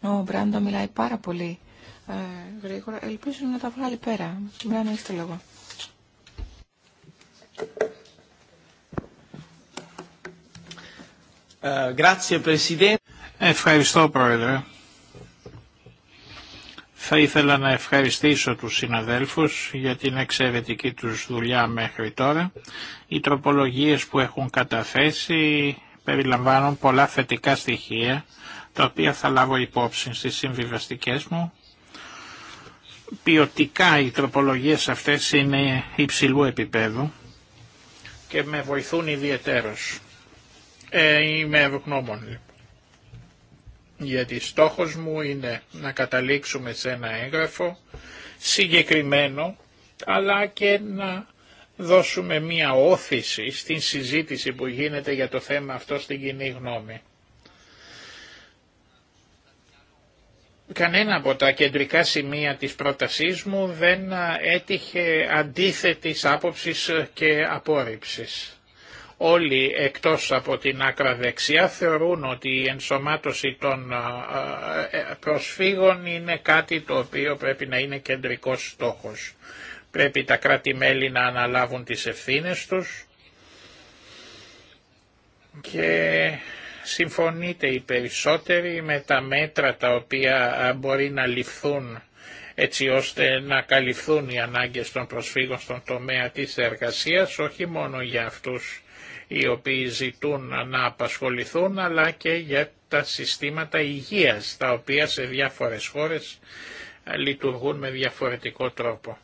Ο Μπράντο μιλάει πάρα πολύ ε, γρήγορα. Ελπίζω να τα βγάλει πέρα. Μπράντο, έχεις το λόγο. Ε, Ευχαριστώ Πρόεδρε. Θα ήθελα να ευχαριστήσω τους συναδέλφους για την εξαιρετική τους δουλειά μέχρι τώρα. Οι τροπολογίες που έχουν καταθέσει περιλαμβάνουν πολλά θετικά στοιχεία, τα οποία θα λάβω υπόψη στις συμβιβαστικές μου. Ποιοτικά οι τροπολογίες αυτές είναι υψηλού επίπεδου και με βοηθούν ιδιαίτερως. Ε, είμαι ευγνώμων λοιπόν. Γιατί στόχος μου είναι να καταλήξουμε σε ένα έγγραφο συγκεκριμένο αλλά και να δώσουμε μία όθηση στην συζήτηση που γίνεται για το θέμα αυτό στην κοινή γνώμη. Κανένα από τα κεντρικά σημεία της πρότασής μου δεν έτυχε αντίθετης άποψης και απόρριψης όλοι εκτός από την άκρα δεξιά θεωρούν ότι η ενσωμάτωση των προσφύγων είναι κάτι το οποίο πρέπει να είναι κεντρικός στόχος. Πρέπει τα κράτη-μέλη να αναλάβουν τις ευθύνες τους και συμφωνείτε οι περισσότεροι με τα μέτρα τα οποία μπορεί να ληφθούν έτσι ώστε να καλυφθούν οι ανάγκες των προσφύγων στον τομέα της εργασίας, όχι μόνο για αυτούς οι οποίοι ζητούν να απασχοληθούν αλλά και για τα συστήματα υγείας τα οποία σε διάφορες χώρες ε, λειτουργούν με διαφορετικό τρόπο.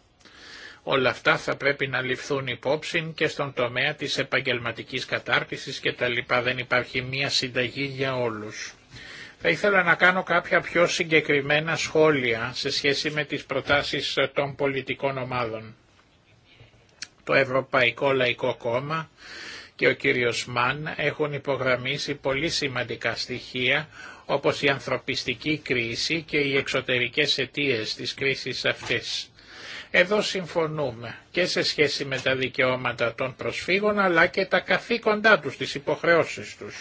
Όλα αυτά θα πρέπει να ληφθούν υπόψη και στον τομέα της επαγγελματικής κατάρτισης και τα λοιπά. Δεν υπάρχει μία συνταγή για όλους. Θα ήθελα να κάνω κάποια πιο συγκεκριμένα σχόλια σε σχέση με τις προτάσεις των πολιτικών ομάδων. Το Ευρωπαϊκό Λαϊκό Κόμμα και ο κύριος Μαν έχουν υπογραμμίσει πολύ σημαντικά στοιχεία όπως η ανθρωπιστική κρίση και οι εξωτερικές αιτίες της κρίσης αυτής. Εδώ συμφωνούμε και σε σχέση με τα δικαιώματα των προσφύγων αλλά και τα καθήκοντά τους, τις υποχρεώσεις τους.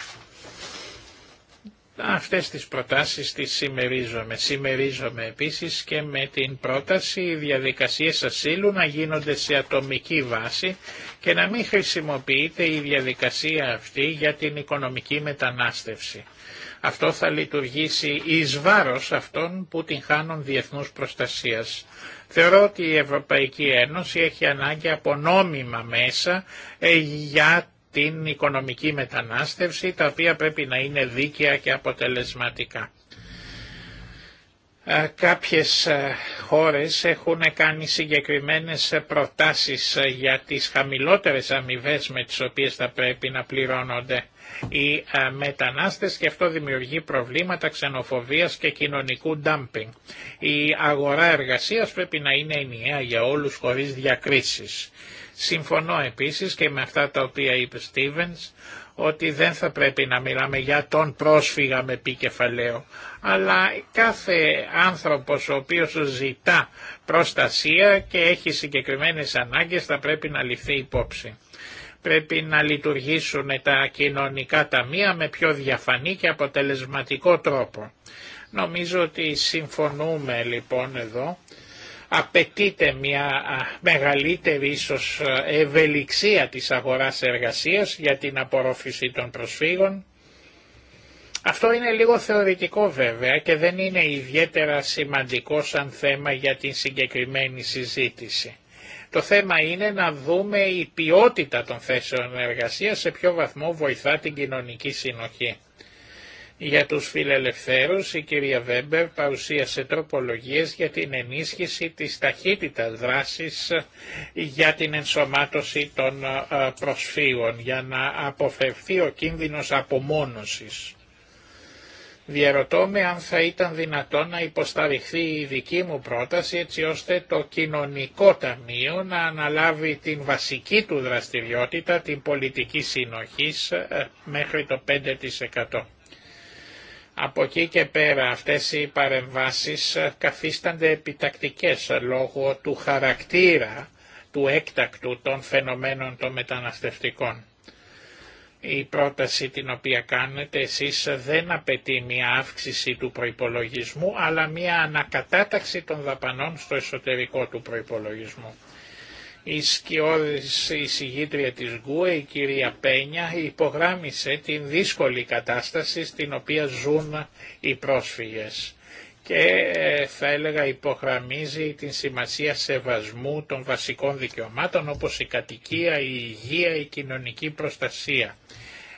Αυτές τις προτάσεις τις συμμερίζομαι. Σημερίζομαι επίσης και με την πρόταση οι διαδικασίες ασύλου να γίνονται σε ατομική βάση και να μην χρησιμοποιείται η διαδικασία αυτή για την οικονομική μετανάστευση. Αυτό θα λειτουργήσει εις βάρος αυτών που την χάνουν διεθνούς προστασίας. Θεωρώ ότι η Ευρωπαϊκή Ένωση έχει ανάγκη από νόμιμα μέσα ε, για την οικονομική μετανάστευση, τα οποία πρέπει να είναι δίκαια και αποτελεσματικά. Ε, κάποιες ε, χώρες έχουν κάνει συγκεκριμένες προτάσεις ε, για τις χαμηλότερες αμοιβέ με τις οποίες θα πρέπει να πληρώνονται οι μετανάστες και αυτό δημιουργεί προβλήματα ξενοφοβίας και κοινωνικού ντάμπινγκ. Η αγορά εργασίας πρέπει να είναι ενιαία για όλους χωρίς διακρίσεις. Συμφωνώ επίσης και με αυτά τα οποία είπε Στίβενς ότι δεν θα πρέπει να μιλάμε για τον πρόσφυγα με πικεφαλαίο, αλλά κάθε άνθρωπος ο οποίος ζητά προστασία και έχει συγκεκριμένες ανάγκες θα πρέπει να ληφθεί υπόψη. Πρέπει να λειτουργήσουν τα κοινωνικά ταμεία με πιο διαφανή και αποτελεσματικό τρόπο. Νομίζω ότι συμφωνούμε λοιπόν εδώ απαιτείται μια μεγαλύτερη ίσως ευελιξία της αγοράς εργασίας για την απορρόφηση των προσφύγων. Αυτό είναι λίγο θεωρητικό βέβαια και δεν είναι ιδιαίτερα σημαντικό σαν θέμα για την συγκεκριμένη συζήτηση. Το θέμα είναι να δούμε η ποιότητα των θέσεων εργασίας σε ποιο βαθμό βοηθά την κοινωνική συνοχή. Για τους φιλελευθέρους η κυρία Βέμπερ παρουσίασε τροπολογίες για την ενίσχυση της ταχύτητας δράσης για την ενσωμάτωση των ε, προσφύγων για να αποφευθεί ο κίνδυνος απομόνωσης. Διαρωτώ με αν θα ήταν δυνατό να υποσταριχθεί η δική μου πρόταση έτσι ώστε το κοινωνικό ταμείο να αναλάβει την βασική του δραστηριότητα, την πολιτική συνοχής ε, μέχρι το 5%. Από εκεί και πέρα αυτές οι παρεμβάσεις καθίστανται επιτακτικές λόγω του χαρακτήρα του έκτακτου των φαινομένων των μεταναστευτικών. Η πρόταση την οποία κάνετε εσείς δεν απαιτεί μια αύξηση του προϋπολογισμού αλλά μια ανακατάταξη των δαπανών στο εσωτερικό του προϋπολογισμού. Η σκιώδης εισηγήτρια της Γκουε, η κυρία Πένια, υπογράμμισε την δύσκολη κατάσταση στην οποία ζουν οι πρόσφυγες και ε, θα έλεγα υπογραμμίζει την σημασία σεβασμού των βασικών δικαιωμάτων όπως η κατοικία, η υγεία, η κοινωνική προστασία.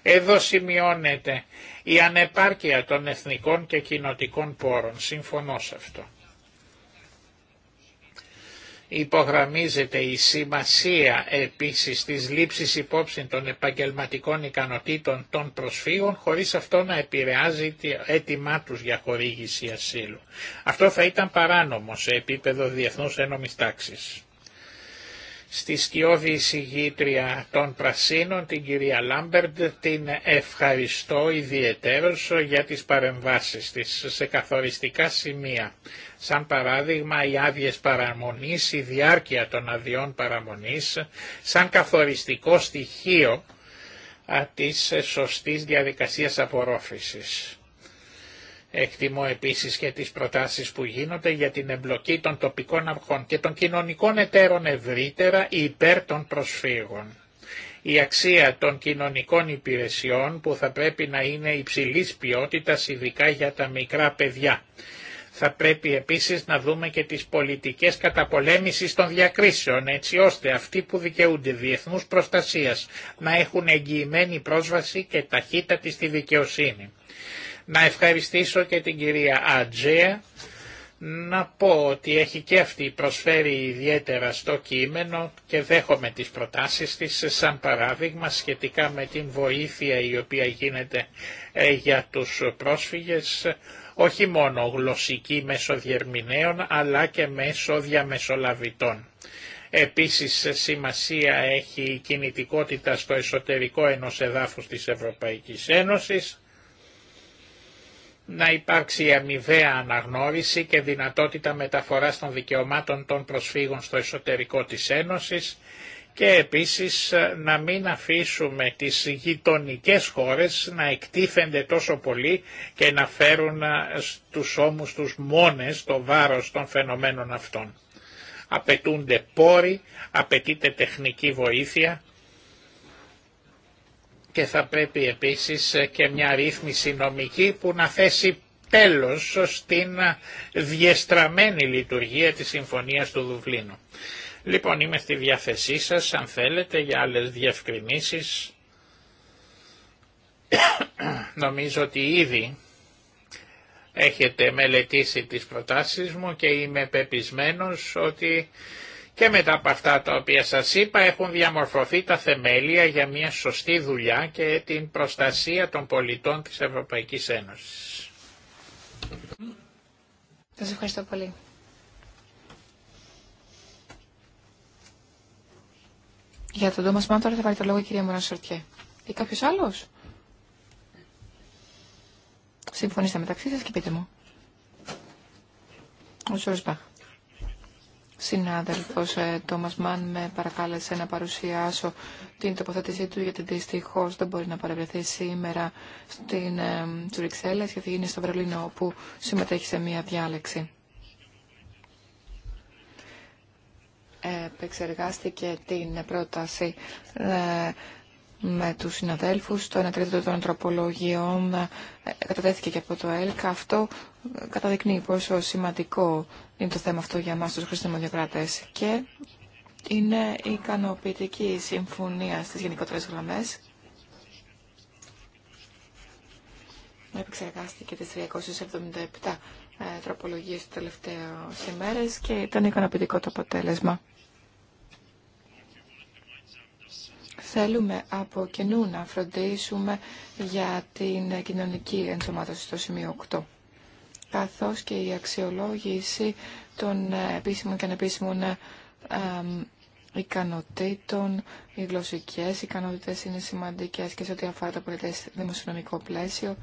Εδώ σημειώνεται η ανεπάρκεια των εθνικών και κοινοτικών πόρων. Συμφωνώ σε αυτό. Υπογραμμίζεται η σημασία επίσης της λήψης υπόψη των επαγγελματικών ικανοτήτων των προσφύγων χωρίς αυτό να επηρεάζει το αίτημά τους για χορήγηση ασύλου. Αυτό θα ήταν παράνομο σε επίπεδο διεθνούς ένομης τάξης στη σκιώδη εισηγήτρια των Πρασίνων, την κυρία Λάμπερντ, την ευχαριστώ ιδιαιτέρως για τις παρεμβάσεις της σε καθοριστικά σημεία. Σαν παράδειγμα οι άδειε παραμονής, η διάρκεια των αδειών παραμονής, σαν καθοριστικό στοιχείο της σωστής διαδικασίας απορρόφησης. Εκτιμώ επίσης και τις προτάσεις που γίνονται για την εμπλοκή των τοπικών αρχών και των κοινωνικών εταίρων ευρύτερα υπέρ των προσφύγων. Η αξία των κοινωνικών υπηρεσιών που θα πρέπει να είναι υψηλής ποιότητας ειδικά για τα μικρά παιδιά. Θα πρέπει επίσης να δούμε και τις πολιτικές καταπολέμησης των διακρίσεων, έτσι ώστε αυτοί που δικαιούνται διεθνούς προστασίας να έχουν εγγυημένη πρόσβαση και ταχύτατη στη δικαιοσύνη. Να ευχαριστήσω και την κυρία Ατζέα. Να πω ότι έχει και αυτή προσφέρει ιδιαίτερα στο κείμενο και δέχομαι τις προτάσεις της σαν παράδειγμα σχετικά με την βοήθεια η οποία γίνεται ε, για τους πρόσφυγες όχι μόνο γλωσσική μέσω διερμηνέων αλλά και μέσω διαμεσολαβητών. Επίσης σημασία έχει η κινητικότητα στο εσωτερικό ενός εδάφους της Ευρωπαϊκής Ένωσης να υπάρξει αμοιβαία αναγνώριση και δυνατότητα μεταφοράς των δικαιωμάτων των προσφύγων στο εσωτερικό της Ένωσης και επίσης ε, να μην αφήσουμε τις γειτονικέ χώρες να εκτίθενται τόσο πολύ και να φέρουν ε, στους ώμους τους μόνες το βάρος των φαινομένων αυτών. Απαιτούνται πόροι, απαιτείται τεχνική βοήθεια και θα πρέπει επίσης και μια ρύθμιση νομική που να θέσει τέλος στην διεστραμμένη λειτουργία της Συμφωνίας του Δουβλίνου. Λοιπόν, είμαι στη διάθεσή σας, αν θέλετε, για άλλες διευκρινήσεις. Νομίζω ότι ήδη έχετε μελετήσει τις προτάσεις μου και είμαι πεπισμένος ότι και μετά από αυτά τα οποία σας είπα έχουν διαμορφωθεί τα θεμέλια για μια σωστή δουλειά και την προστασία των πολιτών της Ευρωπαϊκής Ένωσης. Σας ευχαριστώ πολύ. Για τον Τόμας Μάντορα θα πάρει το λόγο η κυρία Μωρά Ή κάποιος άλλος. Συμφωνήστε μεταξύ σας και πείτε μου. Ο Σορσμπαχ συνάδελφος ε, Τόμας Μαν με παρακάλεσε να παρουσιάσω την τοποθέτησή του γιατί δυστυχώ δεν μπορεί να παρευρεθεί σήμερα στην Τσουριξέλα ε, γιατί είναι στο Βερολίνο όπου συμμετέχει σε μία διάλεξη. Επεξεργάστηκε την πρόταση ε, με τους συναδέλφους, το 1 τρίτο των τροπολογιών κατατέθηκε και από το ΕΛΚ. Αυτό καταδεικνύει πόσο σημαντικό είναι το θέμα αυτό για εμάς τους χριστιανοδημοκράτες και είναι ικανοποιητική η συμφωνία στις γενικότερες γραμμές. Επεξεργάστηκε τις 377 ε, τροπολογίες τις τελευταίες ημέρες και ήταν ικανοποιητικό το αποτέλεσμα. Θέλουμε από κοινού να φροντίσουμε για την κοινωνική ενσωμάτωση στο σημείο 8 καθώς και η αξιολόγηση των ε, επίσημων και ανεπίσημων ε, ικανοτήτων, οι γλωσσικές ικανότητες είναι σημαντικές και σε ό,τι αφορά το δημοσιονομικό πλαίσιο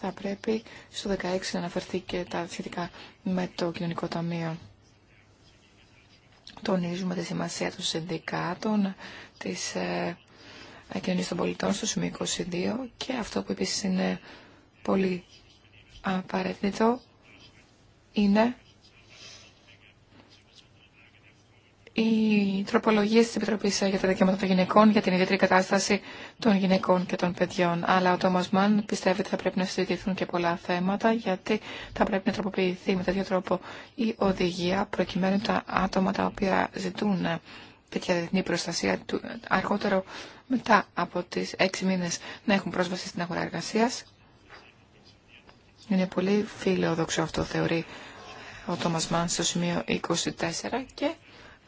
θα πρέπει στο 16 να αναφερθεί και τα σχετικά με το κοινωνικό ταμείο. Τονίζουμε τη σημασία των συνδικάτων, της ε, ε κοινωνίας των πολιτών στο σημείο 22 και αυτό που επίσης είναι πολύ απαραίτητο είναι οι τροπολογίε τη Επιτροπή για τα Δικαιώματα των Γυναικών, για την ιδιαίτερη κατάσταση των γυναικών και των παιδιών. Αλλά ο Τόμα Μαν πιστεύει ότι θα πρέπει να συζητηθούν και πολλά θέματα, γιατί θα πρέπει να τροποποιηθεί με τέτοιο τρόπο η οδηγία, προκειμένου τα άτομα τα οποία ζητούν τέτοια διεθνή προστασία αργότερο μετά από τι έξι μήνε να έχουν πρόσβαση στην αγορά εργασία. Είναι πολύ φιλόδοξο αυτό, θεωρεί ο Τόμας Μάν στο σημείο 24 και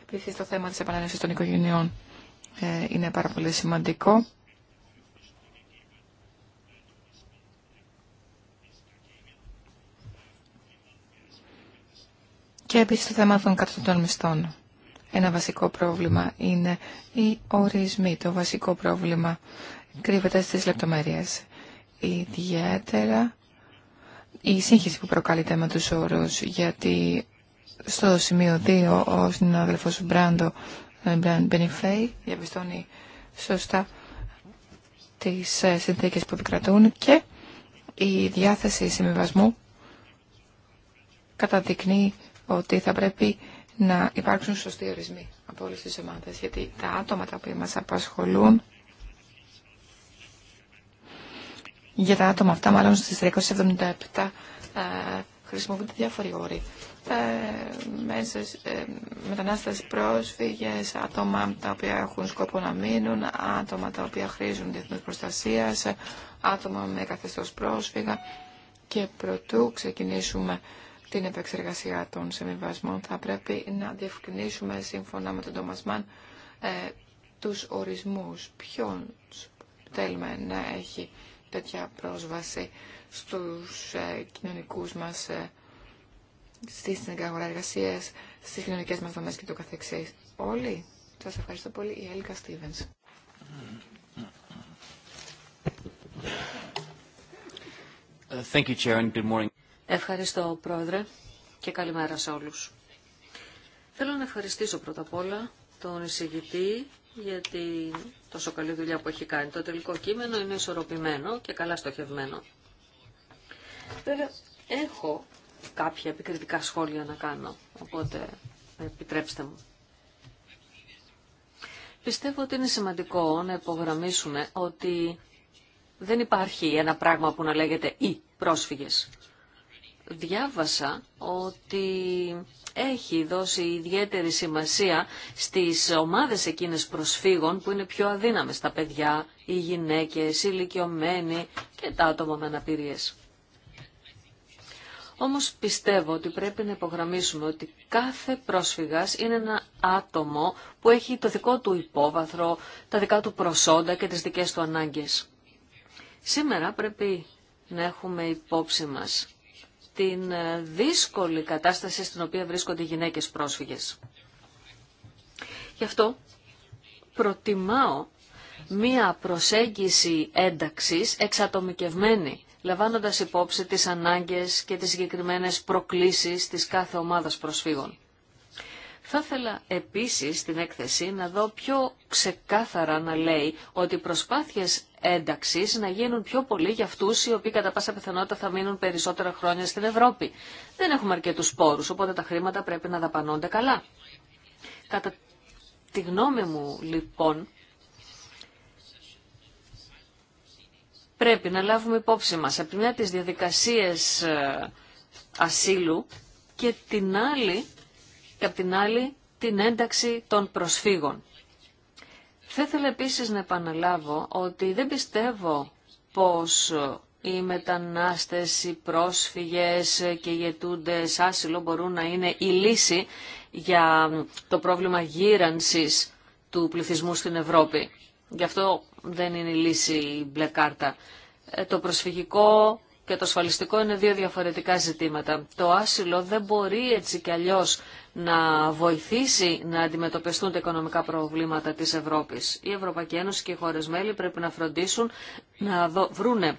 επίσης το θέμα της επανένωσης των οικογενειών ε, είναι πάρα πολύ σημαντικό. Και επίσης το θέμα των κατωτών μισθών. Ένα βασικό πρόβλημα είναι οι ορισμοί. Το βασικό πρόβλημα κρύβεται στις λεπτομέρειες. Ιδιαίτερα η σύγχυση που προκαλείται με τους όρους, γιατί στο σημείο 2 ο συνάδελφος Μπράντο ε, Μπραντ Μπενιφέη διαπιστώνει σωστά τις ε, συνθήκες που επικρατούν και η διάθεση συμβιβασμού καταδεικνύει ότι θα πρέπει να υπάρξουν σωστοί ορισμοί από όλες τις ομάδες, γιατί τα άτομα τα οποία μας απασχολούν Για τα άτομα αυτά, μάλλον στις 377 ε, χρησιμοποιούνται διάφοροι όροι. Ε, ε, μετανάστες πρόσφυγες, άτομα τα οποία έχουν σκόπο να μείνουν, άτομα τα οποία χρήζουν διεθνούς προστασίας, άτομα με καθεστώς πρόσφυγα και προτού ξεκινήσουμε την επεξεργασία των συμβιβασμών θα πρέπει να διευκρινίσουμε σύμφωνα με τον Τόμας Μαν ε, τους ορισμούς ποιον θέλουμε να έχει τέτοια πρόσβαση στους ε, κοινωνικούς μας, ε, στις αγορά εργασία, στις κοινωνικές μας δομές και το καθεξής. Όλοι, σας ευχαριστώ πολύ, η Έλικα Στίβενς. Ευχαριστώ, Πρόεδρε, και καλημέρα σε όλους. Θέλω να ευχαριστήσω πρώτα απ' όλα τον εισηγητή γιατί τόσο καλή δουλειά που έχει κάνει. Το τελικό κείμενο είναι ισορροπημένο και καλά στοχευμένο. Βέβαια, έχω κάποια επικριτικά σχόλια να κάνω, οπότε επιτρέψτε μου. Πιστεύω ότι είναι σημαντικό να υπογραμμίσουμε ότι δεν υπάρχει ένα πράγμα που να λέγεται «Η πρόσφυγες» διάβασα ότι έχει δώσει ιδιαίτερη σημασία στις ομάδες εκείνες προσφύγων που είναι πιο αδύναμες, τα παιδιά, οι γυναίκες, οι ηλικιωμένοι και τα άτομα με αναπηρίες. Όμως πιστεύω ότι πρέπει να υπογραμμίσουμε ότι κάθε πρόσφυγας είναι ένα άτομο που έχει το δικό του υπόβαθρο, τα δικά του προσόντα και τις δικές του ανάγκες. Σήμερα πρέπει να έχουμε υπόψη μας την ε, δύσκολη κατάσταση στην οποία βρίσκονται οι γυναίκες πρόσφυγες. Γι' αυτό προτιμάω μία προσέγγιση ένταξης εξατομικευμένη, λαμβάνοντας υπόψη τις ανάγκες και τις συγκεκριμένες προκλήσεις της κάθε ομάδας προσφύγων. Θα ήθελα επίσης στην έκθεση να δω πιο ξεκάθαρα να λέει ότι οι προσπάθειες ένταξης να γίνουν πιο πολύ για αυτούς οι οποίοι κατά πάσα πιθανότητα θα μείνουν περισσότερα χρόνια στην Ευρώπη. Δεν έχουμε αρκετούς πόρους, οπότε τα χρήματα πρέπει να δαπανώνται καλά. Κατά τη γνώμη μου λοιπόν, πρέπει να λάβουμε υπόψη μας από τη μια τις διαδικασίες ε, ασύλου και την άλλη και απ' την άλλη την ένταξη των προσφύγων. Θα ήθελα επίσης να επαναλάβω ότι δεν πιστεύω πως οι μετανάστες, οι πρόσφυγες και οι αιτούντες άσυλο μπορούν να είναι η λύση για το πρόβλημα γύρανσης του πληθυσμού στην Ευρώπη. Γι' αυτό δεν είναι η λύση η μπλε κάρτα. Ε, το προσφυγικό και το ασφαλιστικό είναι δύο διαφορετικά ζητήματα. Το άσυλο δεν μπορεί έτσι κι αλλιώς να βοηθήσει να αντιμετωπιστούν τα οικονομικά προβλήματα της Ευρώπης. Η Ευρωπαϊκή Ένωση και οι χώρες μέλη πρέπει να φροντίσουν να βρούνε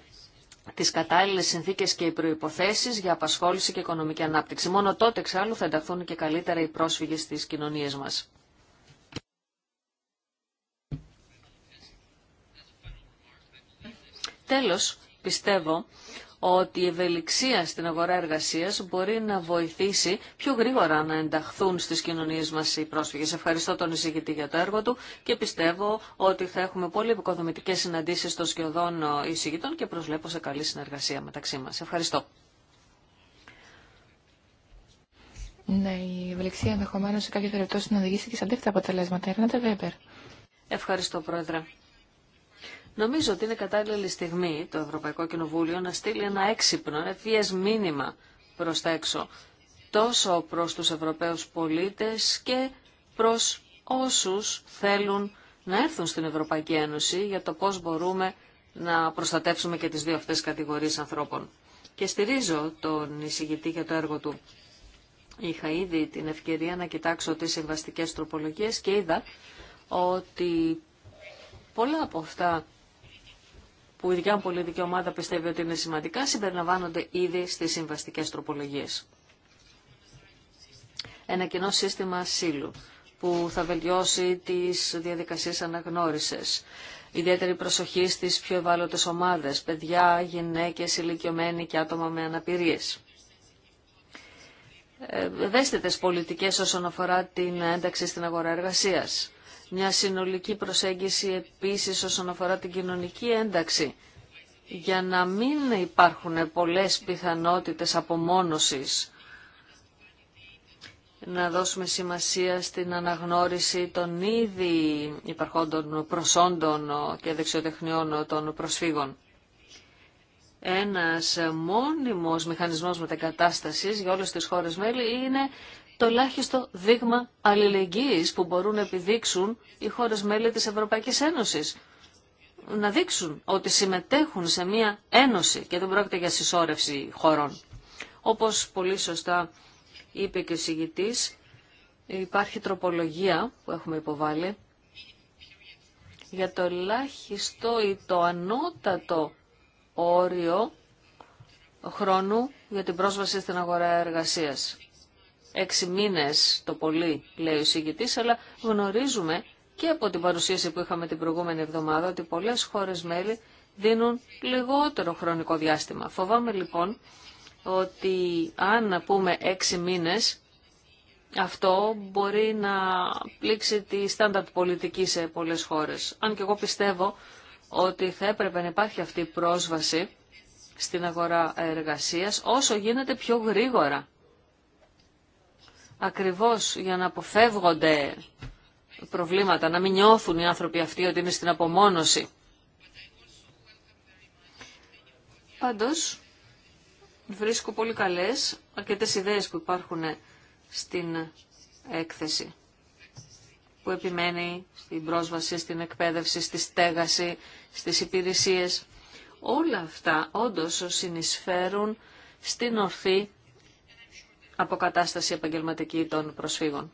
τις κατάλληλες συνθήκες και οι προϋποθέσεις για απασχόληση και οικονομική ανάπτυξη. Μόνο τότε εξάλλου θα ενταχθούν και καλύτερα οι πρόσφυγες στις κοινωνίες μας. Τέλος, πιστεύω ότι η ευελιξία στην αγορά εργασίας μπορεί να βοηθήσει πιο γρήγορα να ενταχθούν στις κοινωνίες μας οι πρόσφυγες. Ευχαριστώ τον εισηγητή για το έργο του και πιστεύω ότι θα έχουμε πολύ επικοδομητικές συναντήσεις των σχεδόν εισηγητών και προσλέπω σε καλή συνεργασία μεταξύ μας. Ευχαριστώ. Ναι, η ευελιξία ενδεχομένω σε περιπτώσει να οδηγήσει και σε αντίθετα αποτελέσματα. Ευχαριστώ, Πρόεδρε. Νομίζω ότι είναι κατάλληλη στιγμή το Ευρωπαϊκό Κοινοβούλιο να στείλει ένα έξυπνο, ένα ευφυέ μήνυμα προς τα έξω, τόσο προς τους Ευρωπαίους πολίτες και προς όσους θέλουν να έρθουν στην Ευρωπαϊκή Ένωση για το πώς μπορούμε να προστατεύσουμε και τις δύο αυτές κατηγορίες ανθρώπων. Και στηρίζω τον εισηγητή για το έργο του. Είχα ήδη την ευκαιρία να κοιτάξω τις συμβαστικές τροπολογίες και είδα ότι πολλά από αυτά που η δικιά μου πολιτική ομάδα πιστεύει ότι είναι σημαντικά, συμπεριλαμβάνονται ήδη στις συμβαστικέ τροπολογίες. Ένα κοινό σύστημα ασύλου που θα βελτιώσει τις διαδικασίες αναγνώρισης. Ιδιαίτερη προσοχή στις πιο ευάλωτες ομάδες, παιδιά, γυναίκες, ηλικιωμένοι και άτομα με αναπηρίες Δέστητες ε, πολιτικές όσον αφορά την ένταξη στην αγορά εργασίας μια συνολική προσέγγιση επίσης όσον αφορά την κοινωνική ένταξη για να μην υπάρχουν πολλές πιθανότητες απομόνωσης να δώσουμε σημασία στην αναγνώριση των ήδη υπαρχόντων προσόντων και δεξιοτεχνιών των προσφύγων. Ένας μόνιμος μηχανισμός μετακατάστασης για όλες τις χώρες μέλη είναι το ελάχιστο δείγμα αλληλεγγύης που μπορούν να επιδείξουν οι χώρες μέλη της Ευρωπαϊκής Ένωσης. Να δείξουν ότι συμμετέχουν σε μια ένωση και δεν πρόκειται για συσσόρευση χωρών. Όπως πολύ σωστά είπε και ο συγητής, υπάρχει τροπολογία που έχουμε υποβάλει για το ελάχιστο ή το ανώτατο όριο χρόνου για την πρόσβαση στην αγορά εργασίας έξι μήνες το πολύ, λέει ο εισηγητή, αλλά γνωρίζουμε και από την παρουσίαση που είχαμε την προηγούμενη εβδομάδα ότι πολλές χώρες μέλη δίνουν λιγότερο χρονικό διάστημα. Φοβάμαι λοιπόν ότι αν πούμε έξι μήνες, αυτό μπορεί να πλήξει τη στάνταρτ πολιτική σε πολλές χώρες. Αν και εγώ πιστεύω ότι θα έπρεπε να υπάρχει αυτή η πρόσβαση στην αγορά εργασίας όσο γίνεται πιο γρήγορα ακριβώς για να αποφεύγονται προβλήματα, να μην νιώθουν οι άνθρωποι αυτοί ότι είναι στην απομόνωση. Πάντως, βρίσκω πολύ καλές αρκετές ιδέες που υπάρχουν στην έκθεση που επιμένει στην πρόσβαση, στην εκπαίδευση, στη στέγαση, στις υπηρεσίες. Όλα αυτά όντως συνεισφέρουν στην ορθή αποκατάσταση επαγγελματική των προσφύγων.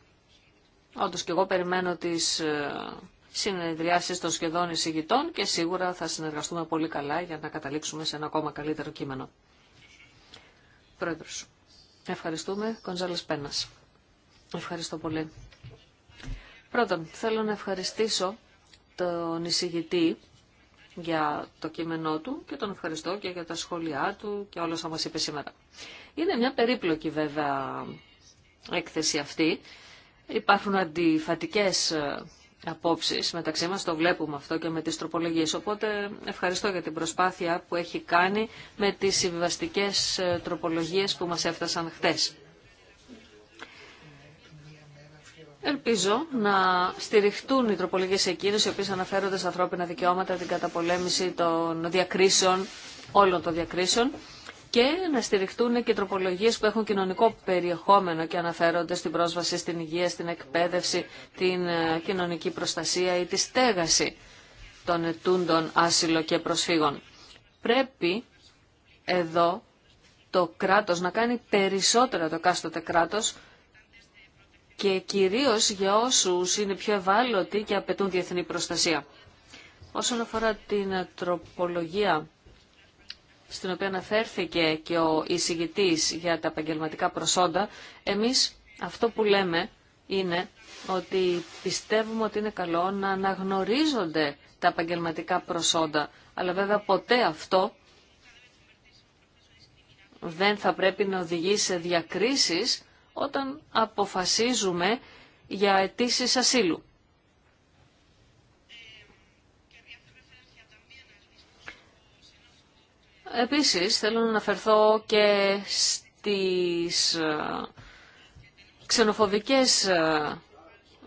Όντως και εγώ περιμένω τις ε, συνεδριάσεις των σχεδόν εισηγητών και σίγουρα θα συνεργαστούμε πολύ καλά για να καταλήξουμε σε ένα ακόμα καλύτερο κείμενο. Πρόεδρος, ευχαριστούμε. Κονζάλης Πένας. Ευχαριστώ πολύ. Πρώτον, θέλω να ευχαριστήσω τον εισηγητή για το κείμενό του και τον ευχαριστώ και για τα σχόλιά του και όλα όσα μας είπε σήμερα. Είναι μια περίπλοκη βέβαια έκθεση αυτή. Υπάρχουν αντιφατικές ε, απόψεις μεταξύ μας, το βλέπουμε αυτό και με τις τροπολογίες. Οπότε ευχαριστώ για την προσπάθεια που έχει κάνει με τις συμβιβαστικές ε, τροπολογίες που μας έφτασαν χτες. Ελπίζω να στηριχτούν οι τροπολογίε εκείνε οι οποίε αναφέρονται στα ανθρώπινα δικαιώματα, την καταπολέμηση των διακρίσεων, όλων των διακρίσεων και να στηριχτούν και τροπολογίε που έχουν κοινωνικό περιεχόμενο και αναφέρονται στην πρόσβαση στην υγεία, στην εκπαίδευση, την ε, κοινωνική προστασία ή τη στέγαση των ετούντων άσυλο και προσφύγων. Πρέπει εδώ το κράτος να κάνει περισσότερα το κάστοτε κράτος και κυρίως για όσους είναι πιο ευάλωτοι και απαιτούν διεθνή προστασία. Όσον αφορά την τροπολογία στην οποία αναφέρθηκε και ο εισηγητής για τα επαγγελματικά προσόντα, εμείς αυτό που λέμε είναι ότι πιστεύουμε ότι είναι καλό να αναγνωρίζονται τα επαγγελματικά προσόντα, αλλά βέβαια ποτέ αυτό δεν θα πρέπει να οδηγεί σε διακρίσεις όταν αποφασίζουμε για αιτήσει ασύλου. Επίσης, θέλω να αναφερθώ και στις ε, ξενοφοβικές ε,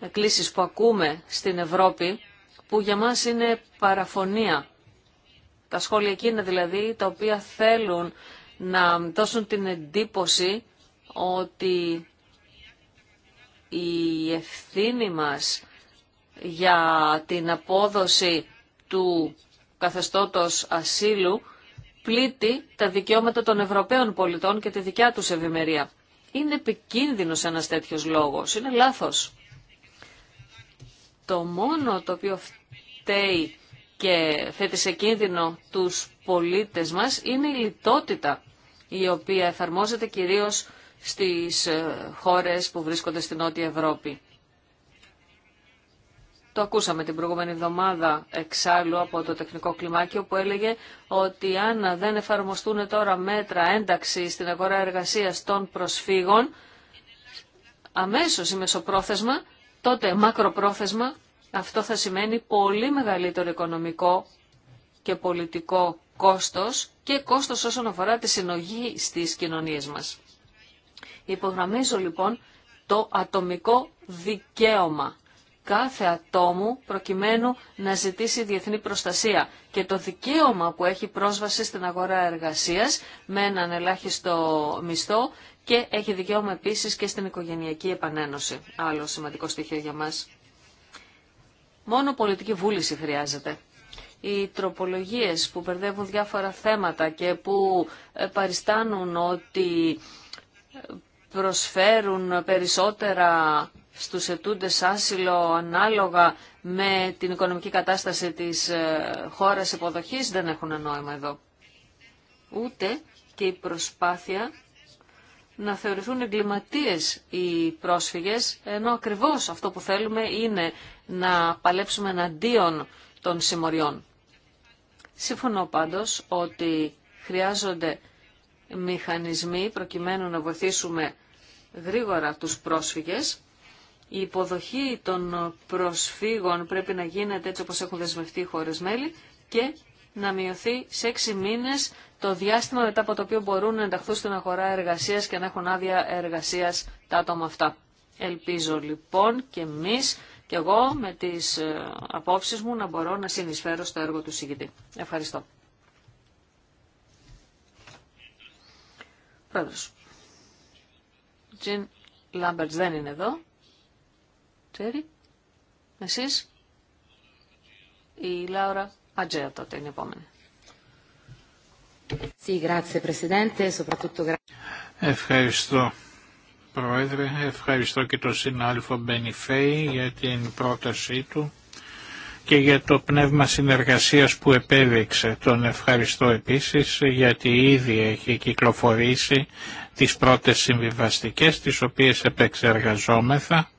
εκκλήσεις που ακούμε στην Ευρώπη, που για μας είναι παραφωνία. Τα σχόλια εκείνα δηλαδή, τα οποία θέλουν να δώσουν την εντύπωση ότι η ευθύνη μας για την απόδοση του καθεστώτος ασύλου πλήττει τα δικαιώματα των Ευρωπαίων πολιτών και τη δικιά τους ευημερία. Είναι επικίνδυνος ένας τέτοιος λόγος, είναι λάθος. Το μόνο το οποίο φταίει και θέτει σε κίνδυνο τους πολίτες μας είναι η λιτότητα η οποία εφαρμόζεται κυρίως στις ε, χώρες που βρίσκονται στην Νότια Ευρώπη. Το ακούσαμε την προηγούμενη εβδομάδα εξάλλου από το τεχνικό κλιμάκιο που έλεγε ότι αν δεν εφαρμοστούν τώρα μέτρα ένταξη στην αγορά εργασίας των προσφύγων, αμέσως ή μεσοπρόθεσμα, τότε μακροπρόθεσμα, αυτό θα σημαίνει πολύ μεγαλύτερο οικονομικό και πολιτικό κόστος και κόστος όσον αφορά τη συνογή στις κοινωνίες μας. Υπογραμμίζω λοιπόν το ατομικό δικαίωμα κάθε ατόμου προκειμένου να ζητήσει διεθνή προστασία και το δικαίωμα που έχει πρόσβαση στην αγορά εργασίας με έναν ελάχιστο μισθό και έχει δικαίωμα επίσης και στην οικογενειακή επανένωση. Άλλο σημαντικό στοιχείο για μας. Μόνο πολιτική βούληση χρειάζεται. Οι τροπολογίες που μπερδεύουν διάφορα θέματα και που ε, παριστάνουν ότι ε, προσφέρουν περισσότερα στους ετούντες άσυλο ανάλογα με την οικονομική κατάσταση της ε, χώρας υποδοχής δεν έχουν νόημα εδώ. Ούτε και η προσπάθεια να θεωρηθούν εγκληματίες οι πρόσφυγες, ενώ ακριβώς αυτό που θέλουμε είναι να παλέψουμε εναντίον των συμμοριών. Σύμφωνο πάντως ότι χρειάζονται μηχανισμοί προκειμένου να βοηθήσουμε γρήγορα τους πρόσφυγες. Η υποδοχή των προσφύγων πρέπει να γίνεται έτσι όπως έχουν δεσμευτεί οι χώρες μέλη και να μειωθεί σε έξι μήνες το διάστημα μετά από το οποίο μπορούν να ενταχθούν στην αγορά εργασίας και να έχουν άδεια εργασίας τα άτομα αυτά. Ελπίζω λοιπόν και εμείς και εγώ με τις ε, απόψεις μου να μπορώ να συνεισφέρω στο έργο του συγκητή. Ευχαριστώ. Πρόεδρος. Τζιν Λάμπερτς δεν είναι εδώ. Τζέρι. Εσείς. Η Λάουρα Ατζέα τότε είναι η επόμενη. Ευχαριστώ. Πρόεδρε, ευχαριστώ και τον συνάδελφο Μπενιφέη για την πρότασή του και για το πνεύμα συνεργασίας που επέδειξε. Τον ευχαριστώ επίσης γιατί ήδη έχει κυκλοφορήσει τις πρώτες συμβιβαστικές τις οποίες επεξεργαζόμεθα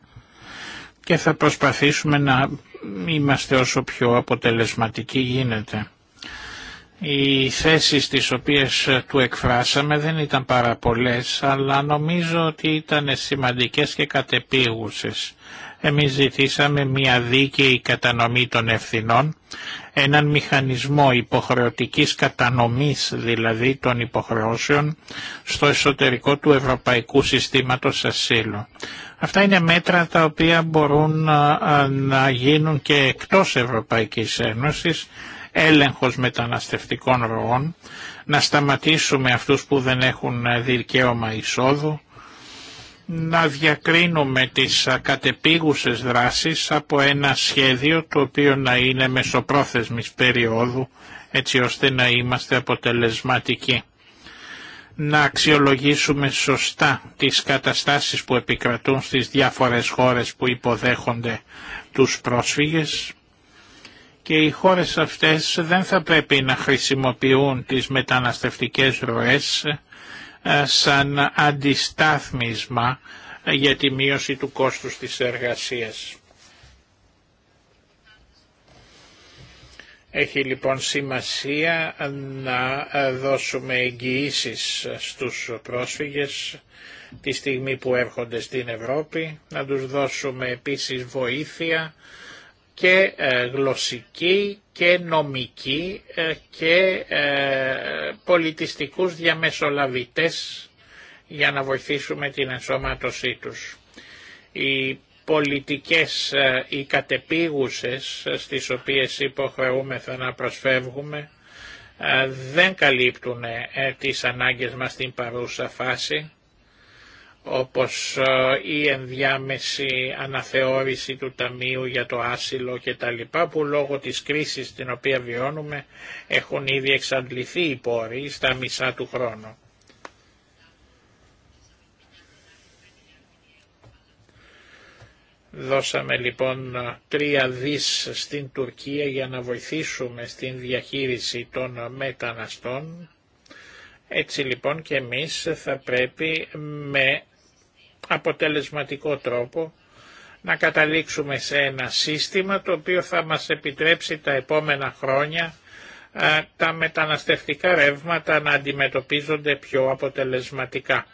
και θα προσπαθήσουμε να είμαστε όσο πιο αποτελεσματικοί γίνεται. Οι θέσεις τις οποίες του εκφράσαμε δεν ήταν πάρα πολλές, αλλά νομίζω ότι ήταν σημαντικές και κατεπίγουσες. Εμείς ζητήσαμε μια δίκαιη κατανομή των ευθυνών, έναν μηχανισμό υποχρεωτικής κατανομής δηλαδή των υποχρεώσεων στο εσωτερικό του Ευρωπαϊκού Συστήματος Ασύλου. Αυτά είναι μέτρα τα οποία μπορούν να γίνουν και εκτός Ευρωπαϊκής Ένωσης, έλεγχος μεταναστευτικών ροών, να σταματήσουμε αυτούς που δεν έχουν ε, δικαίωμα εισόδου, να διακρίνουμε τις κατεπίγουσες δράσεις από ένα σχέδιο το οποίο να είναι μεσοπρόθεσμης περίοδου έτσι ώστε να είμαστε αποτελεσματικοί. Να αξιολογήσουμε σωστά τις καταστάσεις που επικρατούν στις διάφορες χώρες που υποδέχονται τους πρόσφυγες και οι χώρες αυτές δεν θα πρέπει να χρησιμοποιούν τις μεταναστευτικές ροές ε, σαν αντιστάθμισμα για τη μείωση του κόστους της εργασίας. Έχει λοιπόν σημασία να ε, δώσουμε εγγυήσει στους πρόσφυγες τη στιγμή που έρχονται στην Ευρώπη, να τους δώσουμε επίσης βοήθεια και ε, γλωσσική και νομικοί ε, και ε, πολιτιστικούς διαμεσολαβητές για να βοηθήσουμε την ενσωμάτωσή τους. Οι πολιτικές, ε, οι κατεπίγουσες στις οποίες υποχρεούμεθα να προσφεύγουμε δεν καλύπτουν τις ανάγκες μας στην παρούσα φάση όπως ε, η ενδιάμεση αναθεώρηση του Ταμείου για το άσυλο και τα λοιπά που λόγω της κρίσης την οποία βιώνουμε έχουν ήδη εξαντληθεί οι πόροι στα μισά του χρόνου. Δώσαμε λοιπόν τρία δις στην Τουρκία για να βοηθήσουμε στην διαχείριση των μεταναστών. Έτσι λοιπόν και εμείς θα πρέπει με αποτελεσματικό τρόπο να καταλήξουμε σε ένα σύστημα το οποίο θα μας επιτρέψει τα επόμενα χρόνια τα μεταναστευτικά ρεύματα να αντιμετωπίζονται πιο αποτελεσματικά.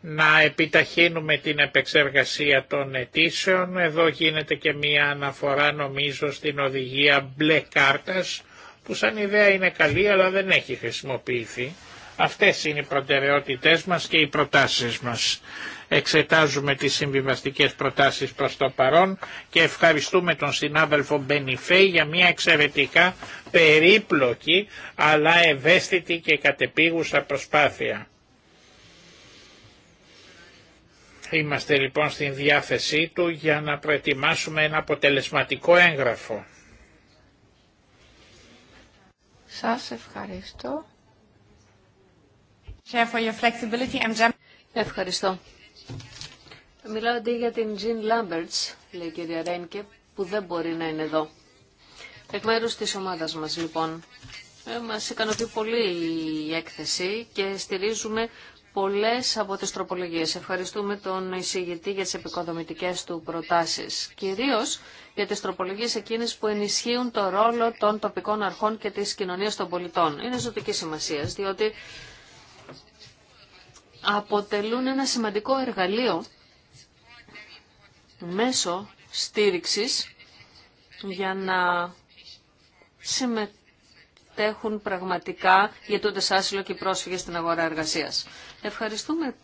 Να επιταχύνουμε την επεξεργασία των αιτήσεων. Εδώ γίνεται και μία αναφορά νομίζω στην οδηγία μπλε κάρτας που σαν ιδέα είναι καλή αλλά δεν έχει χρησιμοποιηθεί. Αυτές είναι οι προτεραιότητές μας και οι προτάσεις μας. Εξετάζουμε τις συμβιβαστικές προτάσεις προς το παρόν και ευχαριστούμε τον συνάδελφο Μπενιφέ για μια εξαιρετικά περίπλοκη αλλά ευαίσθητη και κατεπίγουσα προσπάθεια. Είμαστε λοιπόν στην διάθεσή του για να προετοιμάσουμε ένα αποτελεσματικό έγγραφο. Σας ευχαριστώ. Ευχαριστώ Μιλάω αντί για την Jean Lamberts, λέει η κυρία Ρένκε, που δεν μπορεί να είναι εδώ. Εκ μέρου τη ομάδα μα, λοιπόν. Ε, μα ικανοποιεί πολύ η έκθεση και στηρίζουμε πολλέ από τι τροπολογίε. Ευχαριστούμε τον εισηγητή για τι επικοδομητικέ του προτάσει. Κυρίω για τι τροπολογίε εκείνε που ενισχύουν το ρόλο των τοπικών αρχών και τη κοινωνία των πολιτών. Είναι ζωτική σημασία, διότι αποτελούν ένα σημαντικό εργαλείο μέσο στήριξης για να συμμετέχουν πραγματικά για το άσυλο και οι πρόσφυγες στην αγορά εργασίας. Ευχαριστούμε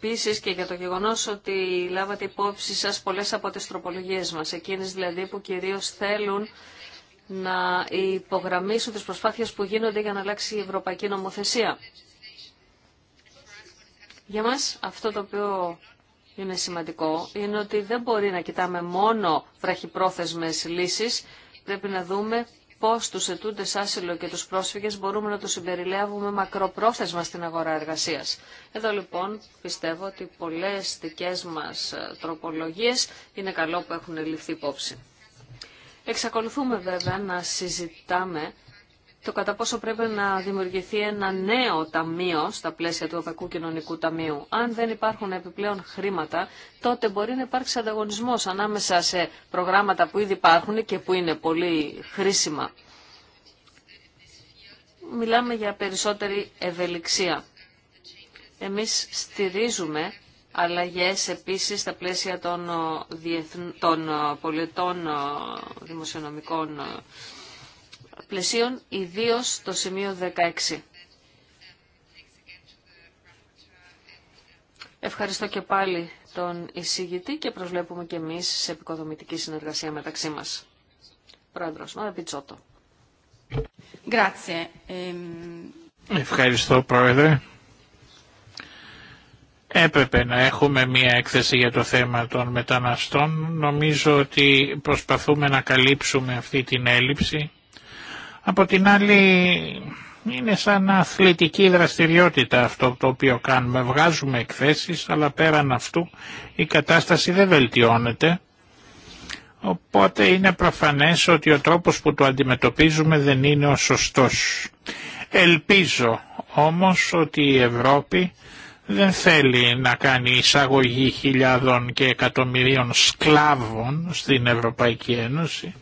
επίση και για το γεγονός ότι λάβατε υπόψη σας πολλές από τις τροπολογίες μας, εκείνες δηλαδή που κυρίως θέλουν να υπογραμμίσουν τις προσπάθειες που γίνονται για να αλλάξει η ευρωπαϊκή νομοθεσία. Για μας αυτό το οποίο είναι σημαντικό είναι ότι δεν μπορεί να κοιτάμε μόνο βραχυπρόθεσμες λύσεις. Πρέπει να δούμε πώς τους ετούντες άσυλο και τους πρόσφυγες μπορούμε να τους συμπεριλάβουμε μακροπρόθεσμα στην αγορά εργασίας. Εδώ λοιπόν πιστεύω ότι πολλές δικές μας ε, τροπολογίες είναι καλό που έχουν ληφθεί υπόψη. Εξακολουθούμε βέβαια να συζητάμε το κατά πόσο πρέπει να δημιουργηθεί ένα νέο ταμείο στα πλαίσια του Ευρωπαϊκού Κοινωνικού Ταμείου. Αν δεν υπάρχουν επιπλέον χρήματα, τότε μπορεί να υπάρξει ανταγωνισμό ανάμεσα σε προγράμματα που ήδη υπάρχουν και που είναι πολύ χρήσιμα. Μιλάμε για περισσότερη ευελιξία. Εμείς στηρίζουμε αλλαγές επίσης στα πλαίσια των, των πολιτών δημοσιονομικών πλαισίων, ιδίως το σημείο 16. Ευχαριστώ και πάλι τον εισηγητή και προσβλέπουμε και εμείς σε επικοδομητική συνεργασία μεταξύ μας. Πρόεδρος, Μαραπιτσότο. Πιτσότο. Ευχαριστώ Πρόεδρε. Έπρεπε να έχουμε μία έκθεση για το θέμα των μεταναστών. Νομίζω ότι προσπαθούμε να καλύψουμε αυτή την έλλειψη από την άλλη είναι σαν αθλητική δραστηριότητα αυτό το οποίο κάνουμε. Βγάζουμε εκθέσεις αλλά πέραν αυτού η κατάσταση δεν βελτιώνεται. Οπότε είναι προφανές ότι ο τρόπος που το αντιμετωπίζουμε δεν είναι ο σωστός. Ελπίζω όμως ότι η Ευρώπη δεν θέλει να κάνει εισαγωγή χιλιάδων και εκατομμυρίων σκλάβων στην Ευρωπαϊκή Ένωση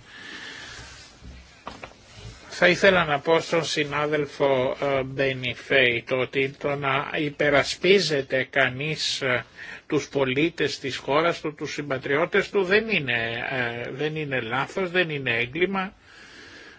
θα ήθελα να πω στον συνάδελφο Μπενιφέη το ότι το να υπερασπίζεται κανείς ε, τους πολίτες της χώρας του, τους συμπατριώτες του δεν είναι, ε, δεν είναι λάθος, δεν είναι έγκλημα.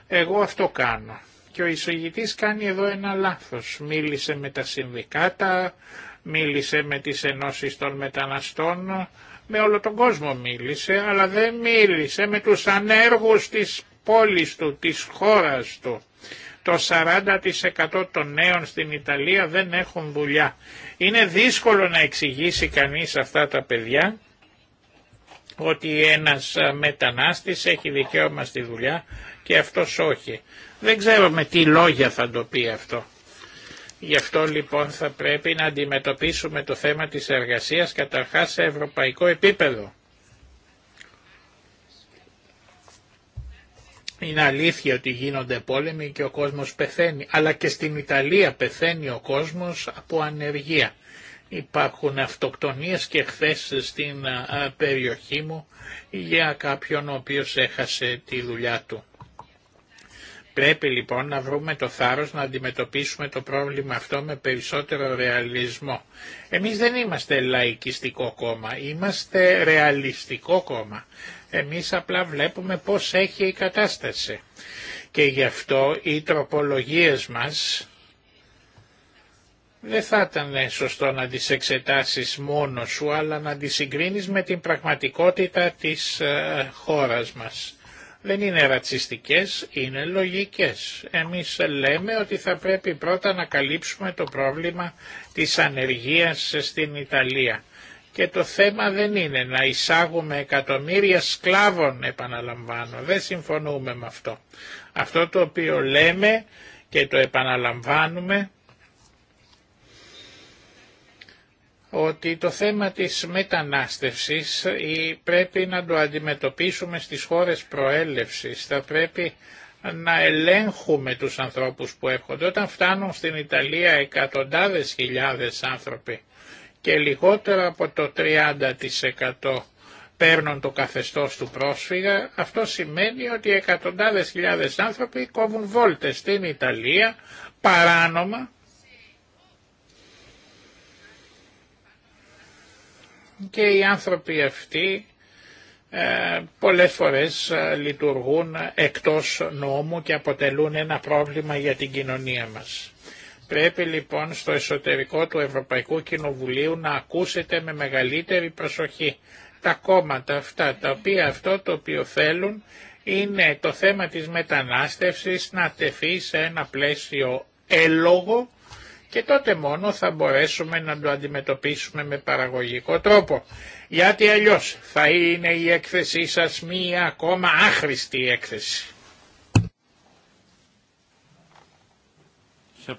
Εγώ αυτό κάνω. Και ο εισηγητής κάνει εδώ ένα λάθος. Μίλησε με τα συνδικάτα, μίλησε με τις ενώσεις των μεταναστών, με όλο τον κόσμο μίλησε, αλλά δεν μίλησε με τους ανέργους της πόλης του, της χώρας του. Το 40% των νέων στην Ιταλία δεν έχουν δουλειά. Είναι δύσκολο να εξηγήσει κανείς αυτά τα παιδιά ότι ένας ε, μετανάστης έχει δικαίωμα στη δουλειά και αυτός όχι. Δεν ξέρω με τι λόγια θα το πει αυτό. Γι' αυτό λοιπόν θα πρέπει να αντιμετωπίσουμε το θέμα της εργασίας καταρχάς σε ευρωπαϊκό επίπεδο. Είναι αλήθεια ότι γίνονται πόλεμοι και ο κόσμος πεθαίνει, αλλά και στην Ιταλία πεθαίνει ο κόσμος από ανεργία. Υπάρχουν αυτοκτονίες και χθε στην περιοχή μου για κάποιον ο οποίος έχασε τη δουλειά του. Πρέπει λοιπόν να βρούμε το θάρρος να αντιμετωπίσουμε το πρόβλημα αυτό με περισσότερο ρεαλισμό. Εμείς δεν είμαστε λαϊκιστικό κόμμα, είμαστε ρεαλιστικό κόμμα. Εμείς απλά βλέπουμε πώς έχει η κατάσταση. Και γι' αυτό οι τροπολογίες μας δεν θα ήταν σωστό να τις εξετάσεις μόνο σου, αλλά να τις συγκρίνεις με την πραγματικότητα της ε, χώρας μας. Δεν είναι ρατσιστικές, είναι λογικές. Εμείς λέμε ότι θα πρέπει πρώτα να καλύψουμε το πρόβλημα της ανεργίας στην Ιταλία. Και το θέμα δεν είναι να εισάγουμε εκατομμύρια σκλάβων, επαναλαμβάνω. Δεν συμφωνούμε με αυτό. Αυτό το οποίο λέμε και το επαναλαμβάνουμε ότι το θέμα της μετανάστευσης πρέπει να το αντιμετωπίσουμε στις χώρες προέλευσης. Θα πρέπει να ελέγχουμε τους ανθρώπους που έρχονται. Όταν φτάνουν στην Ιταλία εκατοντάδες χιλιάδες άνθρωποι και λιγότερα από το 30% παίρνουν το καθεστώς του πρόσφυγα, αυτό σημαίνει ότι εκατοντάδες χιλιάδες άνθρωποι κόβουν βόλτες στην Ιταλία παράνομα και οι άνθρωποι αυτοί ε, πολλές φορές ε, λειτουργούν εκτός νόμου και αποτελούν ένα πρόβλημα για την κοινωνία μας. Πρέπει λοιπόν στο εσωτερικό του Ευρωπαϊκού Κοινοβουλίου να ακούσετε με μεγαλύτερη προσοχή τα κόμματα αυτά, τα οποία αυτό το οποίο θέλουν είναι το θέμα της μετανάστευσης να τεθεί σε ένα πλαίσιο έλογο και τότε μόνο θα μπορέσουμε να το αντιμετωπίσουμε με παραγωγικό τρόπο. Γιατί αλλιώς θα είναι η έκθεσή σας μία ακόμα άχρηστη έκθεση. Δεν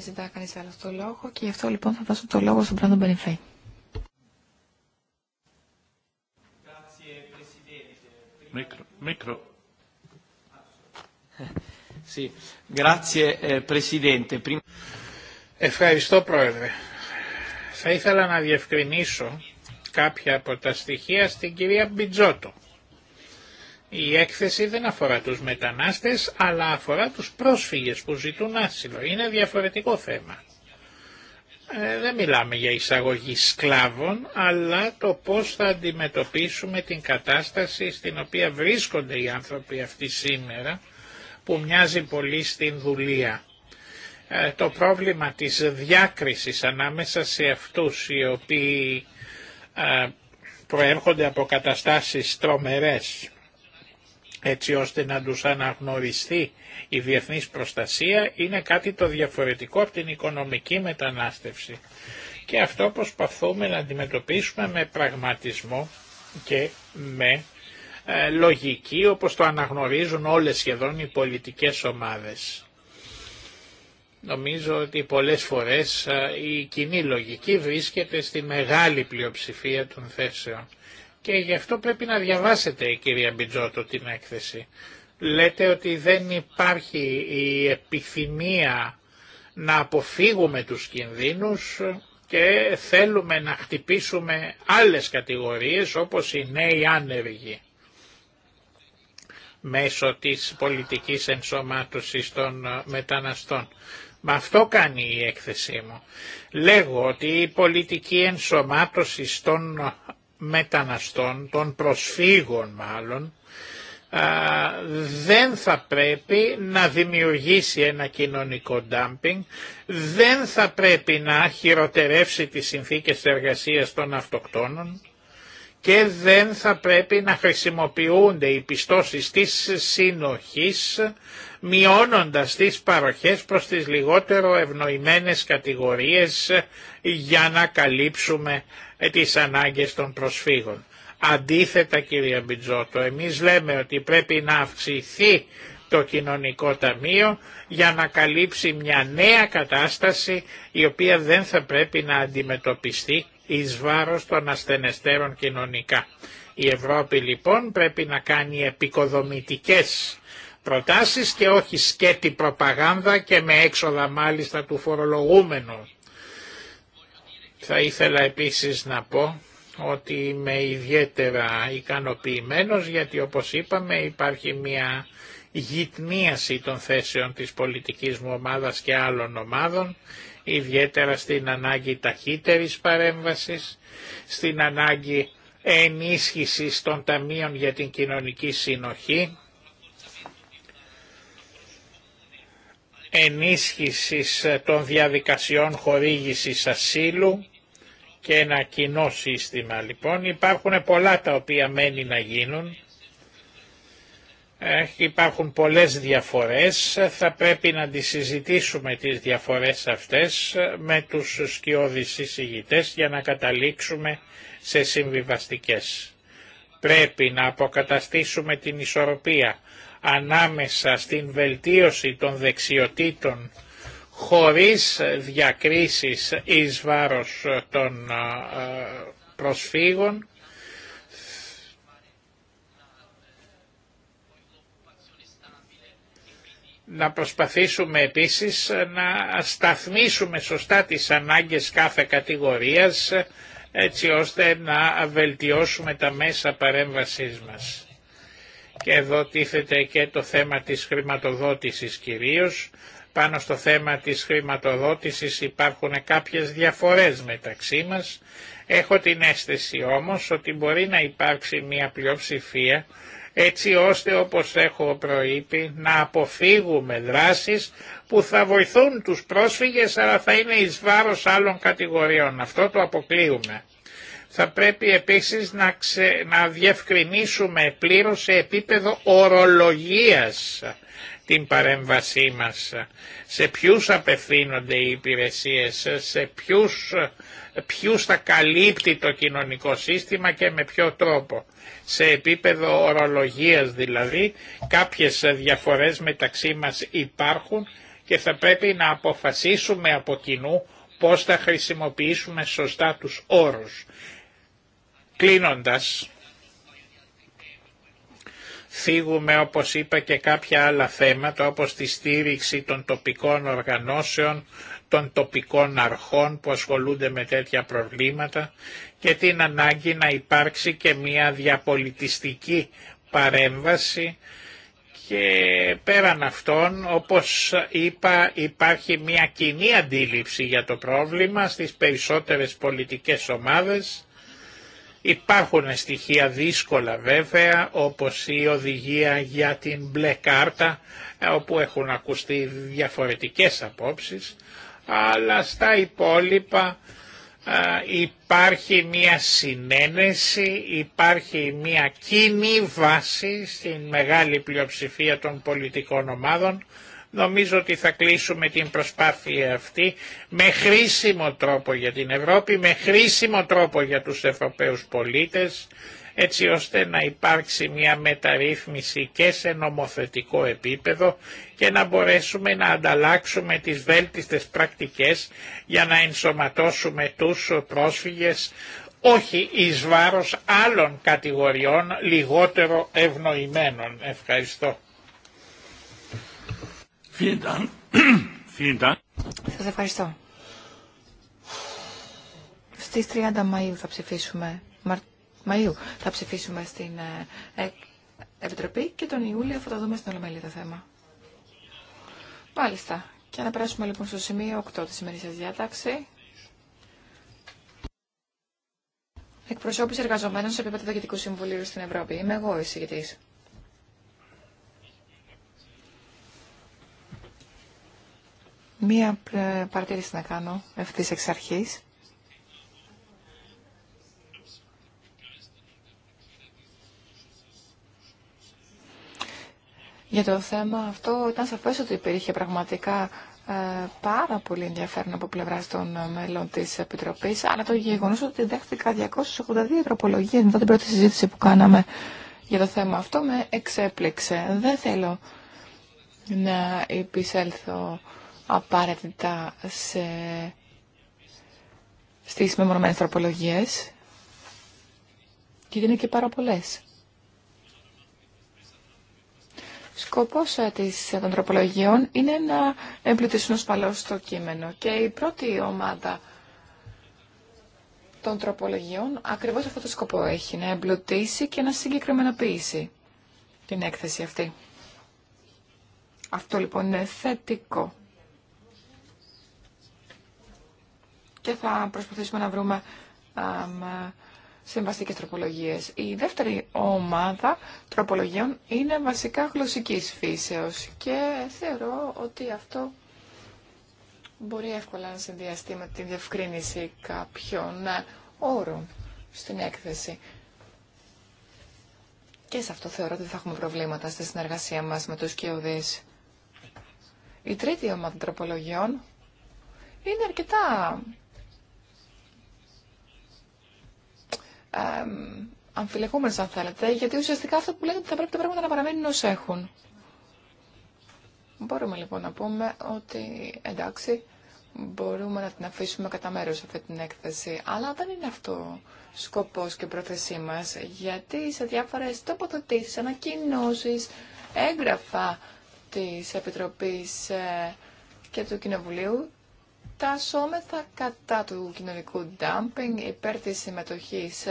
ζητά κανεί άλλο το λόγο και γι' αυτό λοιπόν θα δώσω το λόγο στον Πράντον Μπενιφέη. Eh, Ευχαριστώ Πρόεδρε. Θα ήθελα να διευκρινίσω κάποια από τα στοιχεία στην κυρία Μπιτζότο. Η έκθεση δεν αφορά τους μετανάστες, αλλά αφορά τους πρόσφυγες που ζητούν άσυλο. Είναι διαφορετικό θέμα. Ε, δεν μιλάμε για εισαγωγή σκλάβων, αλλά το πώς θα αντιμετωπίσουμε την κατάσταση στην οποία βρίσκονται οι άνθρωποι αυτοί σήμερα, που μοιάζει πολύ στην δουλεία. Ε, το πρόβλημα της διάκρισης ανάμεσα σε αυτούς οι οποίοι ε, προέρχονται από καταστάσεις τρομερές έτσι ώστε να τους αναγνωριστεί η διεθνής προστασία είναι κάτι το διαφορετικό από την οικονομική μετανάστευση. Και αυτό προσπαθούμε να αντιμετωπίσουμε με πραγματισμό και με ε, λογική όπως το αναγνωρίζουν όλες σχεδόν οι πολιτικές ομάδες. Νομίζω ότι πολλές φορές ε, η κοινή λογική βρίσκεται στη μεγάλη πλειοψηφία των θέσεων και γι' αυτό πρέπει να διαβάσετε η κυρία Μπιτζότο την έκθεση. Λέτε ότι δεν υπάρχει η επιθυμία να αποφύγουμε τους κινδύνους και θέλουμε να χτυπήσουμε άλλες κατηγορίες όπως οι νέοι άνεργοι μέσω της πολιτικής ενσωμάτωσης των μεταναστών. Μα αυτό κάνει η έκθεσή μου. Λέγω ότι η πολιτική ενσωμάτωση των μεταναστών, των προσφύγων μάλλον, δεν θα πρέπει να δημιουργήσει ένα κοινωνικό ντάμπινγκ, δεν θα πρέπει να χειροτερεύσει τις συνθήκες εργασίας των αυτοκτόνων και δεν θα πρέπει να χρησιμοποιούνται οι πιστώσεις της συνοχής μειώνοντας τις παροχές προς τις λιγότερο ευνοημένες κατηγορίες για να καλύψουμε τις ανάγκες των προσφύγων. Αντίθετα κυρία Μπιτζότο, εμείς λέμε ότι πρέπει να αυξηθεί το κοινωνικό ταμείο για να καλύψει μια νέα κατάσταση η οποία δεν θα πρέπει να αντιμετωπιστεί εις βάρος των ασθενεστέρων κοινωνικά. Η Ευρώπη λοιπόν πρέπει να κάνει επικοδομητικές προτάσεις και όχι σκέτη προπαγάνδα και με έξοδα μάλιστα του φορολογούμενου. Θα ήθελα επίσης να πω ότι είμαι ιδιαίτερα ικανοποιημένος γιατί όπως είπαμε υπάρχει μια γυτνίαση των θέσεων της πολιτικής μου ομάδας και άλλων ομάδων, ιδιαίτερα στην ανάγκη ταχύτερης παρέμβασης, στην ανάγκη ενίσχυσης των ταμείων για την κοινωνική συνοχή, ενίσχυσης των διαδικασιών χορήγησης ασύλου, και ένα κοινό σύστημα λοιπόν. Υπάρχουν πολλά τα οποία μένει να γίνουν. Ε, υπάρχουν πολλές διαφορές, θα πρέπει να τις συζητήσουμε τις διαφορές αυτές με τους σκιώδεις συζητητές για να καταλήξουμε σε συμβιβαστικές. Πρέπει να αποκαταστήσουμε την ισορροπία ανάμεσα στην βελτίωση των δεξιοτήτων χωρίς διακρίσεις εις βάρος των ε, προσφύγων να προσπαθήσουμε επίσης να σταθμίσουμε σωστά τις ανάγκες κάθε κατηγορίας έτσι ώστε να βελτιώσουμε τα μέσα παρέμβασής μας. Και εδώ τίθεται και το θέμα της χρηματοδότησης κυρίως, πάνω στο θέμα της χρηματοδότησης υπάρχουν κάποιες διαφορές μεταξύ μας. Έχω την αίσθηση όμως ότι μπορεί να υπάρξει μια πλειοψηφία έτσι ώστε όπως έχω προείπει να αποφύγουμε δράσεις που θα βοηθούν τους πρόσφυγες αλλά θα είναι εις βάρος άλλων κατηγοριών. Αυτό το αποκλείουμε. Θα πρέπει επίσης να, να διευκρινίσουμε πλήρως σε επίπεδο ορολογίας την παρέμβασή μας, σε ποιους απευθύνονται οι υπηρεσίες, σε ποιους, θα καλύπτει το κοινωνικό σύστημα και με ποιο τρόπο. Σε επίπεδο ορολογίας δηλαδή κάποιες διαφορές μεταξύ μας υπάρχουν και θα πρέπει να αποφασίσουμε από κοινού πώς θα χρησιμοποιήσουμε σωστά τους όρους. Κλείνοντας, φύγουμε όπως είπα και κάποια άλλα θέματα όπως τη στήριξη των τοπικών οργανώσεων, των τοπικών αρχών που ασχολούνται με τέτοια προβλήματα και την ανάγκη να υπάρξει και μια διαπολιτιστική παρέμβαση και πέραν αυτών όπως είπα υπάρχει μια κοινή αντίληψη για το πρόβλημα στις περισσότερες πολιτικές ομάδες Υπάρχουν στοιχεία δύσκολα βέβαια όπως η οδηγία για την μπλε κάρτα ε, όπου έχουν ακουστεί διαφορετικές απόψεις αλλά στα υπόλοιπα ε, υπάρχει μια συνένεση, υπάρχει μια κοινή βάση στην μεγάλη πλειοψηφία των πολιτικών ομάδων Νομίζω ότι θα κλείσουμε την προσπάθεια αυτή με χρήσιμο τρόπο για την Ευρώπη, με χρήσιμο τρόπο για τους Ευρωπαίους πολίτες, έτσι ώστε να υπάρξει μια μεταρρύθμιση και σε νομοθετικό επίπεδο και να μπορέσουμε να ανταλλάξουμε τις βέλτιστες πρακτικές για να ενσωματώσουμε τους πρόσφυγες όχι εις βάρος άλλων κατηγοριών λιγότερο ευνοημένων. Ευχαριστώ. Σας ευχαριστώ. Στις 30 Μαΐου θα ψηφίσουμε, Μαΐου θα ψηφίσουμε στην ε, ε, Επιτροπή και τον Ιούλιο θα το δούμε στην ολομέλη το θέμα. Μάλιστα. Και να περάσουμε λοιπόν στο σημείο 8 της σημερινής διάταξη. Εκπροσώπηση εργαζομένων σε επίπεδο Διοικητικού Συμβουλίου στην Ευρώπη. Είμαι εγώ εισηγητής. Μία ε, παρατήρηση να κάνω ευθύς εξ αρχής. Για το θέμα αυτό ήταν σαφές ότι υπήρχε πραγματικά ε, πάρα πολύ ενδιαφέρον από πλευρά των μέλων τη Επιτροπή, αλλά το γεγονό ότι δέχτηκα 282 τροπολογίε μετά την πρώτη συζήτηση που κάναμε για το θέμα αυτό με εξέπληξε. Δεν θέλω να επισέλθω απαραίτητα σε... στις μεμονωμένες τροπολογίες και είναι και πάρα πολλέ. Σκοπός ε, της, ε, των τροπολογιών είναι να εμπλουτίσουν ασφαλώς το κείμενο και η πρώτη ομάδα των τροπολογιών ακριβώς αυτό το σκοπό έχει, να εμπλουτίσει και να συγκεκριμενοποιήσει την έκθεση αυτή. Αυτό λοιπόν είναι θετικό. και θα προσπαθήσουμε να βρούμε συμβαστικές τροπολογίες. Η δεύτερη ομάδα τροπολογιών είναι βασικά γλωσσικής φύσεως και θεωρώ ότι αυτό μπορεί εύκολα να συνδυαστεί με τη διευκρίνηση κάποιων ε, όρων στην έκθεση. Και σε αυτό θεωρώ ότι θα έχουμε προβλήματα στη συνεργασία μας με τους κοιοδείς. Η τρίτη ομάδα τροπολογιών είναι αρκετά αμφιλεγόμενες αν θέλετε, γιατί ουσιαστικά αυτό που λέτε θα πρέπει τα πράγματα να παραμένουν ως έχουν. Μπορούμε λοιπόν να πούμε ότι εντάξει, μπορούμε να την αφήσουμε κατά μέρος αυτή την έκθεση, αλλά δεν είναι αυτό σκοπός και πρόθεσή μας, γιατί σε διάφορες τοποθετήσεις, ανακοινώσεις, έγγραφα της Επιτροπής ε, και του Κοινοβουλίου τάσσομεθα κατά του κοινωνικού ντάμπινγκ, υπέρ της συμμετοχής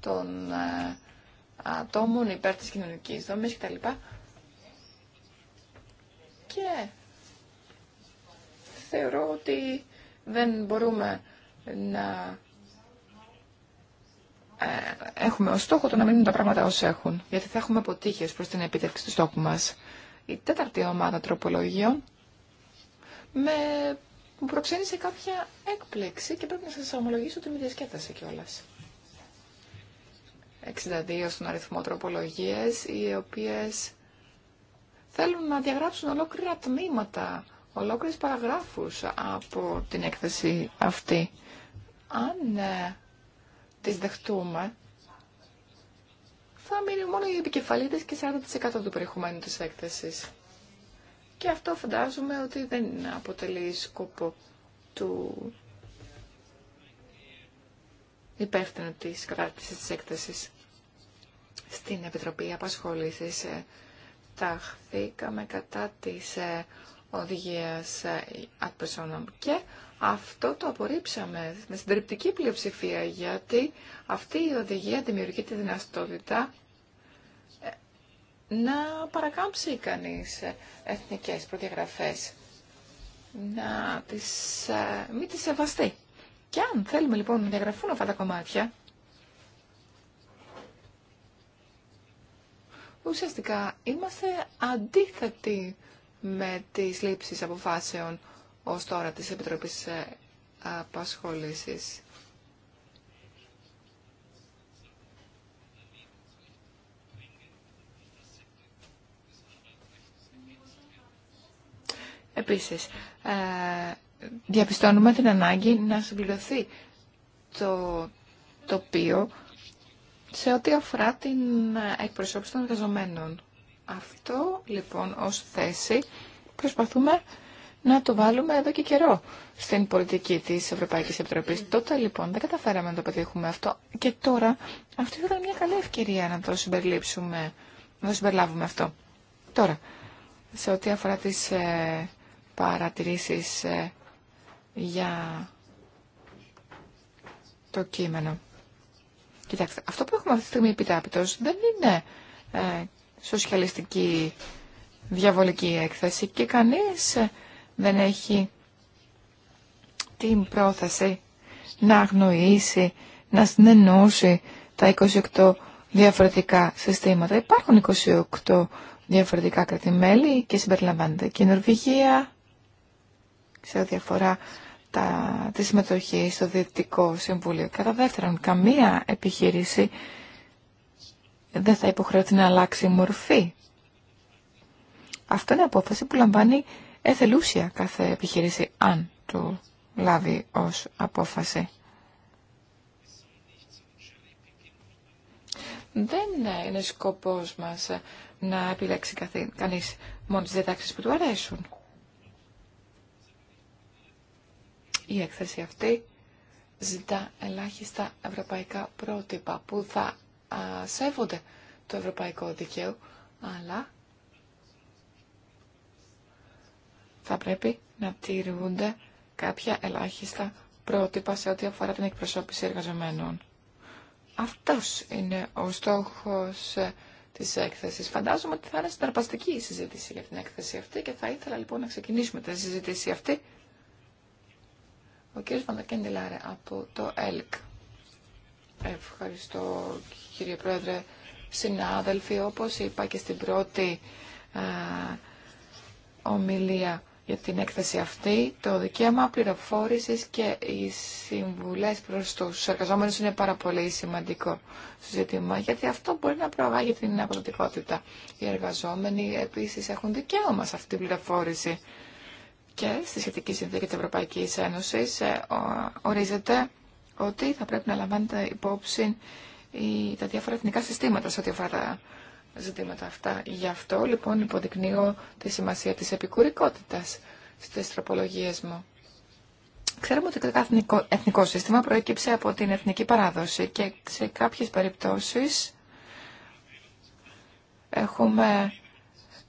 των ε, ατόμων, υπέρ της κοινωνικής δομής κτλ. Και θεωρώ ότι δεν μπορούμε να ε, έχουμε ως στόχο το να μείνουν τα πράγματα ως έχουν, γιατί θα έχουμε αποτύχειες προς την επίτευξη του στόχου μας. Η τέταρτη ομάδα τροπολογίων με μου προξένησε κάποια έκπληξη και πρέπει να σας ομολογήσω ότι με διασκέδασε κιόλα. 62 στον αριθμό τροπολογίες, οι οποίες θέλουν να διαγράψουν ολόκληρα τμήματα, ολόκληρες παραγράφους από την έκθεση αυτή. Αν ε, τις δεχτούμε, θα μείνουν μόνο οι επικεφαλίτες και 40% του περιεχομένου της έκθεσης. Και αυτό φαντάζομαι ότι δεν αποτελεί σκοπό του υπεύθυνου της κατάρτισης της έκθεσης στην Επιτροπή Απασχόλησης. Ε, ταχθήκαμε κατά της ε, οδηγίας ε, ad personam και αυτό το απορρίψαμε με συντριπτική πλειοψηφία γιατί αυτή η οδηγία δημιουργεί τη δυνατότητα να παρακάμψει κανείς εθνικές προδιαγραφές, να τις, ε, μην τις σεβαστεί. Και αν θέλουμε λοιπόν να διαγραφούν αυτά τα κομμάτια, ουσιαστικά είμαστε αντίθετοι με τις λήψεις αποφάσεων ως τώρα της Επιτροπής ε, Απασχόλησης. Επίσης, ε, διαπιστώνουμε την ανάγκη να συμπληρωθεί το τοπίο σε ό,τι αφορά την εκπροσώπηση των εργαζομένων. Αυτό λοιπόν ως θέση προσπαθούμε να το βάλουμε εδώ και καιρό στην πολιτική της Ευρωπαϊκής Επιτροπής. Τότε λοιπόν δεν καταφέραμε να το πετύχουμε αυτό και τώρα αυτή θα ήταν μια καλή ευκαιρία να το να συμπεριλάβουμε αυτό. Τώρα, σε ό,τι αφορά τις ε, παρατηρήσεις ε, για το κείμενο. Κοιτάξτε, αυτό που έχουμε αυτή τη στιγμή επιτάπητος δεν είναι ε, σοσιαλιστική διαβολική έκθεση και κανείς ε, δεν έχει την πρόθεση να αγνοήσει, να συνενώσει τα 28 διαφορετικά συστήματα. Υπάρχουν 28 διαφορετικά κρατημέλη και συμπεριλαμβάνεται και η Νορβηγία σε ό,τι αφορά τα, τη συμμετοχή στο Δυτικό Συμβούλιο. Κατά δεύτερον, καμία επιχείρηση δεν θα υποχρεωθεί να αλλάξει μορφή. Αυτό είναι απόφαση που λαμβάνει εθελούσια κάθε επιχείρηση, αν το λάβει ως απόφαση. Δεν είναι σκοπός μας να επιλέξει καθή, κανείς μόνο τις που του αρέσουν. Η έκθεση αυτή ζητά ελάχιστα ευρωπαϊκά πρότυπα που θα σέβονται το ευρωπαϊκό δικαίου, αλλά θα πρέπει να τηρούνται κάποια ελάχιστα πρότυπα σε ό,τι αφορά την εκπροσώπηση εργαζομένων. Αυτός είναι ο στόχος ε, της έκθεσης. Φαντάζομαι ότι θα είναι συναρπαστική η συζήτηση για την έκθεση αυτή και θα ήθελα λοιπόν να ξεκινήσουμε τη συζήτηση αυτή ο κ. Λάρε από το ΕΛΚ. Ευχαριστώ κύριε Πρόεδρε. Συνάδελφοι, όπως είπα και στην πρώτη ομιλία για την έκθεση αυτή, το δικαίωμα πληροφόρησης και οι συμβουλές προς τους εργαζόμενους είναι πάρα πολύ σημαντικό στο ζήτημα, γιατί αυτό μπορεί να προαγάγει την αποδοτικότητα. Οι εργαζόμενοι επίσης έχουν δικαίωμα σε αυτή την πληροφόρηση και στη σχετική συνθήκη της Ευρωπαϊκής Ένωσης ε, ορίζεται ότι θα πρέπει να λαμβάνεται υπόψη τα διάφορα εθνικά συστήματα σε ό,τι αφορά τα ζητήματα αυτά. Γι' αυτό λοιπόν υποδεικνύω τη σημασία της επικουρικότητας στις τροπολογίες μου. Ξέρουμε ότι το κάθε εθνικό σύστημα προέκυψε από την εθνική παράδοση και σε κάποιες περιπτώσεις έχουμε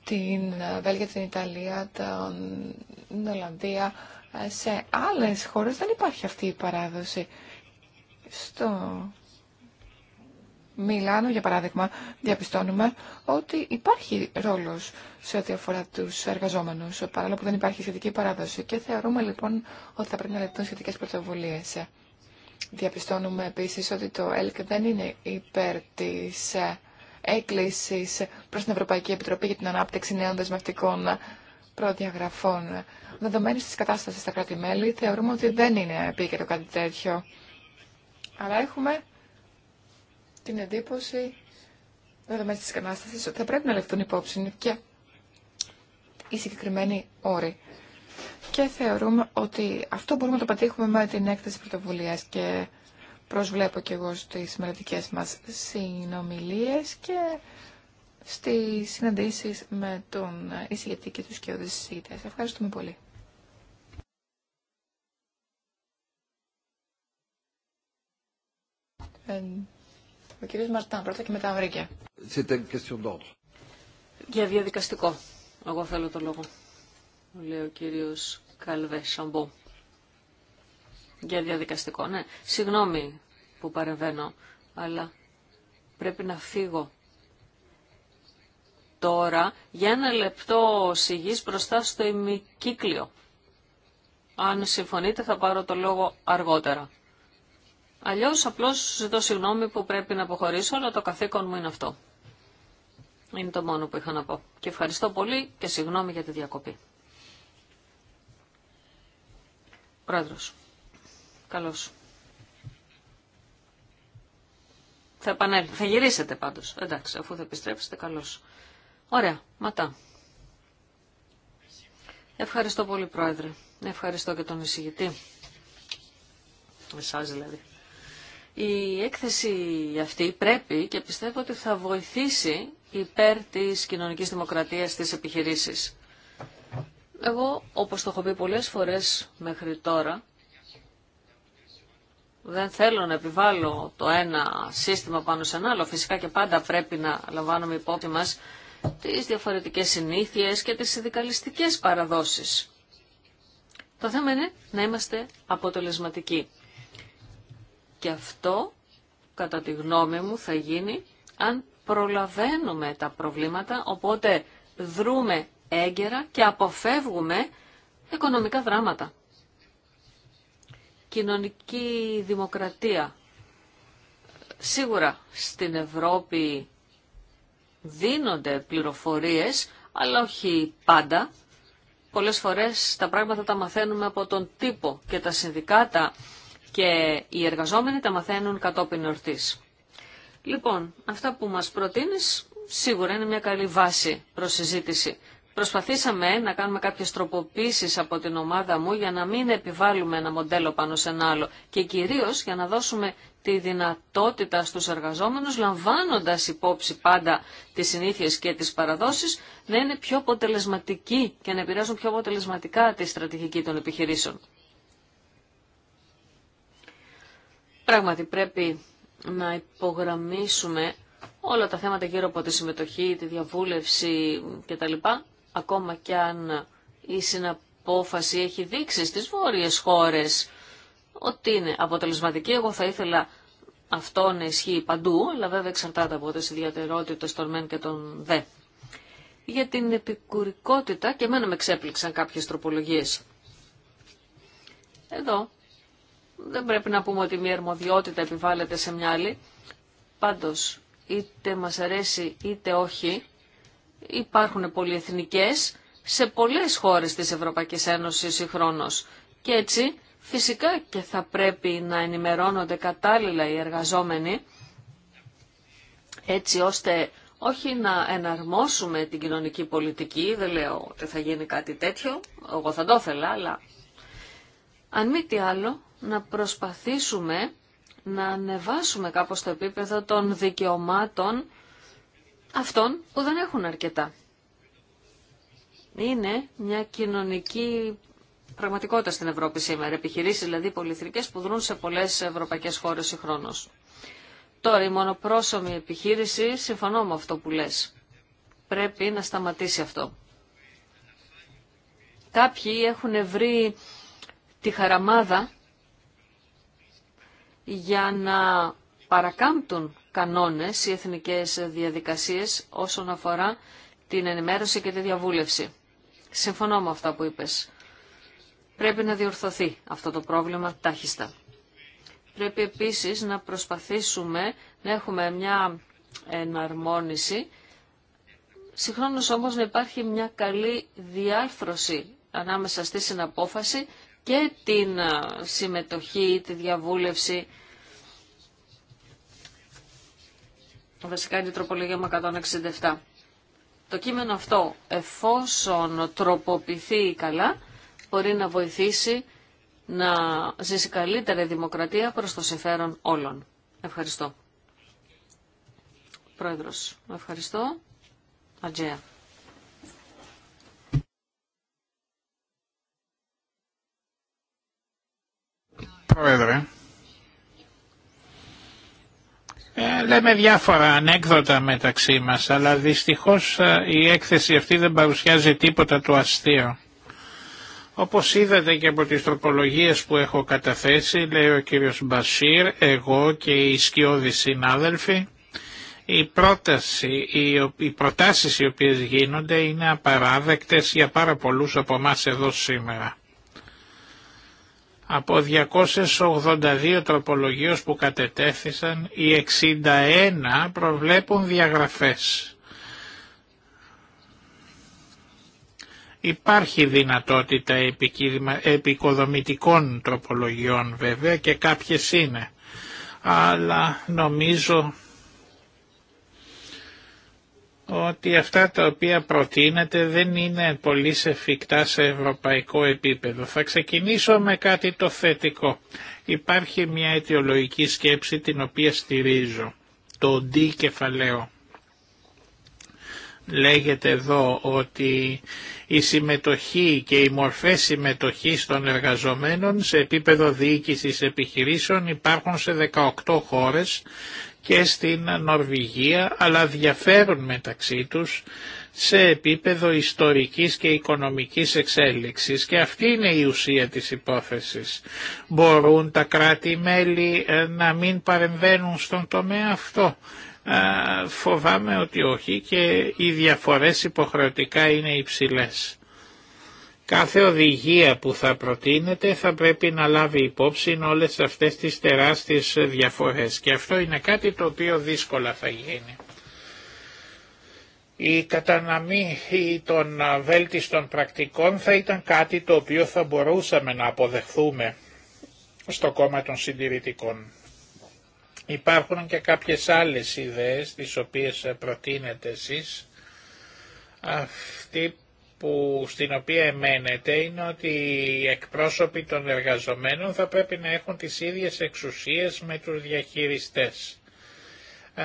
την Βέλγια, την Ιταλία, την Ολλανδία, σε άλλες χώρες δεν υπάρχει αυτή η παράδοση. Στο Μιλάνο, για παράδειγμα, διαπιστώνουμε ότι υπάρχει ρόλος σε ό,τι αφορά τους εργαζόμενους, παρόλο που δεν υπάρχει σχετική παράδοση και θεωρούμε λοιπόν ότι θα πρέπει να λεπτούν σχετικές πρωτοβουλίες. Διαπιστώνουμε επίσης ότι το ΕΛΚ δεν είναι υπέρ της ε, έκκληση προς την Ευρωπαϊκή Επιτροπή για την ανάπτυξη νέων δεσμευτικών προδιαγραφών. Δεδομένη τη κατάσταση στα κράτη-μέλη, θεωρούμε ότι δεν είναι επίκαιρο κάτι τέτοιο. Αλλά έχουμε την εντύπωση, δεδομένη τη κατάσταση, ότι θα πρέπει να λεφτούν υπόψη και οι συγκεκριμένοι όροι. Και θεωρούμε ότι αυτό μπορούμε να το πετύχουμε με την έκθεση πρωτοβουλία και προσβλέπω και εγώ στις μελλοντικές μας συνομιλίες και στις συναντήσεις με τον εισηγητή και τους κοιόδες εισηγητές. Ευχαριστούμε πολύ. Ε, ο κύριος Μαρτάν, πρώτα και μετά βρήκε. Για διαδικαστικό. Εγώ θέλω το λόγο. Λέει ο κύριος Καλβέ Σαμπό. Για διαδικαστικό, ναι. Συγγνώμη που παρεμβαίνω, αλλά πρέπει να φύγω τώρα για ένα λεπτό σιγής μπροστά στο ημικύκλιο. Αν συμφωνείτε θα πάρω το λόγο αργότερα. Αλλιώς απλώς ζητώ συγγνώμη που πρέπει να αποχωρήσω, αλλά το καθήκον μου είναι αυτό. Είναι το μόνο που είχα να πω. Και ευχαριστώ πολύ και συγγνώμη για τη διακοπή. Πρόεδρος. Καλώς. Θα επανέλθει. Θα γυρίσετε πάντως. Εντάξει, αφού θα επιστρέψετε, καλώς. Ωραία. Ματά. Ευχαριστώ πολύ, Πρόεδρε. Ευχαριστώ και τον εισηγητή. Εσάς δηλαδή. Η έκθεση αυτή πρέπει και πιστεύω ότι θα βοηθήσει υπέρ της κοινωνικής δημοκρατίας στις επιχειρήσεις. Εγώ, όπως το έχω πει πολλές φορές μέχρι τώρα, δεν θέλω να επιβάλλω το ένα σύστημα πάνω σε ένα άλλο. Φυσικά και πάντα πρέπει να λαμβάνουμε υπόψη μας τις διαφορετικές συνήθειες και τις συνδικαλιστικές παραδόσεις. Το θέμα είναι να είμαστε αποτελεσματικοί. Και αυτό, κατά τη γνώμη μου, θα γίνει αν προλαβαίνουμε τα προβλήματα, οπότε δρούμε έγκαιρα και αποφεύγουμε οικονομικά δράματα κοινωνική δημοκρατία. Σίγουρα στην Ευρώπη δίνονται πληροφορίες, αλλά όχι πάντα. Πολλές φορές τα πράγματα τα μαθαίνουμε από τον τύπο και τα συνδικάτα και οι εργαζόμενοι τα μαθαίνουν κατόπιν ορτής. Λοιπόν, αυτά που μας προτείνεις σίγουρα είναι μια καλή βάση προς συζήτηση. Προσπαθήσαμε να κάνουμε κάποιες τροποποίησεις από την ομάδα μου για να μην επιβάλλουμε ένα μοντέλο πάνω σε ένα άλλο και κυρίως για να δώσουμε τη δυνατότητα στους εργαζόμενου, λαμβάνοντας υπόψη πάντα τις συνήθειες και τις παραδόσεις να είναι πιο αποτελεσματικοί και να επηρεάζουν πιο αποτελεσματικά τη στρατηγική των επιχειρήσεων. Πράγματι πρέπει να υπογραμμίσουμε όλα τα θέματα γύρω από τη συμμετοχή, τη διαβούλευση κτλ ακόμα κι αν η συναπόφαση έχει δείξει στις βόρειες χώρες ότι είναι αποτελεσματική. Εγώ θα ήθελα αυτό να ισχύει παντού, αλλά βέβαια εξαρτάται από τις ιδιαιτερότητες των μεν και των δε. Για την επικουρικότητα και εμένα με ξέπληξαν κάποιες τροπολογίες. Εδώ δεν πρέπει να πούμε ότι μια αρμοδιότητα επιβάλλεται σε μια άλλη. Πάντως, είτε μας αρέσει είτε όχι, υπάρχουν πολυεθνικές σε πολλές χώρες της Ευρωπαϊκής Ένωσης συγχρόνως. Και έτσι φυσικά και θα πρέπει να ενημερώνονται κατάλληλα οι εργαζόμενοι έτσι ώστε όχι να εναρμόσουμε την κοινωνική πολιτική, δεν λέω ότι θα γίνει κάτι τέτοιο, εγώ θα το ήθελα, αλλά αν μη τι άλλο να προσπαθήσουμε να ανεβάσουμε κάπως το επίπεδο των δικαιωμάτων αυτών που δεν έχουν αρκετά. Είναι μια κοινωνική πραγματικότητα στην Ευρώπη σήμερα. Επιχειρήσεις δηλαδή πολυθρικές που δρούν σε πολλές ευρωπαϊκές χώρες χρόνος. Τώρα η μονοπρόσωμη επιχείρηση, συμφωνώ με αυτό που λες. Πρέπει να σταματήσει αυτό. Κάποιοι έχουν βρει τη χαραμάδα για να παρακάμπτουν κανόνες, οι εθνικές διαδικασίες όσον αφορά την ενημέρωση και τη διαβούλευση. Συμφωνώ με αυτά που είπες. Πρέπει να διορθωθεί αυτό το πρόβλημα τάχιστα. Πρέπει επίσης να προσπαθήσουμε να έχουμε μια εναρμόνιση, συγχρόνως όμως να υπάρχει μια καλή διάρθρωση ανάμεσα στη συναπόφαση και την συμμετοχή, τη διαβούλευση Βασικά είναι η τροπολογία 167. Το κείμενο αυτό, εφόσον τροποποιηθεί καλά, μπορεί να βοηθήσει να ζήσει καλύτερη δημοκρατία προς το συμφέρον όλων. Ευχαριστώ. Πρόεδρος, ευχαριστώ. Ατζέα. Πρόεδρε, ε, λέμε διάφορα ανέκδοτα μεταξύ μας, αλλά δυστυχώς ε, η έκθεση αυτή δεν παρουσιάζει τίποτα το αστείο. Όπως είδατε και από τις τροπολογίες που έχω καταθέσει, λέει ο κύριος Μπασίρ, εγώ και οι σκιώδεις συνάδελφοι, η πρόταση, οι, οι προτάσεις οι οποίες γίνονται είναι απαράδεκτες για πάρα πολλούς από εμά εδώ σήμερα. Από 282 τροπολογίες που κατετέθησαν, οι 61 προβλέπουν διαγραφές. Υπάρχει δυνατότητα επικοδομητικών τροπολογιών βέβαια και κάποιες είναι, αλλά νομίζω ότι αυτά τα οποία προτείνεται δεν είναι πολύ εφικτά σε ευρωπαϊκό επίπεδο. Θα ξεκινήσω με κάτι το θετικό. Υπάρχει μια αιτιολογική σκέψη την οποία στηρίζω. Το D κεφαλαίο. Λέγεται εδώ ότι η συμμετοχή και οι μορφές συμμετοχής των εργαζομένων σε επίπεδο διοίκησης επιχειρήσεων υπάρχουν σε 18 χώρες και στην Νορβηγία, αλλά διαφέρουν μεταξύ τους σε επίπεδο ιστορικής και οικονομικής εξέλιξης και αυτή είναι η ουσία της υπόθεσης. Μπορούν τα κράτη-μέλη ε, να μην παρεμβαίνουν στον τομέα αυτό. Φοβάμαι ότι όχι και οι διαφορές υποχρεωτικά είναι υψηλές. Κάθε οδηγία που θα προτείνεται θα πρέπει να λάβει υπόψη όλες αυτές τις τεράστιες διαφορές και αυτό είναι κάτι το οποίο δύσκολα θα γίνει. Η καταναμή των βέλτιστων πρακτικών θα ήταν κάτι το οποίο θα μπορούσαμε να αποδεχθούμε στο κόμμα των συντηρητικών. Υπάρχουν και κάποιες άλλες ιδέες τις οποίες προτείνετε εσείς. Αυτή που, στην οποία εμένεται είναι ότι οι εκπρόσωποι των εργαζομένων θα πρέπει να έχουν τις ίδιες εξουσίες με τους διαχειριστές. Ε,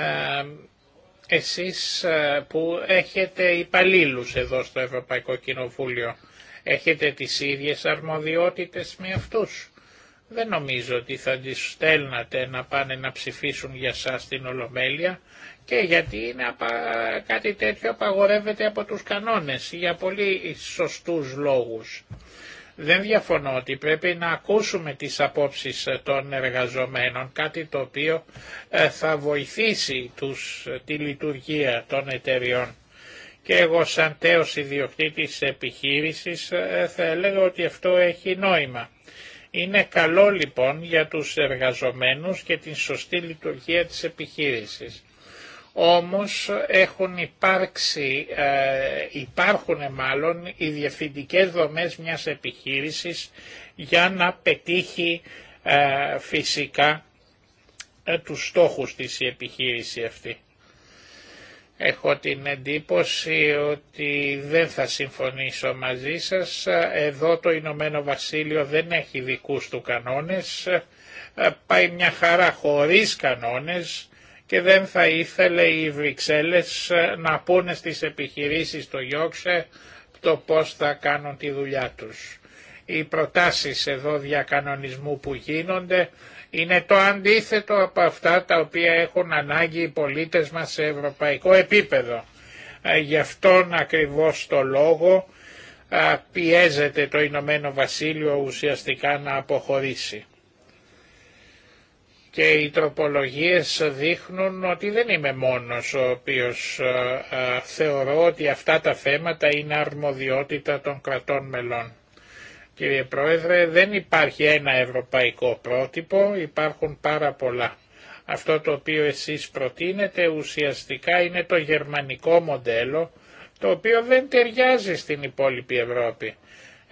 εσείς ε, που έχετε υπαλλήλους εδώ στο Ευρωπαϊκό Κοινοβούλιο, έχετε τις ίδιες αρμοδιότητες με αυτούς. Δεν νομίζω ότι θα τις στέλνατε να πάνε να ψηφίσουν για σας την Ολομέλεια και γιατί είναι κάτι τέτοιο απαγορεύεται από τους κανόνες για πολύ σωστούς λόγους. Δεν διαφωνώ ότι πρέπει να ακούσουμε τις απόψεις των εργαζομένων, κάτι το οποίο ε, θα βοηθήσει τους, ε, τη λειτουργία των εταιριών. Και εγώ σαν τέος ιδιοκτήτης επιχείρησης ε, θα έλεγα ότι αυτό έχει νόημα. Είναι καλό λοιπόν για τους εργαζομένους και την σωστή λειτουργία της επιχείρησης όμως έχουν υπάρξει, ε, υπάρχουν μάλλον οι διευθυντικές δομές μιας επιχείρησης για να πετύχει ε, φυσικά ε, τους στόχους της η επιχείρηση αυτή. Έχω την εντύπωση ότι δεν θα συμφωνήσω μαζί σας. Εδώ το Ηνωμένο Βασίλειο δεν έχει δικούς του κανόνες. Πάει μια χαρά χωρίς κανόνες και δεν θα ήθελε οι Βρυξέλλες ε, να πούνε στις επιχειρήσεις το Γιόξε το πώς θα κάνουν τη δουλειά τους. Οι προτάσεις εδώ διακανονισμού που γίνονται είναι το αντίθετο από αυτά τα οποία έχουν ανάγκη οι πολίτες μας σε ευρωπαϊκό επίπεδο. Ε, γι' αυτόν ακριβώς το λόγο ε, πιέζεται το Ηνωμένο Βασίλειο ουσιαστικά να αποχωρήσει και οι τροπολογίες δείχνουν ότι δεν είμαι μόνος ο οποίος ε, ε, θεωρώ ότι αυτά τα θέματα είναι αρμοδιότητα των κρατών μελών. Κύριε Πρόεδρε, δεν υπάρχει ένα ευρωπαϊκό πρότυπο, υπάρχουν πάρα πολλά. Αυτό το οποίο εσείς προτείνετε ουσιαστικά είναι το γερμανικό μοντέλο, το οποίο δεν ταιριάζει στην υπόλοιπη Ευρώπη.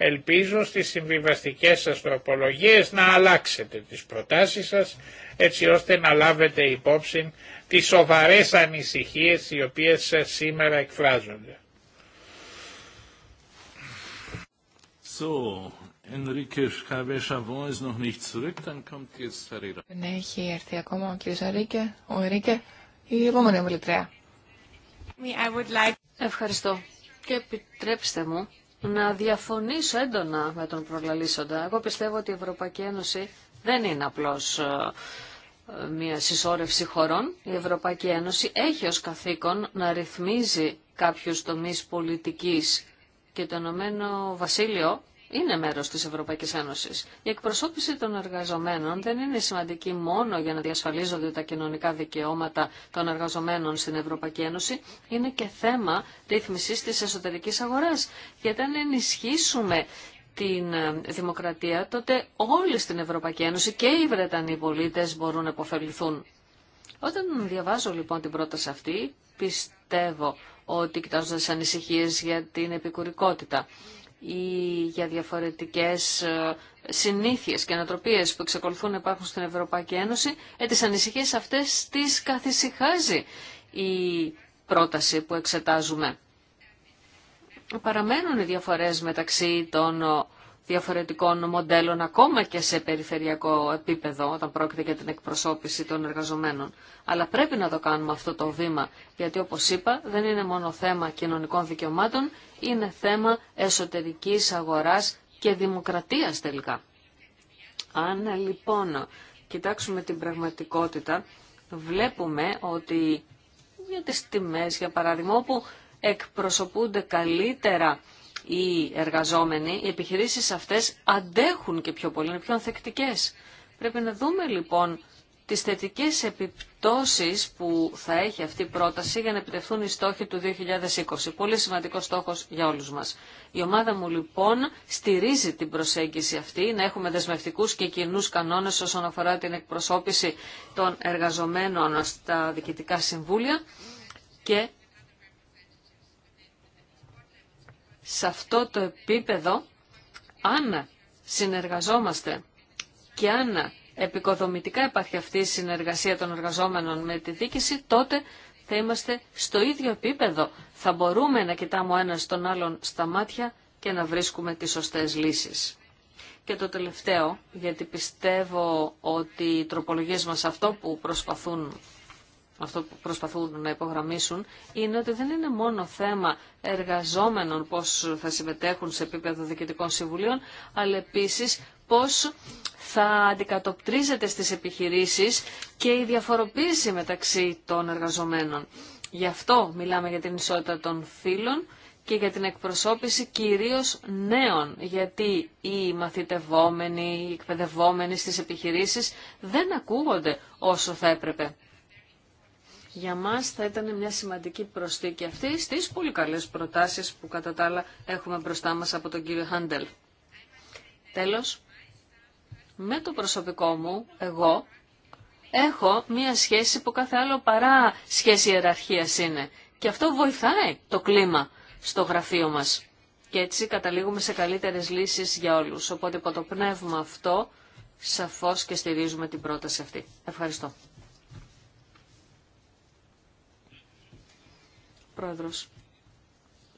Ελπίζω στις συμβιβαστικές σας τροπολογίες να αλλάξετε τις προτάσεις σας έτσι ώστε να λάβετε υπόψη τις σοβαρές ανησυχίες οι οποίες σήμερα εκφράζονται. So, Enrique noch nicht zurück, dann kommt Δεν έχει έρθει ακόμα ο κύριος Ρίκε, ο ρίκε, η επόμενη ομιλητρέα. Ευχαριστώ. Και επιτρέψτε μου να διαφωνήσω έντονα με τον προλαλήσοντα. Εγώ πιστεύω ότι η Ευρωπαϊκή Ένωση δεν είναι απλώς ε, μια συσσόρευση χωρών. Η Ευρωπαϊκή Ένωση έχει ως καθήκον να ρυθμίζει κάποιους τομείς πολιτικής και το Ενωμένο Βασίλειο είναι μέρος της Ευρωπαϊκής Ένωσης. Η εκπροσώπηση των εργαζομένων δεν είναι σημαντική μόνο για να διασφαλίζονται τα κοινωνικά δικαιώματα των εργαζομένων στην Ευρωπαϊκή Ένωση, είναι και θέμα ρύθμισης της εσωτερικής αγοράς. Γιατί αν ενισχύσουμε την ε, δημοκρατία, τότε όλοι στην Ευρωπαϊκή Ένωση και οι Βρετανοί πολίτες μπορούν να υποφεληθούν. Όταν διαβάζω λοιπόν την πρόταση αυτή, πιστεύω ότι κοιτάζοντα ανησυχίε για την επικουρικότητα, ή για διαφορετικές ε, συνήθειες και ανατροπίες που εξακολουθούν να υπάρχουν στην Ευρωπαϊκή Ένωση, ε, τις ανησυχίες αυτές τις καθησυχάζει η πρόταση που εξετάζουμε. Παραμένουν οι διαφορές μεταξύ των διαφορετικών μοντέλων ακόμα και σε περιφερειακό επίπεδο όταν πρόκειται για την εκπροσώπηση των εργαζομένων. Αλλά πρέπει να το κάνουμε αυτό το βήμα γιατί όπως είπα δεν είναι μόνο θέμα κοινωνικών δικαιωμάτων είναι θέμα εσωτερικής αγοράς και δημοκρατίας τελικά. Αν λοιπόν κοιτάξουμε την πραγματικότητα βλέπουμε ότι για τις τιμές για παράδειγμα όπου εκπροσωπούνται καλύτερα οι εργαζόμενοι, οι επιχειρήσεις αυτές αντέχουν και πιο πολύ, είναι πιο ανθεκτικές. Πρέπει να δούμε λοιπόν τις θετικές επιπτώσεις που θα έχει αυτή η πρόταση για να επιτευχθούν οι στόχοι του 2020. Πολύ σημαντικός στόχος για όλους μας. Η ομάδα μου λοιπόν στηρίζει την προσέγγιση αυτή, να έχουμε δεσμευτικούς και κοινού κανόνες όσον αφορά την εκπροσώπηση των εργαζομένων στα διοικητικά συμβούλια και σε αυτό το επίπεδο, αν συνεργαζόμαστε και αν επικοδομητικά υπάρχει αυτή η συνεργασία των εργαζόμενων με τη δίκηση, τότε θα είμαστε στο ίδιο επίπεδο. Θα μπορούμε να κοιτάμε ο ένας τον άλλον στα μάτια και να βρίσκουμε τις σωστές λύσεις. Και το τελευταίο, γιατί πιστεύω ότι οι τροπολογίες μας αυτό που προσπαθούν αυτό που προσπαθούν να υπογραμμίσουν, είναι ότι δεν είναι μόνο θέμα εργαζόμενων πώς θα συμμετέχουν σε επίπεδο διοικητικών συμβουλίων, αλλά επίσης πώς θα αντικατοπτρίζεται στις επιχειρήσεις και η διαφοροποίηση μεταξύ των εργαζομένων. Γι' αυτό μιλάμε για την ισότητα των φύλων και για την εκπροσώπηση κυρίως νέων, γιατί οι μαθητευόμενοι, οι εκπαιδευόμενοι στις επιχειρήσεις δεν ακούγονται όσο θα έπρεπε. Για μας θα ήταν μια σημαντική προσθήκη αυτή στις πολύ καλές προτάσεις που κατά τα άλλα έχουμε μπροστά μας από τον κύριο Χάντελ. Τέλος, με το προσωπικό μου, εγώ, έχω μια σχέση που κάθε άλλο παρά σχέση ιεραρχίας είναι. Και αυτό βοηθάει το κλίμα στο γραφείο μας. Και έτσι καταλήγουμε σε καλύτερες λύσεις για όλους. Οπότε από το πνεύμα αυτό, σαφώς και στηρίζουμε την πρόταση αυτή. Ευχαριστώ. Πρόεδρος.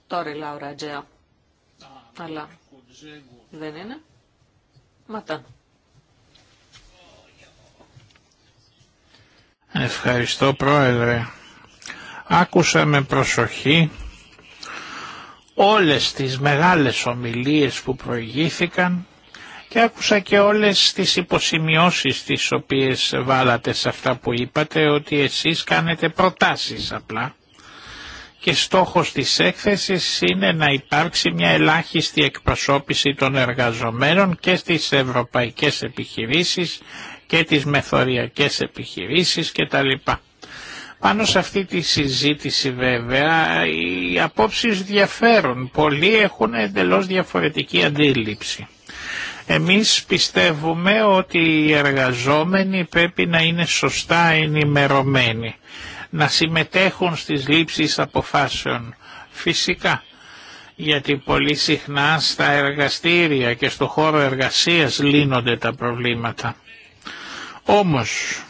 Τώρα η Λάουρα Ατζέα. Αλλά δεν είναι. ματά. Ευχαριστώ Πρόεδρε. Άκουσα με προσοχή όλες τις μεγάλες ομιλίες που προηγήθηκαν και άκουσα και όλες τις υποσημειώσεις τις οποίες βάλατε σε αυτά που είπατε ότι εσείς κάνετε προτάσεις απλά και στόχος της έκθεσης είναι να υπάρξει μια ελάχιστη εκπροσώπηση των εργαζομένων και στις ευρωπαϊκές επιχειρήσεις και τις μεθοριακές επιχειρήσεις κτλ. Πάνω σε αυτή τη συζήτηση βέβαια οι απόψεις διαφέρουν. Πολλοί έχουν εντελώς διαφορετική αντίληψη. Εμείς πιστεύουμε ότι οι εργαζόμενοι πρέπει να είναι σωστά ενημερωμένοι να συμμετέχουν στις λήψεις αποφάσεων. Φυσικά, γιατί πολύ συχνά στα εργαστήρια και στο χώρο εργασίας λύνονται τα προβλήματα. Όμως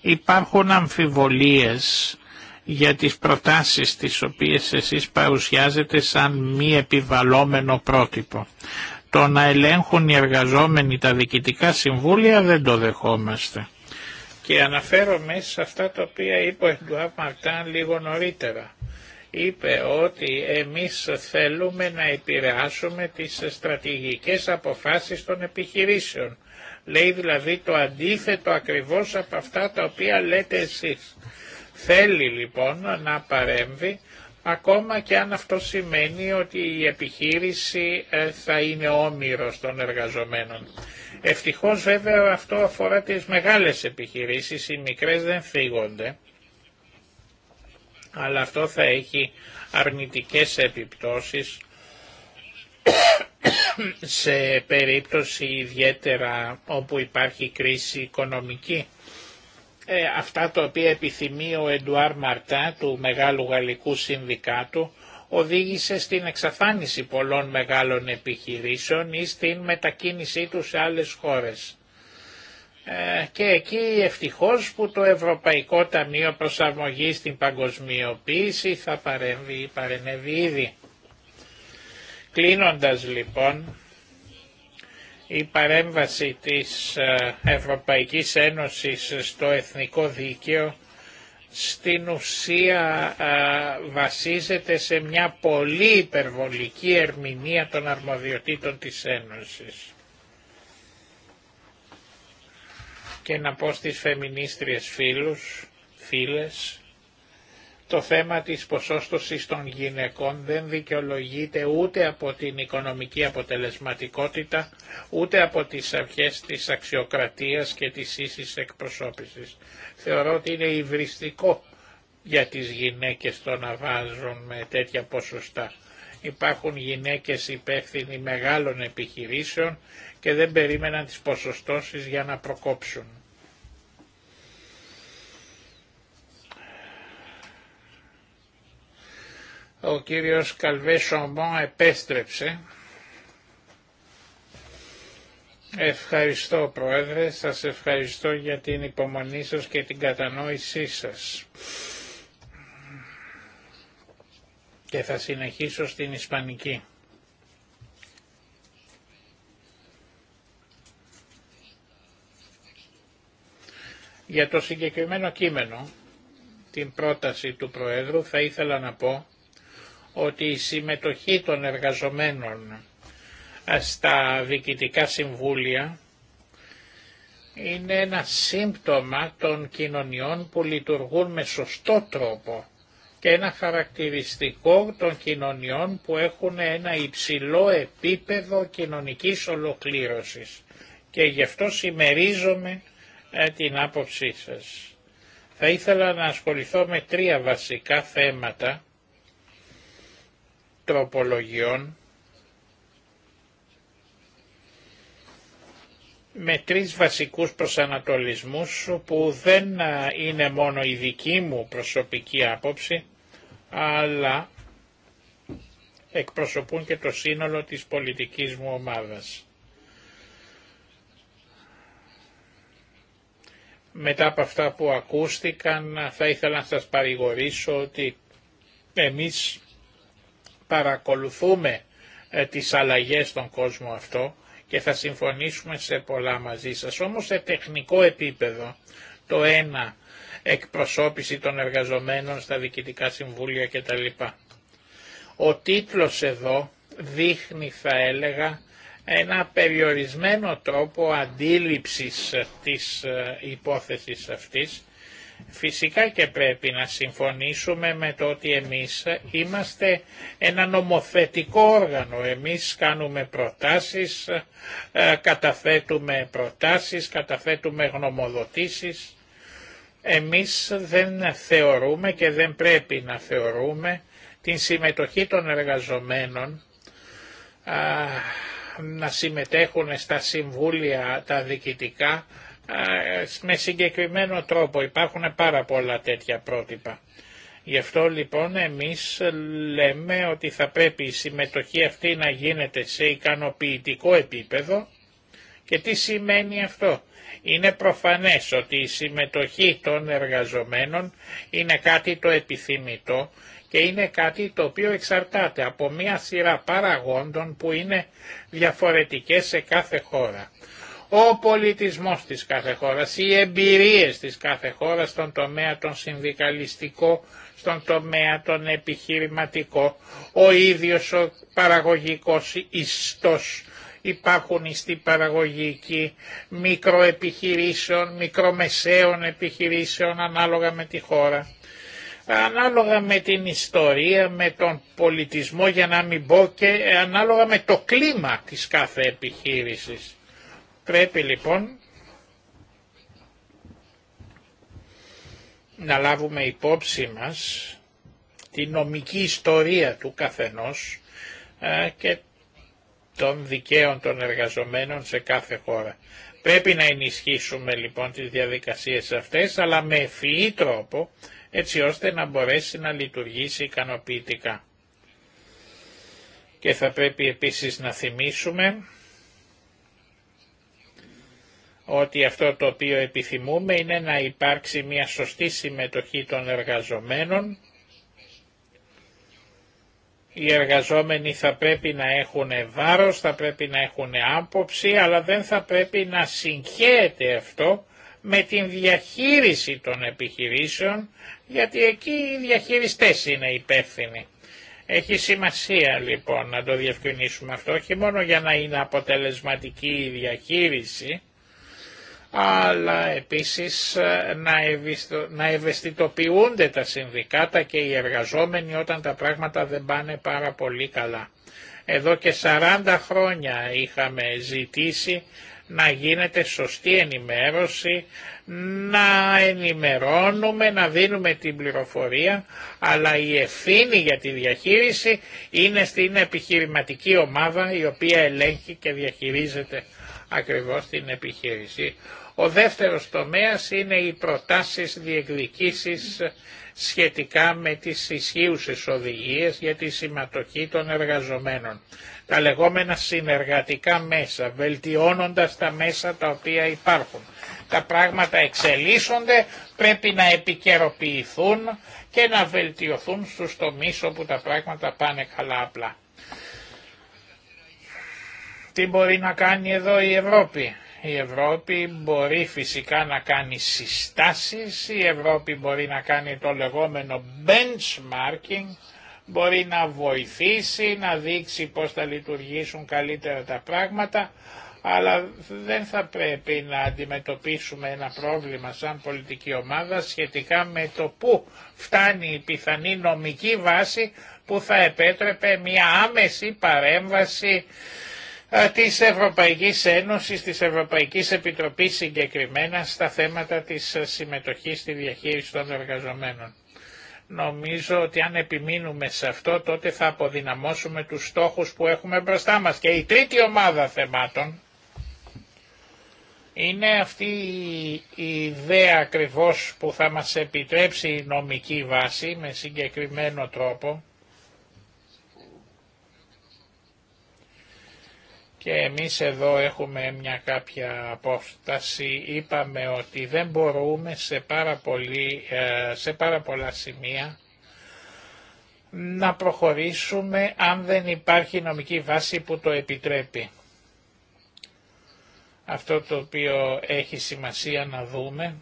υπάρχουν αμφιβολίες για τις προτάσεις τις οποίες εσείς παρουσιάζετε σαν μη επιβαλόμενο πρότυπο. Το να ελέγχουν οι εργαζόμενοι τα διοικητικά συμβούλια δεν το δεχόμαστε. Και αναφέρομαι σε αυτά τα οποία είπε ο Εντουάβ Μαρτάν λίγο νωρίτερα. Είπε ότι εμείς θέλουμε να επηρεάσουμε τις στρατηγικές αποφάσεις των επιχειρήσεων. Λέει δηλαδή το αντίθετο ακριβώς από αυτά τα οποία λέτε εσείς. Θέλει λοιπόν να παρέμβει ακόμα και αν αυτό σημαίνει ότι η επιχείρηση ε, θα είναι όμοιρος των εργαζομένων. Ευτυχώς βέβαια αυτό αφορά τις μεγάλες επιχειρήσεις, οι μικρές δεν φύγονται, αλλά αυτό θα έχει αρνητικές επιπτώσεις σε περίπτωση ιδιαίτερα όπου υπάρχει κρίση οικονομική. Ε, αυτά τα οποία επιθυμεί ο Εντουάρ Μαρτά του Μεγάλου Γαλλικού Συνδικάτου οδήγησε στην εξαφάνιση πολλών μεγάλων επιχειρήσεων ή στην μετακίνησή τους σε άλλες χώρες. Ε, και εκεί ευτυχώς που το Ευρωπαϊκό Ταμείο Προσαρμογής στην Παγκοσμιοποίηση θα παρεμβεί, παρενεύει ήδη. Κλείνοντας λοιπόν, η παρέμβαση της ε, Ευρωπαϊκής Ένωσης στο Εθνικό Δίκαιο στην ουσία βασίζεται σε μια πολύ υπερβολική ερμηνεία των αρμοδιοτήτων της Ένωσης. Και να πω στις φεμινίστριες φίλους, φίλες, το θέμα της ποσόστοσης των γυναικών δεν δικαιολογείται ούτε από την οικονομική αποτελεσματικότητα, ούτε από τις αρχές της αξιοκρατίας και της ίσης εκπροσώπησης. Θεωρώ ότι είναι υβριστικό για τις γυναίκες το να βάζουν με τέτοια ποσοστά. Υπάρχουν γυναίκες υπεύθυνοι μεγάλων επιχειρήσεων και δεν περίμεναν τις ποσοστώσεις για να προκόψουν. Ο κύριος Καλβέ Σομπον επέστρεψε Ευχαριστώ Πρόεδρε, σας ευχαριστώ για την υπομονή σας και την κατανόησή σας. Και θα συνεχίσω στην Ισπανική. Για το συγκεκριμένο κείμενο, την πρόταση του Προέδρου, θα ήθελα να πω ότι η συμμετοχή των εργαζομένων στα διοικητικά συμβούλια είναι ένα σύμπτωμα των κοινωνιών που λειτουργούν με σωστό τρόπο και ένα χαρακτηριστικό των κοινωνιών που έχουν ένα υψηλό επίπεδο κοινωνικής ολοκλήρωσης και γι' αυτό συμμερίζομαι ε, την άποψή σας. Θα ήθελα να ασχοληθώ με τρία βασικά θέματα τροπολογιών με τρεις βασικούς προσανατολισμούς που δεν είναι μόνο η δική μου προσωπική άποψη αλλά εκπροσωπούν και το σύνολο της πολιτικής μου ομάδας. Μετά από αυτά που ακούστηκαν θα ήθελα να σας παρηγορήσω ότι εμείς παρακολουθούμε ε, τις αλλαγές στον κόσμο αυτό και θα συμφωνήσουμε σε πολλά μαζί σας. Όμως σε τεχνικό επίπεδο το ένα εκπροσώπηση των εργαζομένων στα διοικητικά συμβούλια κτλ. Ο τίτλος εδώ δείχνει θα έλεγα ένα περιορισμένο τρόπο αντίληψης της ε, υπόθεσης αυτής Φυσικά και πρέπει να συμφωνήσουμε με το ότι εμείς είμαστε ένα νομοθετικό όργανο. Εμείς κάνουμε προτάσεις, ε, καταθέτουμε προτάσεις, καταθέτουμε γνωμοδοτήσεις. Εμείς δεν θεωρούμε και δεν πρέπει να θεωρούμε την συμμετοχή των εργαζομένων να συμμετέχουν στα συμβούλια τα διοικητικά με συγκεκριμένο τρόπο. Υπάρχουν πάρα πολλά τέτοια πρότυπα. Γι' αυτό λοιπόν εμείς λέμε ότι θα πρέπει η συμμετοχή αυτή να γίνεται σε ικανοποιητικό επίπεδο και τι σημαίνει αυτό. Είναι προφανές ότι η συμμετοχή των εργαζομένων είναι κάτι το επιθυμητό και είναι κάτι το οποίο εξαρτάται από μια σειρά παραγόντων που είναι διαφορετικές σε κάθε χώρα ο πολιτισμός της κάθε χώρας, οι εμπειρίες της κάθε χώρας στον τομέα τον συνδικαλιστικό, στον τομέα τον επιχειρηματικό, ο ίδιος ο παραγωγικός ιστός. Υπάρχουν ιστοί παραγωγική μικροεπιχειρήσεων, μικρομεσαίων επιχειρήσεων ανάλογα με τη χώρα. Ανάλογα με την ιστορία, με τον πολιτισμό για να μην πω και ανάλογα με το κλίμα της κάθε επιχείρησης. Πρέπει λοιπόν να λάβουμε υπόψη μας τη νομική ιστορία του καθενός ε, και των δικαίων των εργαζομένων σε κάθε χώρα. Πρέπει να ενισχύσουμε λοιπόν τις διαδικασίες αυτές, αλλά με ευφυή τρόπο, έτσι ώστε να μπορέσει να λειτουργήσει ικανοποιητικά. Και θα πρέπει επίσης να θυμίσουμε ότι αυτό το οποίο επιθυμούμε είναι να υπάρξει μια σωστή συμμετοχή των εργαζομένων. Οι εργαζόμενοι θα πρέπει να έχουν βάρος, θα πρέπει να έχουν άποψη, αλλά δεν θα πρέπει να συγχέεται αυτό με την διαχείριση των επιχειρήσεων, γιατί εκεί οι διαχειριστές είναι υπεύθυνοι. Έχει σημασία λοιπόν να το διευκρινίσουμε αυτό, όχι μόνο για να είναι αποτελεσματική η διαχείριση, αλλά επίσης ε, να ευαισθητοποιούνται τα συνδικάτα και οι εργαζόμενοι όταν τα πράγματα δεν πάνε πάρα πολύ καλά. Εδώ και 40 χρόνια είχαμε ζητήσει να γίνεται σωστή ενημέρωση, να ενημερώνουμε, να δίνουμε την πληροφορία, αλλά η ευθύνη για τη διαχείριση είναι στην επιχειρηματική ομάδα η οποία ελέγχει και διαχειρίζεται ακριβώς την επιχείρηση. Ο δεύτερος τομέας είναι οι προτάσεις διεκδικήσεις σχετικά με τις ισχύουσες οδηγίες για τη συμμετοχή των εργαζομένων. Τα λεγόμενα συνεργατικά μέσα, βελτιώνοντας τα μέσα τα οποία υπάρχουν. Τα πράγματα εξελίσσονται, πρέπει να επικαιροποιηθούν και να βελτιωθούν στους τομείς όπου τα πράγματα πάνε καλά απλά. Τι μπορεί να κάνει εδώ η Ευρώπη η Ευρώπη μπορεί φυσικά να κάνει συστάσεις, η Ευρώπη μπορεί να κάνει το λεγόμενο benchmarking, μπορεί να βοηθήσει, να δείξει πώς θα λειτουργήσουν καλύτερα τα πράγματα, αλλά δεν θα πρέπει να αντιμετωπίσουμε ένα πρόβλημα σαν πολιτική ομάδα σχετικά με το πού φτάνει η πιθανή νομική βάση που θα επέτρεπε μια άμεση παρέμβαση ε, της Ευρωπαϊκής Ένωσης, της Ευρωπαϊκής Επιτροπής συγκεκριμένα στα θέματα της ε, συμμετοχής στη διαχείριση των εργαζομένων. Νομίζω ότι αν επιμείνουμε σε αυτό τότε θα αποδυναμώσουμε τους στόχους που έχουμε μπροστά μας. Και η τρίτη ομάδα θεμάτων είναι αυτή η ιδέα ακριβώς που θα μας επιτρέψει η νομική βάση με συγκεκριμένο τρόπο και εμείς εδώ έχουμε μια κάποια απόσταση. Είπαμε ότι δεν μπορούμε σε πάρα, ε, σε πάρα πολλά σημεία να προχωρήσουμε αν δεν υπάρχει νομική βάση που το επιτρέπει. Αυτό το οποίο έχει σημασία να δούμε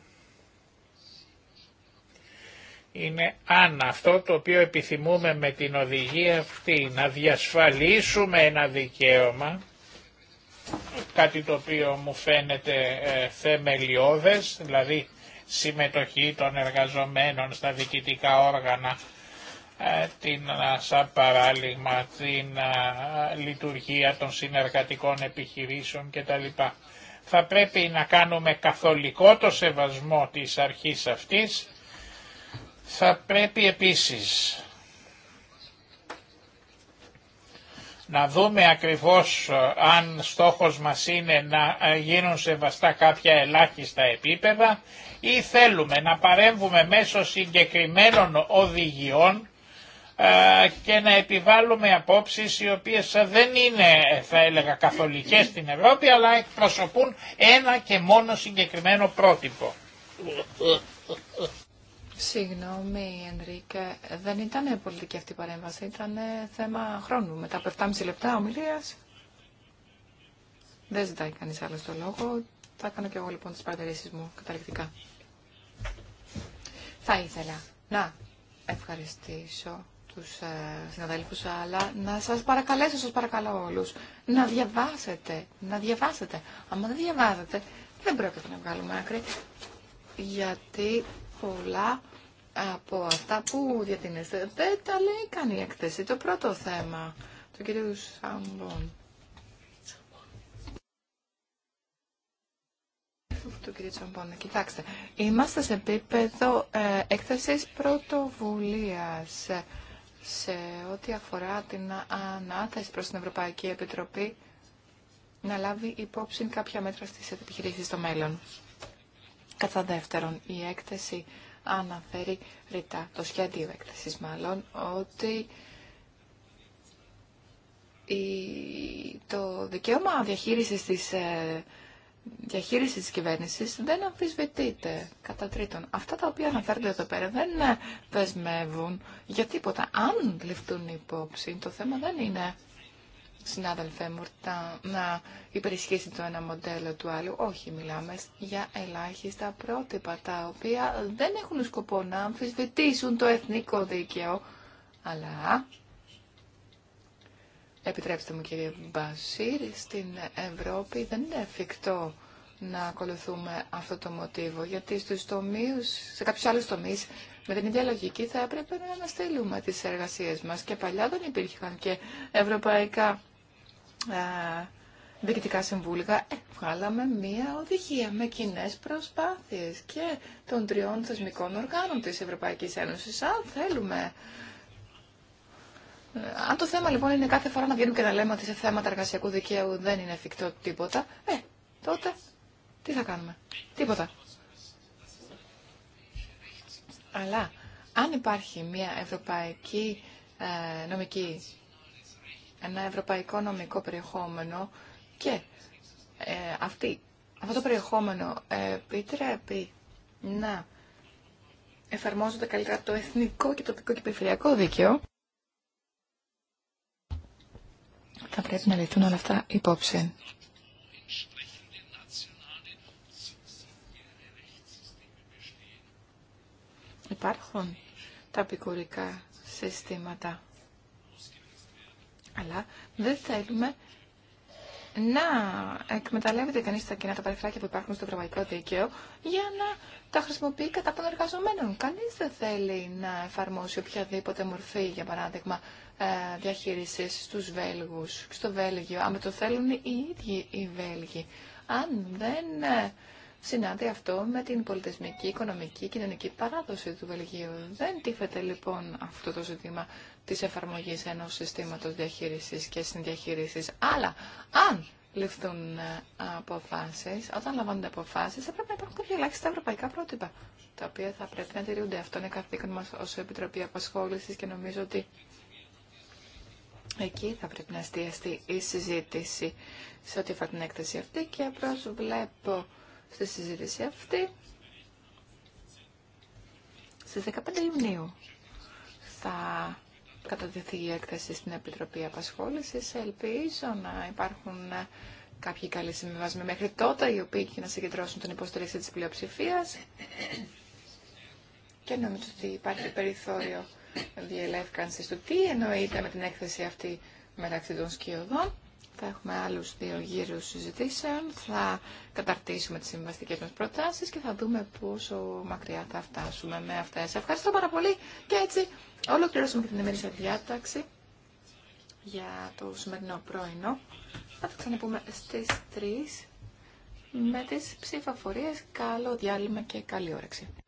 είναι αν αυτό το οποίο επιθυμούμε με την οδηγία αυτή να διασφαλίσουμε ένα δικαίωμα κάτι το οποίο μου φαίνεται ε, θεμελιώδες, δηλαδή συμμετοχή των εργαζομένων στα διοικητικά όργανα, ε, την, ε, σαν παράλλημα την λειτουργία των συνεργατικών επιχειρήσεων κτλ. Θα πρέπει να κάνουμε καθολικό το σεβασμό της αρχής αυτής. Θα πρέπει επίσης να δούμε ακριβώς ε, αν στόχος μας είναι να ε, γίνουν σεβαστά κάποια ελάχιστα επίπεδα ή θέλουμε να παρέμβουμε μέσω συγκεκριμένων οδηγιών ε, και να επιβάλλουμε απόψεις οι οποίες δεν είναι θα έλεγα καθολικές στην Ευρώπη αλλά εκπροσωπούν ένα και μόνο συγκεκριμένο πρότυπο. Συγγνώμη, Ενρίκε, δεν ήταν πολιτική αυτή η παρέμβαση, ήταν ε, θέμα χρόνου. Μετά από 7,5 λεπτά ομιλία. Δεν ζητάει κανεί άλλο το λόγο. Θα κάνω και εγώ λοιπόν τι παρατηρήσει μου καταληκτικά. Θα ήθελα να ευχαριστήσω του ε, συναδέλφου, αλλά να σα παρακαλέσω, σα παρακαλώ όλου, να διαβάσετε. Να διαβάσετε. Αν δεν διαβάζετε, δεν πρόκειται να βγάλουμε άκρη. Γιατί πολλά από αυτά που διατείνεστε. Δεν τα λέει καν η έκθεση. Το πρώτο θέμα του κυρίου Σαμπον. Του κυρίου Σαμπον. Κοιτάξτε, είμαστε σε επίπεδο ε, έκθεσης σε ό,τι αφορά την ανάθεση προς την Ευρωπαϊκή Επιτροπή να λάβει υπόψη κάποια μέτρα στις επιχειρήσεις στο μέλλον. Κατά δεύτερον, η έκθεση αναφέρει ρητά το σχέδιο έκθεσης μάλλον ότι το δικαίωμα διαχείρισης της, ε, διαχείρισης της κυβέρνησης δεν αμφισβητείται κατά τρίτον. Αυτά τα οποία αναφέρονται εδώ πέρα δεν ε, δεσμεύουν για τίποτα. Αν ληφθούν υπόψη, το θέμα δεν είναι συνάδελφέ μου, να υπερισχύσει το ένα μοντέλο του άλλου. Όχι, μιλάμε για ελάχιστα πρότυπα, τα οποία δεν έχουν σκοπό να αμφισβητήσουν το εθνικό δίκαιο, αλλά... Επιτρέψτε μου κύριε Μπασίρ, στην Ευρώπη δεν είναι εφικτό να ακολουθούμε αυτό το μοτίβο, γιατί στους τομείς, σε κάποιους άλλους τομείς με την ίδια λογική θα έπρεπε να αναστείλουμε τις εργασίες μας και παλιά δεν υπήρχαν και ευρωπαϊκά ε, διοικητικά συμβούλια, ε, βγάλαμε μία οδηγία με κοινέ προσπάθειε και των τριών θεσμικών οργάνων τη Ευρωπαϊκή Ένωση. Αν θέλουμε. Ε, αν το θέμα λοιπόν είναι κάθε φορά να βγαίνουμε και να λέμε ότι σε θέματα εργασιακού δικαίου δεν είναι εφικτό τίποτα, ε, τότε τι θα κάνουμε. Τίποτα. Αλλά αν υπάρχει μια ευρωπαϊκή ε, νομική ένα ευρωπαϊκό νομικό περιεχόμενο και ε, αυτό το περιεχόμενο ε, επιτρέπει να εφαρμόζονται καλύτερα το εθνικό και τοπικό και περιφερειακό δίκαιο, θα πρέπει να λυθούν όλα αυτά υπόψη. Υπάρχουν τα πικουρικά συστήματα αλλά δεν θέλουμε να εκμεταλλεύεται κανείς τα κοινά τα παρεφράκια που υπάρχουν στο ευρωπαϊκό δίκαιο για να τα χρησιμοποιεί κατά των εργαζομένων. Κανείς δεν θέλει να εφαρμόσει οποιαδήποτε μορφή, για παράδειγμα, ε, διαχείριση στους Βέλγους, στο Βέλγιο, αν το θέλουν οι ίδιοι οι Βέλγοι. Αν δεν ε, συνάδει αυτό με την πολιτισμική, οικονομική, κοινωνική παράδοση του Βελγίου. Δεν τίθεται λοιπόν αυτό το ζήτημα της εφαρμογής ενός συστήματος διαχείρισης και συνδιαχείρισης. Αλλά αν ληφθούν ε, αποφάσεις, όταν λαμβάνονται αποφάσεις, θα πρέπει να υπάρχουν κάποια ελάχιστα ευρωπαϊκά πρότυπα, τα οποία θα πρέπει να τηρούνται. Αυτό είναι καθήκον μας ως Επιτροπή Απασχόλησης και νομίζω ότι εκεί θα πρέπει να εστιαστεί η συζήτηση σε ό,τι αφορά την έκθεση αυτή και απλώς βλέπω στη συζήτηση αυτή στις 15 Ιουνίου θα κατατεθεί η έκθεση στην Επιτροπή Απασχόλησης. Ελπίζω να υπάρχουν κάποιοι καλοί συμβιβασμοί μέχρι τότε, οι οποίοι και να συγκεντρώσουν την υποστήριξη της πλειοψηφίας. Και νομίζω ότι υπάρχει περιθώριο διελεύκανσης του τι εννοείται με την έκθεση αυτή μεταξύ των σκιωδών. Θα έχουμε άλλους δύο γύρους συζητήσεων, θα καταρτήσουμε τις συμβαστικές μας προτάσεις και θα δούμε πόσο μακριά θα φτάσουμε με αυτές. Ευχαριστώ πάρα πολύ και έτσι ολοκληρώσαμε και την ημερήσια διάταξη για το σημερινό πρωινό. Θα τα ξαναπούμε στις 3 με τις ψηφοφορίε Καλό διάλειμμα και καλή όρεξη.